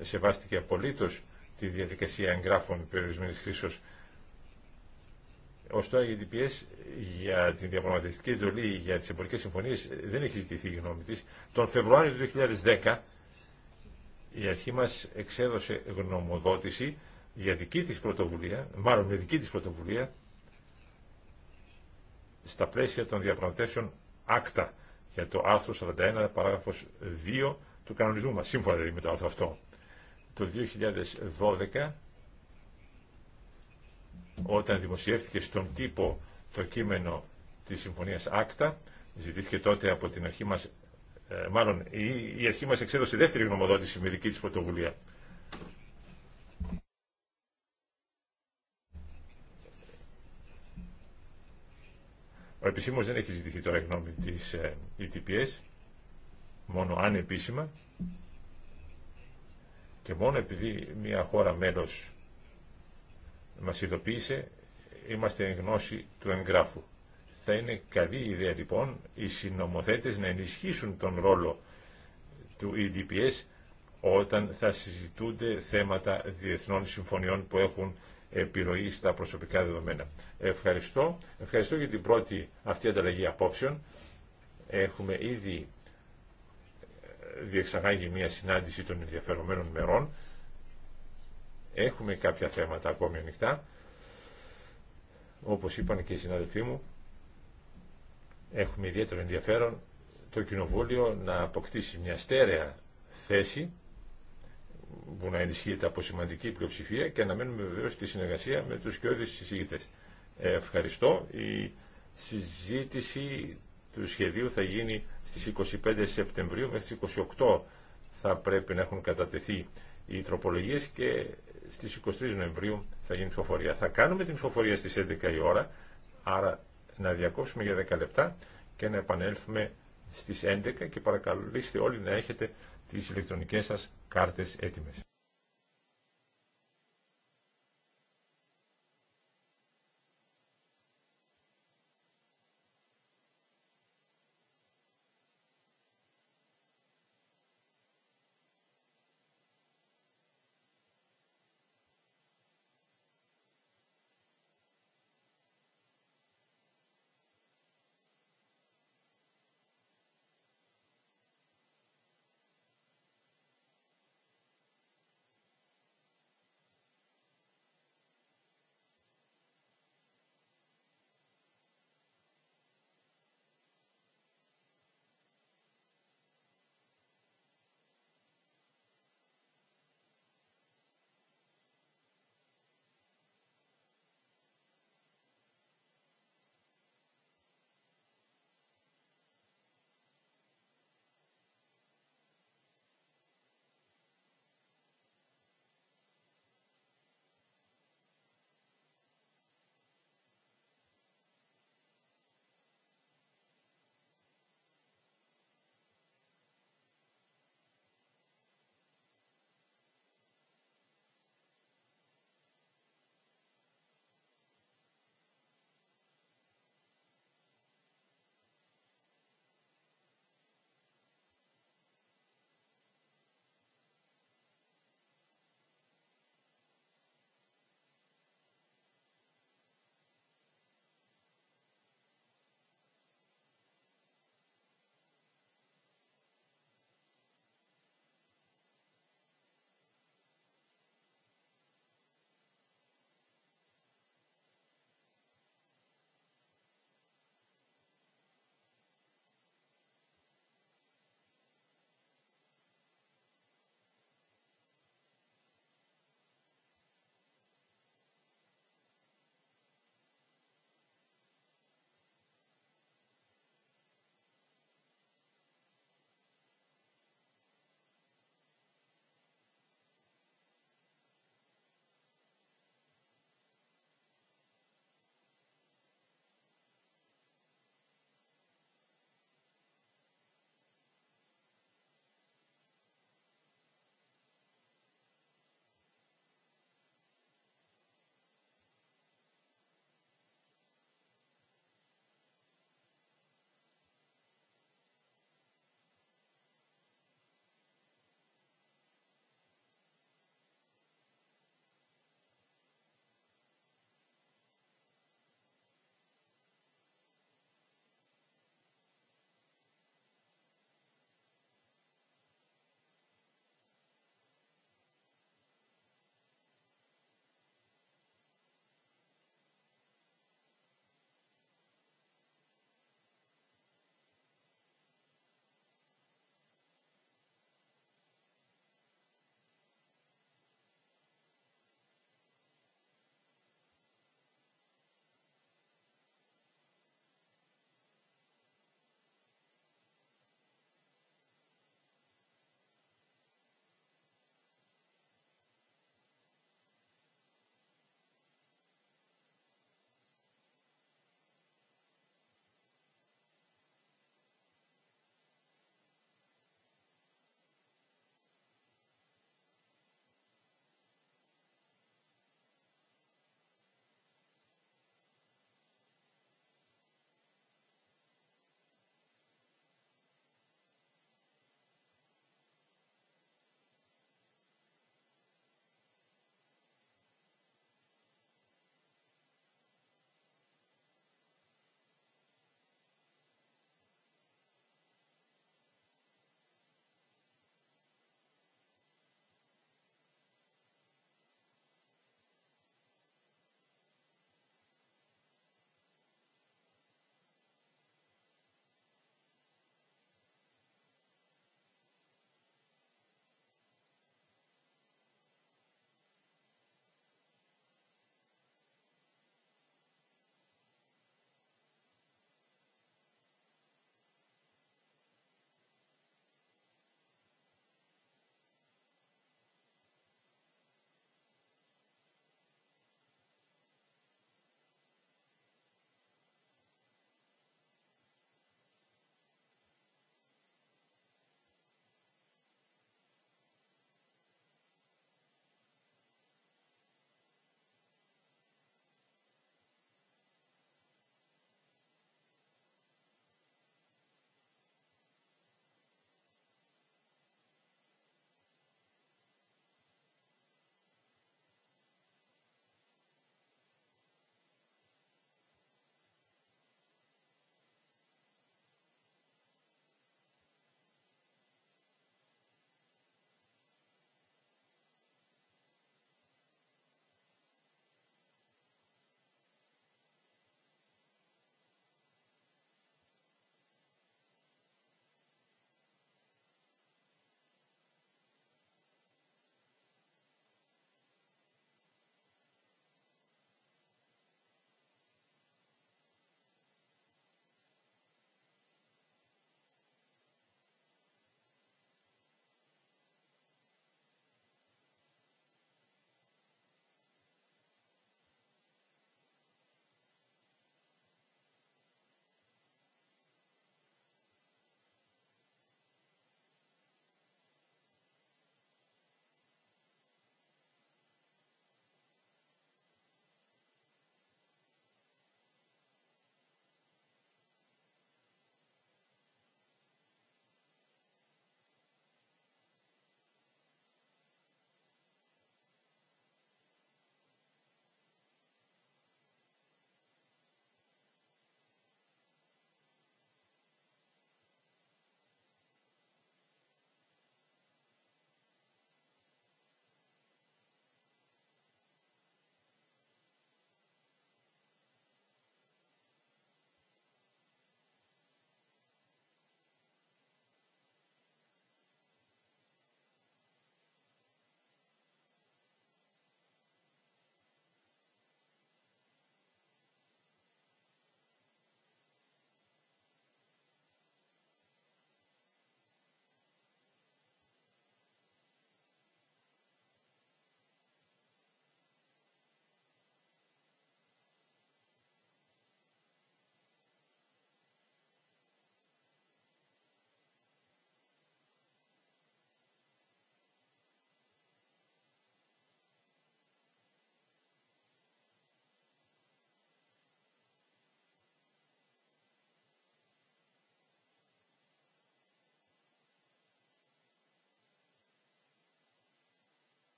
σεβάστηκε απολύτως τη διαδικασία εγγράφων περιορισμένης χρήσεως. Ωστόσο, η DPS για την διαπραγματευτική εντολή για τις εμπορικές συμφωνίες δεν έχει ζητηθεί η γνώμη της. Τον Φεβρουάριο του 2010 η αρχή μας εξέδωσε γνωμοδότηση για δική της πρωτοβουλία, μάλλον με δική της πρωτοβουλία, στα πλαίσια των διαπραγματεύσεων άκτα για το άρθρο 41 παράγραφος 2 του κανονισμού μας, σύμφωνα δηλαδή με το άρθρο αυτό. Το 2012, όταν δημοσιεύθηκε στον τύπο το κείμενο της Συμφωνίας Άκτα, ζητήθηκε τότε από την αρχή μας, ε, μάλλον η, αρχή μας εξέδωσε δεύτερη γνωμοδότηση με δική της πρωτοβουλία. Ο επισήμως δεν έχει ζητηθεί τώρα η γνώμη της ETPS. Ε, μόνο ανεπίσημα και μόνο επειδή μια χώρα μέλος μας ειδοποίησε, είμαστε εν γνώση του εγγράφου. Θα είναι καλή ιδέα λοιπόν οι συνομοθέτες να ενισχύσουν τον ρόλο του EDPS όταν θα συζητούνται θέματα διεθνών συμφωνιών που έχουν επιρροή στα προσωπικά δεδομένα. Ευχαριστώ. Ευχαριστώ για την πρώτη αυτή ανταλλαγή απόψεων. Έχουμε ήδη διεξαγάγει μια συνάντηση των ενδιαφερομένων μερών. Έχουμε κάποια θέματα ακόμη ανοιχτά. Όπως είπαν και οι συναδελφοί μου, έχουμε ιδιαίτερο ενδιαφέρον το Κοινοβούλιο να αποκτήσει μια στέρεα θέση που να ενισχύεται από σημαντική πλειοψηφία και να μένουμε βεβαίω στη συνεργασία με τους κοιόδης συζήτητες. Ε, ευχαριστώ. Η συζήτηση του σχεδίου θα γίνει στις 25 Σεπτεμβρίου μέχρι τις 28 θα πρέπει να έχουν κατατεθεί οι τροπολογίες και στις 23 Νοεμβρίου θα γίνει ψηφοφορία. Θα κάνουμε την ψηφοφορία στις 11 η ώρα, άρα να διακόψουμε για 10 λεπτά και να επανέλθουμε στις 11 και παρακαλείστε όλοι να έχετε τις ηλεκτρονικές σας κάρτες έτοιμες.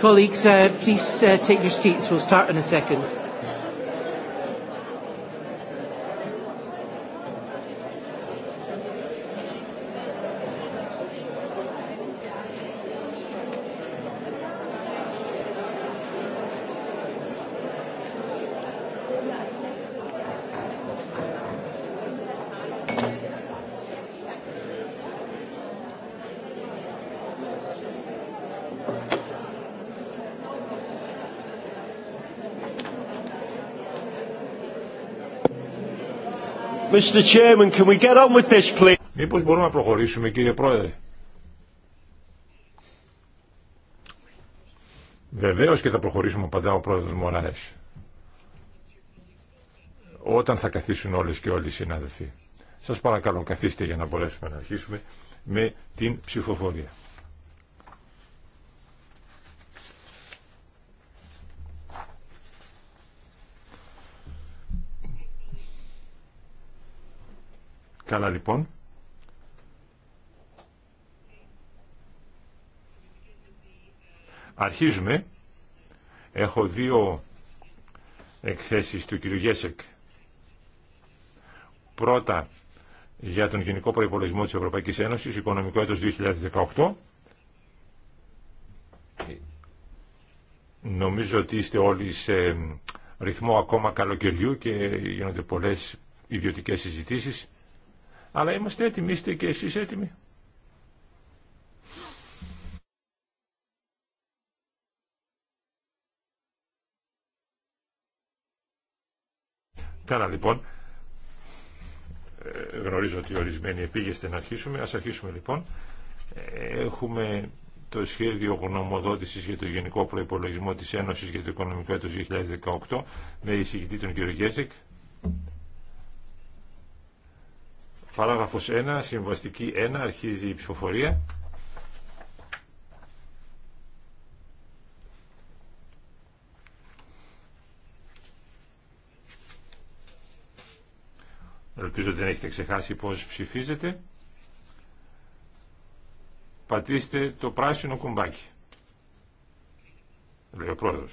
Colleagues, please take your seats. We'll start in a second. Mr. Chairman, can we get on with this, please? μπορούμε να προχωρήσουμε, κύριε Πρόεδρε. Βεβαίως και θα προχωρήσουμε, απαντά ο Πρόεδρος Μωράες. Όταν θα καθίσουν όλες και όλοι οι συνάδελφοι. Σας παρακαλώ, καθίστε για να μπορέσουμε να αρχίσουμε με την ψηφοφορία. Καλά λοιπόν. Αρχίζουμε. Έχω δύο εκθέσεις του κ. Γέσεκ. Πρώτα για τον Γενικό Προϋπολογισμό της Ευρωπαϊκής Ένωσης, οικονομικό έτος 2018. Νομίζω ότι είστε όλοι σε ρυθμό ακόμα καλοκαιριού και γίνονται πολλές ιδιωτικές συζητήσεις αλλά είμαστε έτοιμοι, είστε και εσείς έτοιμοι. Καλά λοιπόν, ε, γνωρίζω ότι ορισμένοι επίγεστε να αρχίσουμε, ας αρχίσουμε λοιπόν. Ε, έχουμε το σχέδιο γνωμοδότησης για το Γενικό Προϋπολογισμό της Ένωσης για το Οικονομικό έτος 2018 με εισηγητή τον κύριο Γέσικ. Παράγραφος 1, συμβαστική 1, αρχίζει η ψηφοφορία. Ελπίζω ότι δεν έχετε ξεχάσει πώς ψηφίζετε. Πατήστε το πράσινο κουμπάκι. Λέει ο πρόεδρος.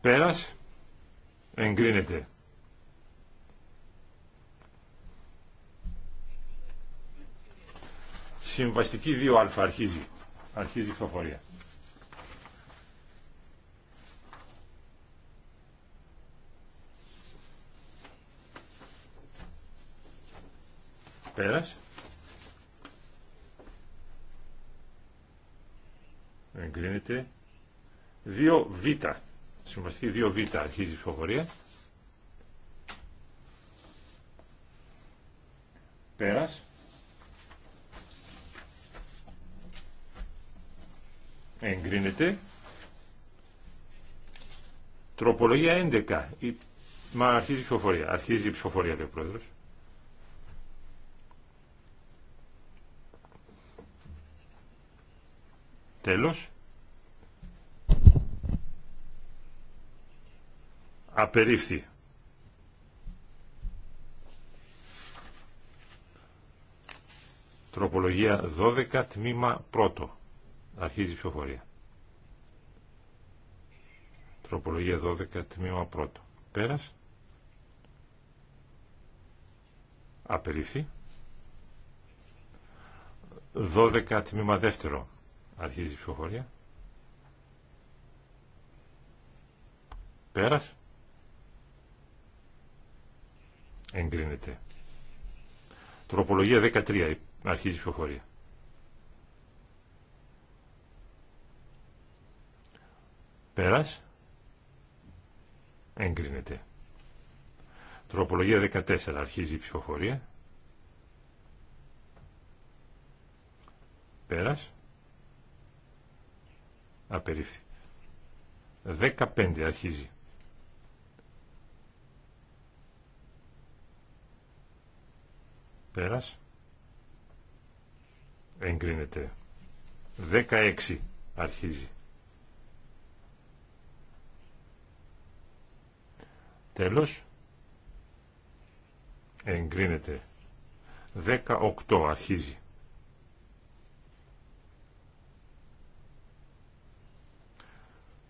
Πέρας. Εγκρίνεται. Συμβαστική 2α αρχίζει. Αρχίζει η ψηφοφορία. Πέρας. Εγκρίνεται. 2β. Συμβαστική 2β αρχίζει η ψηφοφορία. Πέρας. εγκρίνεται. Τροπολογία 11. Η... Μα αρχίζει η ψηφοφορία. Αρχίζει η ψηφοφορία, λέει ο πρόεδρος. Τέλος. Απερίφθη. Τροπολογία 12, τμήμα 1. Αρχίζει η ψηφοφορία. Τροπολογία 12, τμήμα 1. Πέρας. απερίφθει 12, τμήμα 2. Αρχίζει η ψηφοφορία. Πέρας. Εγκρίνεται. Τροπολογία 13. Αρχίζει η ψηφοφορία. Πέρας. Εγκρίνεται. Τροπολογία 14. Αρχίζει η ψηφοφορία. Πέρας. Απερίφθη. 15 αρχίζει. Πέρας. Εγκρίνεται. 16 αρχίζει. Τέλος. Εγκρίνεται. 18 αρχίζει.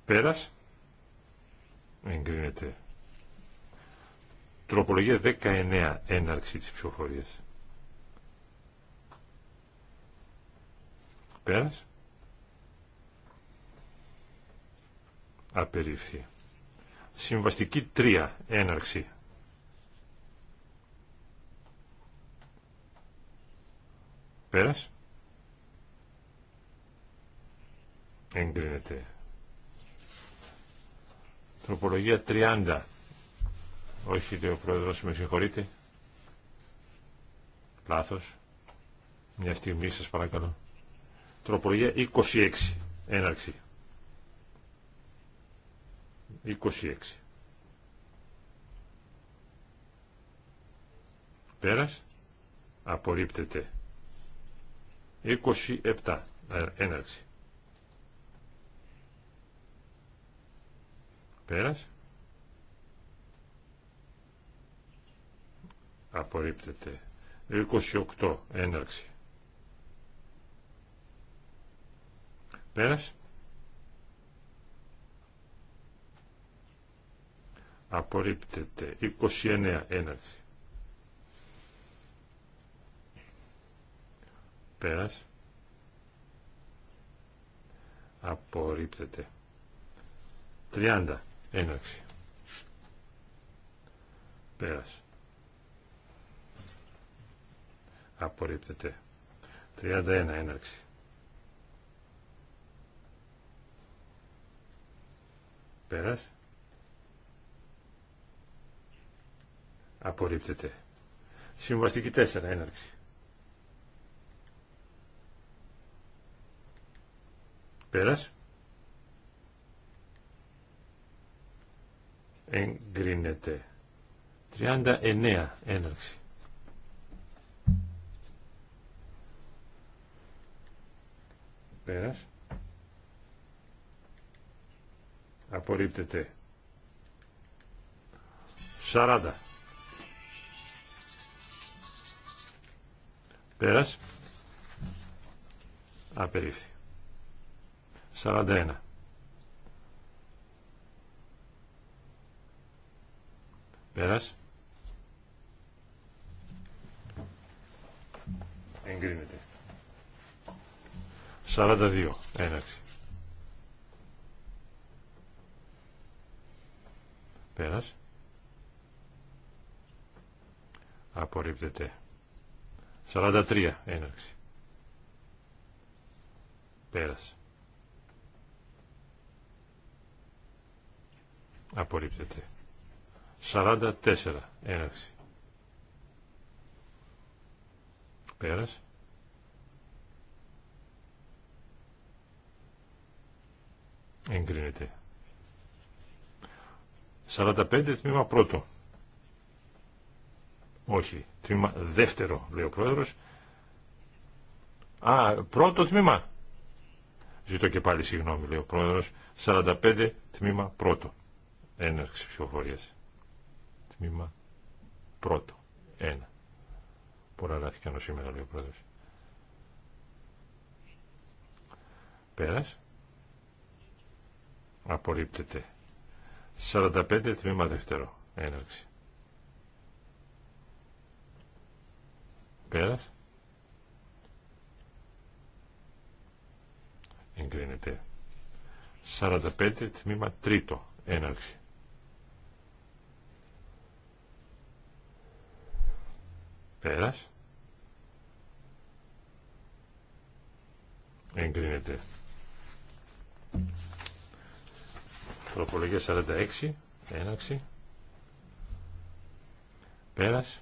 Πέρας. Εγκρίνεται. Τροπολογία 19 έναρξη της ψηφοφορίας. Πέρας. απεριφθεί. Συμβαστική 3. Έναρξη. Πέρας. Εγκρίνεται. Τροπολογία 30. Όχι, λέει ο πρόεδρος, με συγχωρείτε. Λάθος. Μια στιγμή σας παρακαλώ. Τροπολογία 26. Έναρξη. 26. Πέρας. Απορρίπτεται. 27. Ε, έναρξη. Πέρας. Απορρίπτεται. 28. Έναρξη. Πέρας. απορρίπτεται 29 έναρξη πέρας απορρίπτεται 30 έναρξη πέρας απορρίπτεται 31 έναρξη πέρας Απορρίπτεται. Συμβαστική 4. Έναρξη. Πέρας. Εγκρίνεται. 39. Έναρξη. Πέρας. Απορρίπτεται. 40. Πέρας. Απερίφθη. 41. Πέρας. Εγκρίνεται. 42. Έναρξη. Πέρας. Απορρίπτεται. 43 έναρξη. Πέρασε. Απορρίπτεται. 44 έναρξη. Πέρασε. Εγκρίνεται. 45 τμήμα πρώτο. Όχι. Τμήμα δεύτερο, λέει ο πρόεδρος. Α, πρώτο τμήμα. Ζητώ και πάλι συγγνώμη, λέει ο πρόεδρος. 45 τμήμα πρώτο. Έναρξη ψηφοφορία. Τμήμα πρώτο. Ένα. Πολλά λάθη κάνω σήμερα, λέει ο πρόεδρος. Πέρας. Απορρίπτεται. 45 τμήμα δεύτερο. Έναρξη. Πέρας. Εγκρίνεται. 45 τμήμα τρίτο. Έναρξη. Πέρας. Εγκρίνεται. Τροπολογία 46. Έναρξη. Πέρας.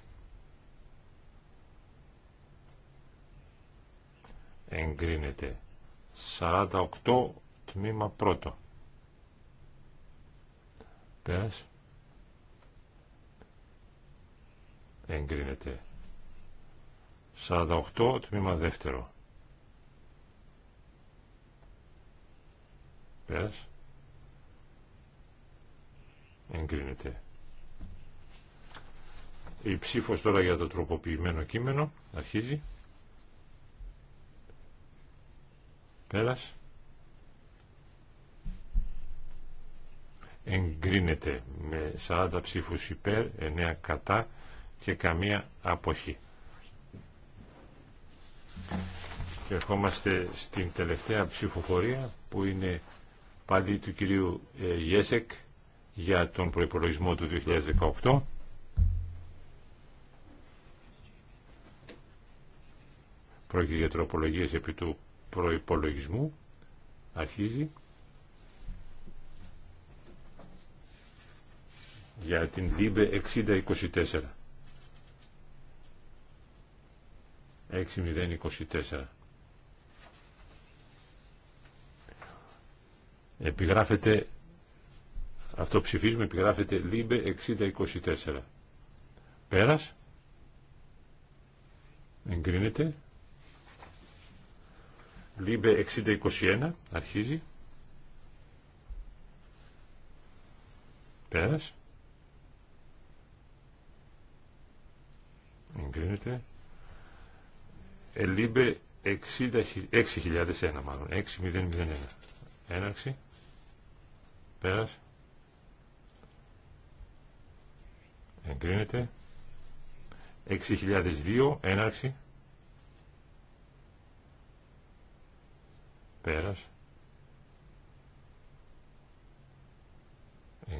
εγκρίνεται. 48 τμήμα πρώτο. Πέρας. Εγκρίνεται. 48 τμήμα δεύτερο. Πέρας. Εγκρίνεται. Η ψήφος τώρα για το τροποποιημένο κείμενο αρχίζει. Πέρας. Εγκρίνεται με 40 ψήφους υπέρ, 9 κατά και καμία αποχή. Και ερχόμαστε στην τελευταία ψηφοφορία που είναι πάλι του κυρίου ε, Γέσεκ για τον προϋπολογισμό του 2018. Πρόκειται για τροπολογίες επί του προϋπολογισμού αρχίζει για την ΔΥΜΠΕ 6024. 6024. Επιγράφεται, αυτό ψηφίζουμε, επιγράφεται ΛΥΜΠΕ 6024. Πέρας, εγκρίνεται. Λίμπε 6021 αρχίζει. Πέρας. Εγκρίνεται. Ελίμπε 6001 μάλλον. 6001. Έναρξη. Πέρας. Εγκρίνεται. 6002. Έναρξη. Πέρας.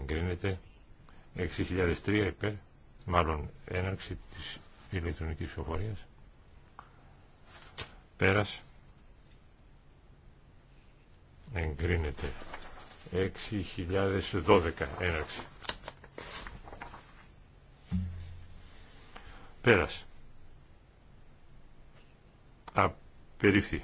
Εγκρίνεται. 6.003 υπέρ. Μάλλον έναρξη της ηλεκτρονικής ψηφοφορίας. Πέρας. Εγκρίνεται. 6.012 έναρξη. Πέρας. Απερίφθη.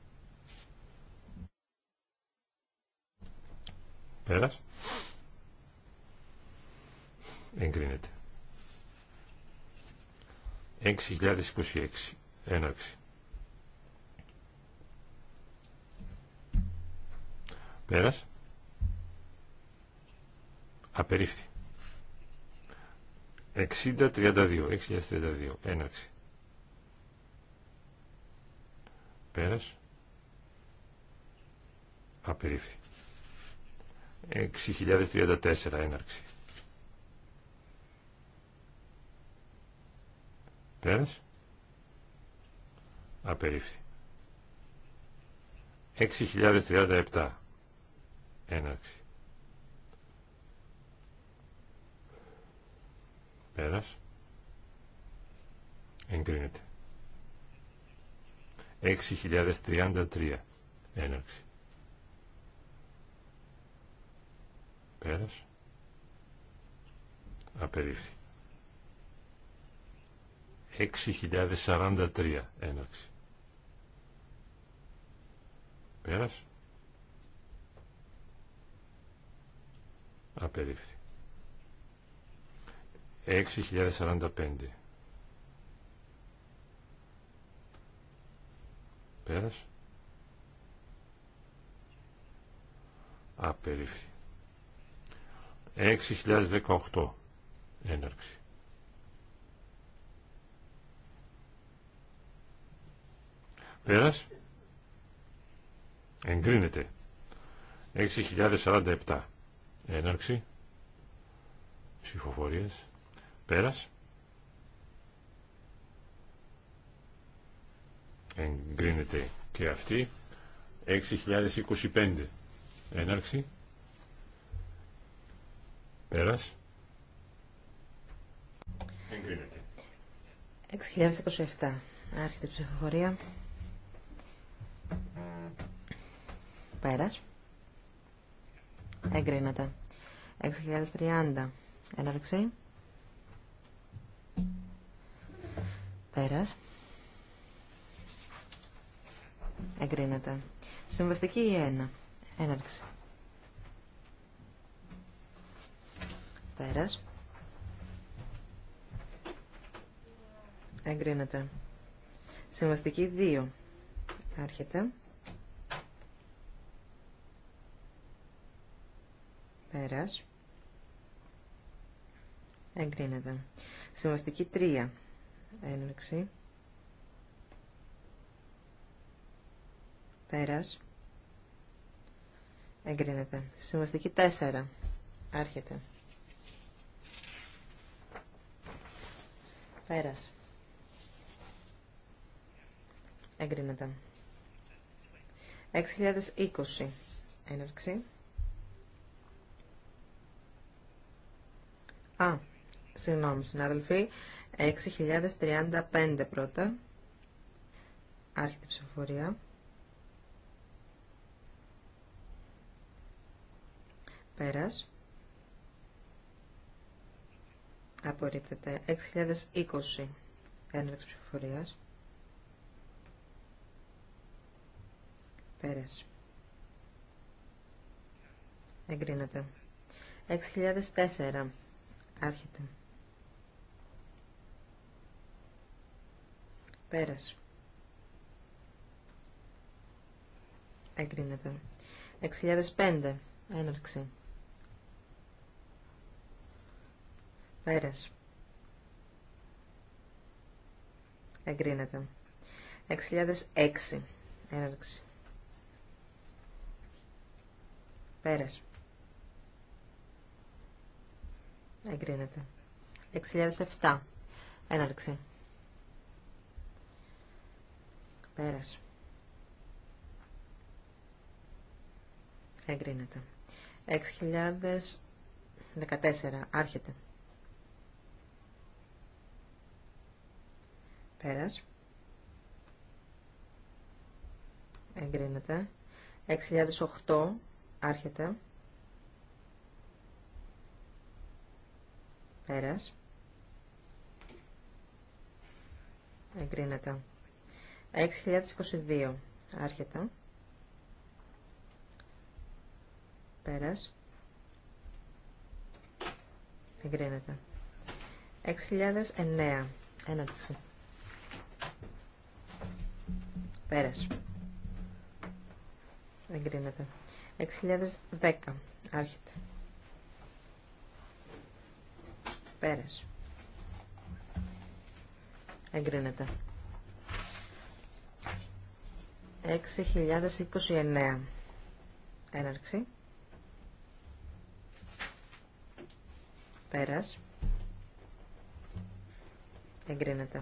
Πέρας. Εγκρίνεται. 6.026. Έναρξη. απεριφθη 60-32. 6.032. Έναρξη. Πέρας. Απερίφθη. 6034 έναρξη. Πέρας. Απερίφθη. 6037 έναρξη. Πέρας. Εγκρίνεται. 6033 έναρξη. Πέρας. Απερίφθη. 6.043 έναρξη. Πέρας. Απερίφθη. 6.045 Πέρας. Απερίφθη. 6.018 έναρξη. Πέρας. Εγκρίνεται. 6.047 έναρξη. Ψηφοφορίες. Πέρας. Εγκρίνεται και αυτή. 6.025 έναρξη. Πέρας. Εγκρίνεται. 6.027. Άρχεται η ψηφοφορία. Πέρας. Εγκρίνεται. 6.030. Έναρξη. Πέρας. Εγκρίνεται. Συμβαστική 1. Έναρξη. πέρας. Εγκρίνεται. Συμβαστική 2. Άρχεται. Πέρας. Εγκρίνεται. Συμβαστική 3. Έναρξη. Πέρας. Εγκρίνεται. Συμβαστική 4. Άρχεται. Πέρας. Εγκρίνεται. 6.020 έναρξη. Α, συγγνώμη συνάδελφοι. 6.035 πρώτα. Άρχεται ψηφοφορία. Πέρας. Απορρίπτεται. 6.020 έναρξη ψηφοφορία. Πέρασε. Εγκρίνεται. 6.004 άρχεται. Πέρασε. Εγκρίνεται. 6.005 έναρξη. Πέρας. Εγκρίνεται. 6.006. Έναρξη. Πέρας. Εγκρίνεται. 6.007. Έναρξη. Πέρας. Εγκρίνεται. 6.014. Άρχεται. Πέρας. Εγκρίνεται. 6.008 άρχεται. Πέρας. Εγκρίνεται. 6.022 άρχεται. Πέρας. Εγκρίνεται. 6.009 έναρξη. Πέρας. Εγκρίνεται. 6.010. Άρχεται. Πέρας. Εγκρίνεται. 6.029. Έναρξη. Πέρας. Εγκρίνεται.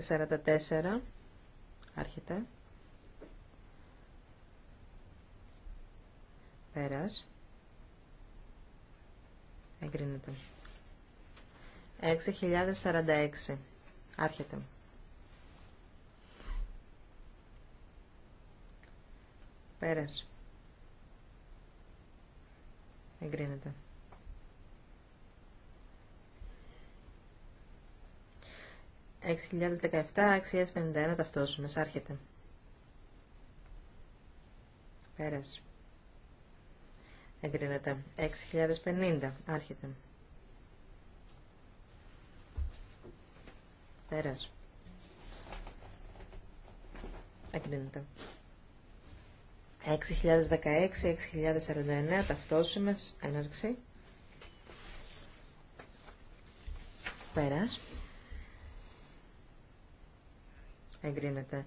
και 44 άρχεται πέρας εγκρίνεται 6.046 άρχεται πέρας εγκρίνεται 6046 6.017, 6.051 ταυτόσημες. Άρχεται. Πέρας. Εγκρίνεται. 6.050. Άρχεται. Πέρας. Εγκρίνεται. 6.016, 6.049 ταυτόσιμες. Έναρξη. Πέρασε. Εγκρίνεται.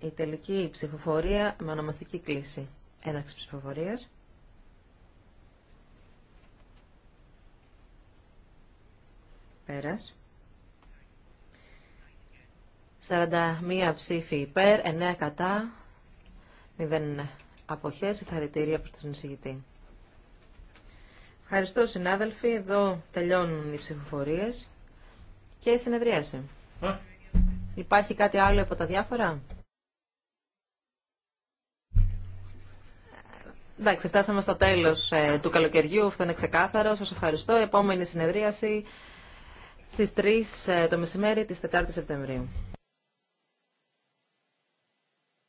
Η τελική ψηφοφορία με ονομαστική κλίση. Έναξη ψηφοφορίας. Πέρας. 41 ψήφοι υπέρ, 9 κατά, 0 αποχές, συγχαρητήρια προς τον εισηγητή. Ευχαριστώ συνάδελφοι, εδώ τελειώνουν οι ψηφοφορίες και η συνεδρίαση. Υπάρχει κάτι άλλο από τα διάφορα. Εντάξει, φτάσαμε στο τέλος ε, του καλοκαιριού, αυτό είναι ξεκάθαρο. Σας ευχαριστώ. Επόμενη συνεδρίαση στις 3 ε, το μεσημέρι της 4 Σεπτεμβρίου.